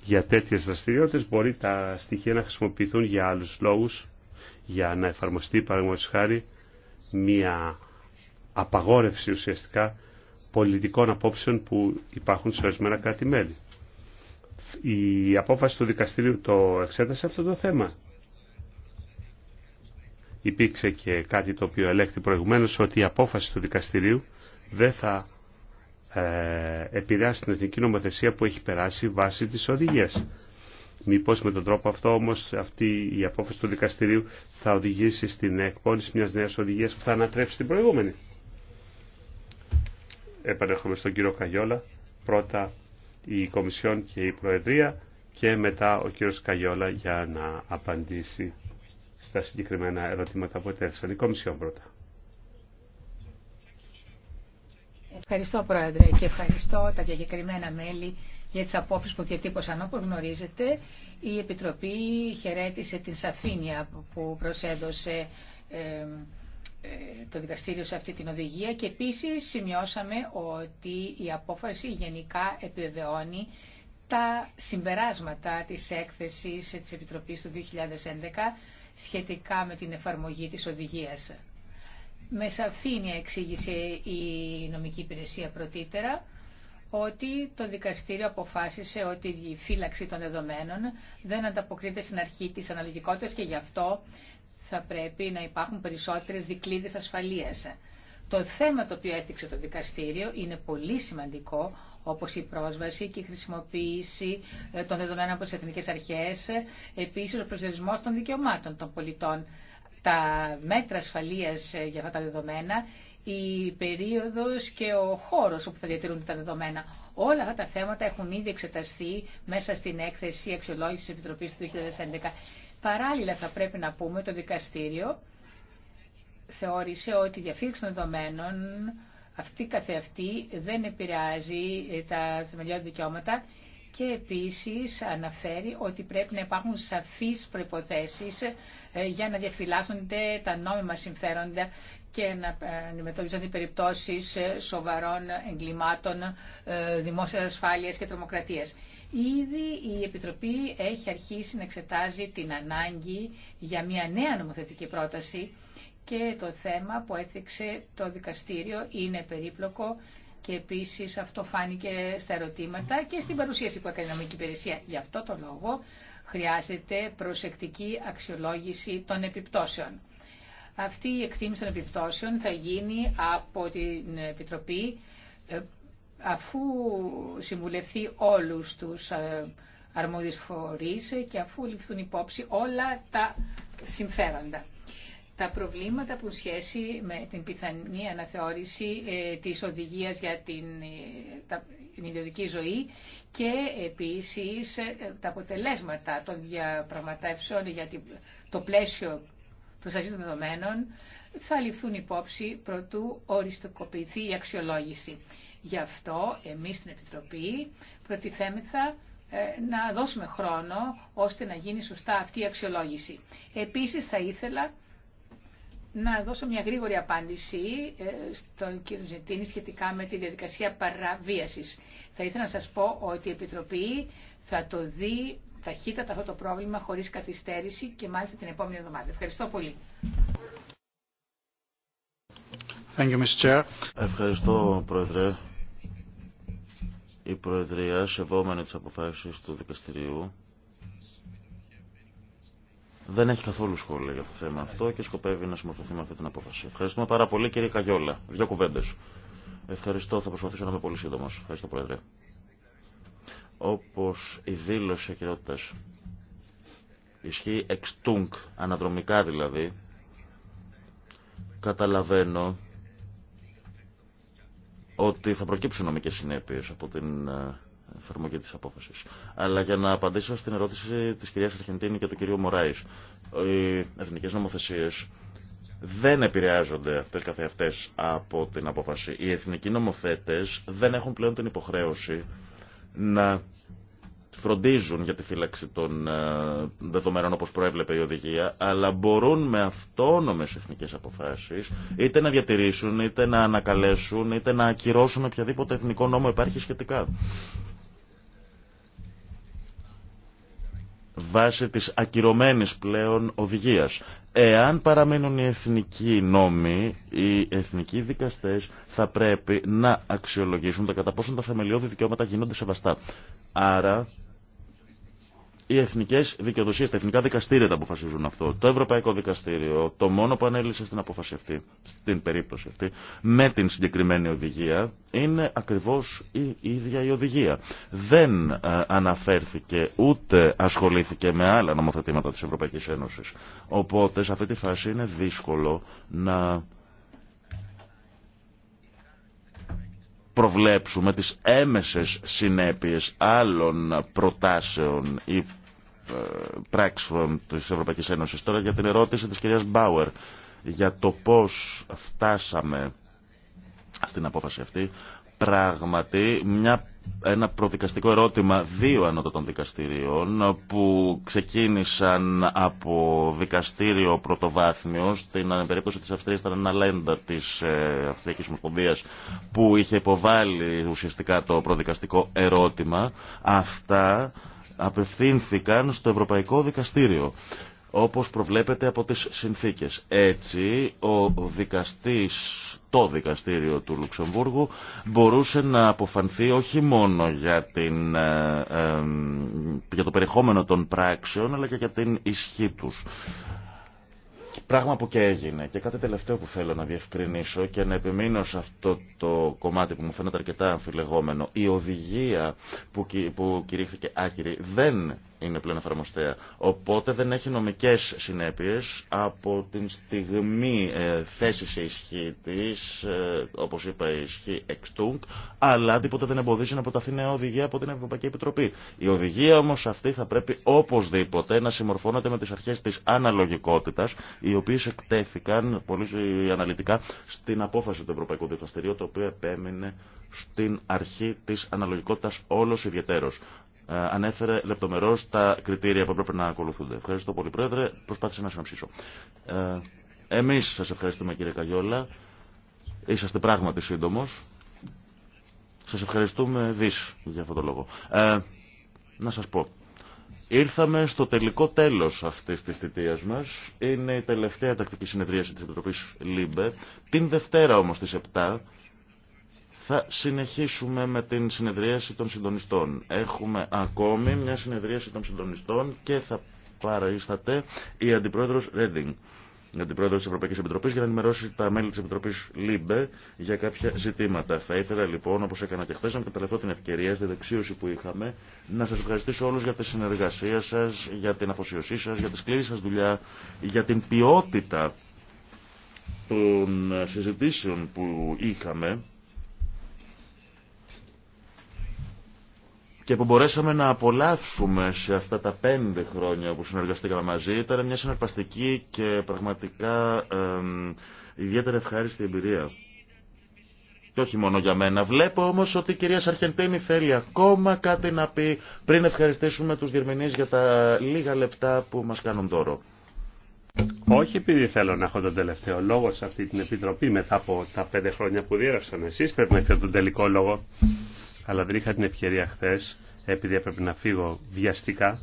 για τέτοιες δραστηριότητες μπορεί τα στοιχεία να χρησιμοποιηθούν για άλλους λόγους για να εφαρμοστεί παραγωγή χάρη μια απαγόρευση ουσιαστικά πολιτικών απόψεων που υπάρχουν σε ορισμένα κράτη-μέλη. Η απόφαση του δικαστηρίου το εξέτασε αυτό το θέμα υπήρξε και κάτι το οποίο ελέγχθη προηγουμένως ότι η απόφαση του δικαστηρίου δεν θα ε, επηρεάσει την εθνική νομοθεσία που έχει περάσει βάσει της οδηγίας. Μήπως με τον τρόπο αυτό όμως αυτή η απόφαση του δικαστηρίου θα οδηγήσει στην εκπόνηση μιας νέας οδηγίας που θα ανατρέψει την προηγούμενη. Επανέρχομαι στον κύριο Καγιόλα. Πρώτα η Κομισιόν και η Προεδρία και μετά ο κύριος Καγιόλα για να απαντήσει στα συγκεκριμένα ερωτήματα που την Η Κομισιόν πρώτα. Ευχαριστώ Πρόεδρε και ευχαριστώ τα διακεκριμένα μέλη για τις απόψεις που διατύπωσαν. Όπως γνωρίζετε, η Επιτροπή χαιρέτησε την σαφήνεια που προσέδωσε ε, το δικαστήριο σε αυτή την οδηγία και επίσης σημειώσαμε ότι η απόφαση γενικά επιβεβαιώνει τα συμπεράσματα της έκθεσης της Επιτροπής του 2011 σχετικά με την εφαρμογή της οδηγίας. Με σαφήνεια εξήγησε η νομική υπηρεσία πρωτήτερα ότι το δικαστήριο αποφάσισε ότι η φύλαξη των δεδομένων δεν ανταποκρίνεται στην αρχή της αναλογικότητας και γι' αυτό θα πρέπει να υπάρχουν περισσότερες δικλείδες ασφαλείας. Το θέμα το οποίο έθιξε το δικαστήριο είναι πολύ σημαντικό, όπως η πρόσβαση και η χρησιμοποίηση ε, των δεδομένων από τις εθνικές αρχές, ε, επίσης ο προσδιορισμός των δικαιωμάτων των πολιτών. Τα μέτρα ασφαλείας ε, για αυτά τα δεδομένα, η περίοδος και ο χώρος όπου θα διατηρούνται τα δεδομένα. Όλα αυτά τα θέματα έχουν ήδη εξεταστεί μέσα στην έκθεση αξιολόγησης τη Επιτροπής του 2011. Παράλληλα θα πρέπει να πούμε το δικαστήριο θεώρησε ότι η διαφύλαξη των δεδομένων αυτή καθεαυτή δεν επηρεάζει ε, τα θεμελιώδη δικαιώματα και επίσης αναφέρει ότι πρέπει να υπάρχουν σαφείς προϋποθέσεις ε, για να διαφυλάσσονται τα νόμιμα συμφέροντα και να ε, αντιμετωπίζονται περιπτώσεις σοβαρών εγκλημάτων δημόσιας ασφάλειας και τρομοκρατίας. Ήδη η Επιτροπή έχει αρχίσει να εξετάζει την ανάγκη για μια νέα νομοθετική πρόταση και το θέμα που έθιξε το δικαστήριο είναι περίπλοκο και επίσης αυτό φάνηκε στα ερωτήματα και στην παρουσίαση που έκανε η νομική υπηρεσία. Γι' αυτό το λόγο χρειάζεται προσεκτική αξιολόγηση των επιπτώσεων. Αυτή η εκτίμηση των επιπτώσεων θα γίνει από την Επιτροπή ε, αφού συμβουλευτεί όλους τους ε, αρμόδιες φορείς και αφού ληφθούν υπόψη όλα τα συμφέροντα τα προβλήματα που σχέση με την πιθανή αναθεώρηση ε, της οδηγίας για την, ε, την ιδιωτική ζωή και επίσης ε, τα αποτελέσματα των διαπραγματεύσεων για το πλαίσιο προστασίας των δεδομένων θα ληφθούν υπόψη προτού οριστικοποιηθεί η αξιολόγηση. Γι' αυτό εμείς στην Επιτροπή προτιθέμεθα να δώσουμε χρόνο ώστε να γίνει σωστά αυτή η αξιολόγηση. Επίσης θα ήθελα να δώσω μια γρήγορη απάντηση ε, στον κύριο Ζετίνη σχετικά με τη διαδικασία παραβίασης. Θα ήθελα να σας πω ότι η Επιτροπή θα το δει ταχύτατα αυτό το πρόβλημα χωρίς καθυστέρηση και μάλιστα την επόμενη εβδομάδα. Ευχαριστώ πολύ. Thank you, Ευχαριστώ, Πρόεδρε. Η Προεδρία, σεβόμενη τις του Δικαστηρίου, δεν έχει καθόλου σχόλια για το θέμα αυτό και σκοπεύει να συμμορφωθεί με αυτή την απόφαση. Ευχαριστούμε πάρα πολύ κύριε Καγιόλα. Δύο κουβέντε. Ευχαριστώ, θα προσπαθήσω να είμαι πολύ σύντομο. Ευχαριστώ, Πρόεδρε. Όπω η δήλωση ακυρότητα ισχύει εξ τούγκ, αναδρομικά δηλαδή, καταλαβαίνω ότι θα προκύψουν νομικέ συνέπειε από την ε, εφαρμογή τη απόφαση. Αλλά για να απαντήσω στην ερώτηση τη κυρία Αρχεντίνη και του κυρίου Μωράη, Οι εθνικέ νομοθεσίε δεν επηρεάζονται αυτέ καθεαυτέ από την απόφαση. Οι εθνικοί νομοθέτε δεν έχουν πλέον την υποχρέωση να φροντίζουν για τη φύλαξη των ε, δεδομένων όπως προέβλεπε η οδηγία, αλλά μπορούν με αυτόνομες εθνικές αποφάσεις είτε να διατηρήσουν, είτε να ανακαλέσουν, είτε να ακυρώσουν οποιαδήποτε εθνικό νόμο υπάρχει σχετικά. βάσει της ακυρωμένης πλέον οδηγίας. Εάν παραμείνουν οι εθνικοί νόμοι, οι εθνικοί δικαστές θα πρέπει να αξιολογήσουν τα κατά πόσο τα θεμελιώδη δικαιώματα γίνονται σεβαστά. Άρα οι εθνικέ δικαιοδοσίε, τα εθνικά δικαστήρια τα αποφασίζουν αυτό. Το Ευρωπαϊκό Δικαστήριο, το μόνο που ανέλησε στην απόφαση αυτή, στην περίπτωση αυτή, με την συγκεκριμένη οδηγία, είναι ακριβώ η ίδια η οδηγία. Δεν ε, αναφέρθηκε ούτε ασχολήθηκε με άλλα νομοθετήματα τη Ευρωπαϊκή Ένωση. Οπότε σε αυτή τη φάση είναι δύσκολο να προβλέψουμε τις έμεσες συνέπειες άλλων προτάσεων ή ε, πράξεων της Ευρωπαϊκής Ένωσης. Τώρα για την ερώτηση της κυρίας Μπάουερ για το πώς φτάσαμε στην απόφαση αυτή πράγματι μια ένα προδικαστικό ερώτημα δύο ανώτατων δικαστηρίων που ξεκίνησαν από δικαστήριο πρωτοβάθμιο στην περίπτωση της Αυστρίας ήταν ένα λέντα της ε, Αυστριακής Ομοσπονδίας που είχε υποβάλει ουσιαστικά το προδικαστικό ερώτημα αυτά απευθύνθηκαν στο Ευρωπαϊκό Δικαστήριο όπως προβλέπεται από τις συνθήκες. Έτσι, ο δικαστής, το δικαστήριο του Λουξεμβούργου μπορούσε να αποφανθεί όχι μόνο για, την, ε, το περιεχόμενο των πράξεων, αλλά και για την ισχύ τους. Πράγμα που και έγινε. Και κάτι τελευταίο που θέλω να διευκρινίσω και να επιμείνω σε αυτό το κομμάτι που μου φαίνεται αρκετά αμφιλεγόμενο. Η οδηγία που, που κηρύχθηκε άκυρη δεν είναι πλέον εφαρμοστέα. Οπότε δεν έχει νομικές συνέπειες από την στιγμή ε, θέση σε ισχύ της, ε, όπως είπα η ισχύ εξτούγκ, αλλά τίποτα δεν εμποδίζει να προταθεί νέα οδηγία από την Ευρωπαϊκή Επιτροπή. Η οδηγία όμως αυτή θα πρέπει οπωσδήποτε να συμμορφώνεται με τις αρχές της αναλογικότητας, οι οποίες εκτέθηκαν πολύ αναλυτικά στην απόφαση του Ευρωπαϊκού Δικαστηρίου, το οποίο επέμεινε στην αρχή της αναλογικότητας όλος ιδιαίτερος. Ε, ανέφερε λεπτομερώ τα κριτήρια που έπρεπε να ακολουθούνται. Ευχαριστώ πολύ, Πρόεδρε. Προσπάθησα να συναψίσω. Ε, Εμεί σα ευχαριστούμε, κύριε Καγιόλα. Είσαστε πράγματι σύντομο. Σα ευχαριστούμε δι για αυτόν τον λόγο. Ε, να σα πω. Ήρθαμε στο τελικό τέλος αυτής της θητείας μας. Είναι η τελευταία τακτική συνεδρίαση της Επιτροπής ΛΥΜΠΕ. Την Δευτέρα όμως στις 7 θα συνεχίσουμε με την συνεδρίαση των συντονιστών. Έχουμε ακόμη μια συνεδρίαση των συντονιστών και θα παραίσταται η Αντιπρόεδρος Ρέντινγκ, η Αντιπρόεδρος της Ευρωπαϊκής Επιτροπής, για να ενημερώσει τα μέλη της Επιτροπής ΛΥΜΠΕ για κάποια ζητήματα. Θα ήθελα λοιπόν, όπως έκανα και χθες, να καταλαβαίνω την ευκαιρία στη δεξίωση που είχαμε, να σας ευχαριστήσω όλους για τη συνεργασία σας, για την αφοσιωσή σας, για τη σκληρή σας δουλειά, για την ποιότητα των συζητήσεων που είχαμε και που μπορέσαμε να απολαύσουμε σε αυτά τα πέντε χρόνια που συνεργαστήκαμε μαζί ήταν μια συναρπαστική και πραγματικά ε, ιδιαίτερα ευχάριστη εμπειρία. Και όχι μόνο για μένα. Βλέπω όμω ότι η κυρία Σαρχεντίνη θέλει ακόμα κάτι να πει πριν ευχαριστήσουμε του Γερμανεί για τα λίγα λεπτά που μα κάνουν δώρο. Όχι επειδή θέλω να έχω τον τελευταίο λόγο σε αυτή την επιτροπή μετά από τα πέντε χρόνια που διέρευσαν εσείς πρέπει να έχετε τον τελικό λόγο αλλά δεν είχα την ευκαιρία χθε, επειδή έπρεπε να φύγω βιαστικά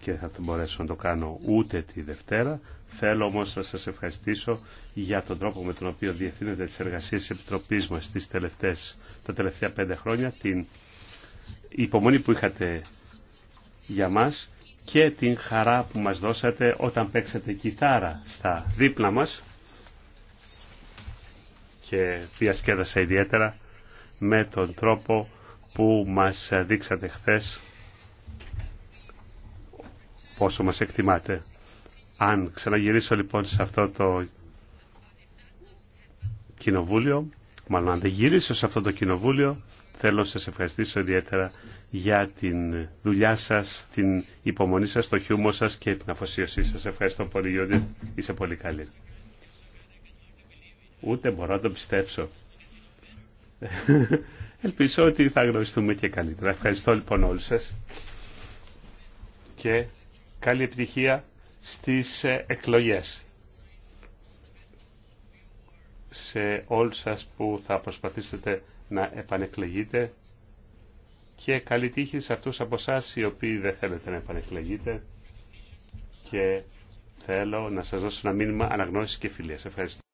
και θα μπορέσω να το κάνω ούτε τη Δευτέρα. Θέλω όμω να σα ευχαριστήσω για τον τρόπο με τον οποίο διευθύνεται τις εργασίε τη Επιτροπής μα τα τελευταία πέντε χρόνια, την υπομονή που είχατε για μας και την χαρά που μας δώσατε όταν παίξατε κιθάρα στα δίπλα μας και διασκέδασα ιδιαίτερα με τον τρόπο που μας δείξατε χθες πόσο μας εκτιμάτε. Αν ξαναγυρίσω λοιπόν σε αυτό το κοινοβούλιο, μάλλον αν δεν γυρίσω σε αυτό το κοινοβούλιο, θέλω να σας ευχαριστήσω ιδιαίτερα για την δουλειά σας, την υπομονή σας, το χιούμο σας και την αφοσίωσή σας. Ευχαριστώ πολύ Γιώργη, είσαι πολύ καλή. Ούτε μπορώ να το πιστέψω. Ελπίζω ότι θα γνωριστούμε και καλύτερα. Ευχαριστώ λοιπόν όλους σας και καλή επιτυχία στις ε, εκλογές. Σε όλους σας που θα προσπαθήσετε να επανεκλεγείτε και καλή τύχη σε αυτούς από εσά οι οποίοι δεν θέλετε να επανεκλεγείτε και θέλω να σας δώσω ένα μήνυμα αναγνώρισης και φιλίας. Ευχαριστώ.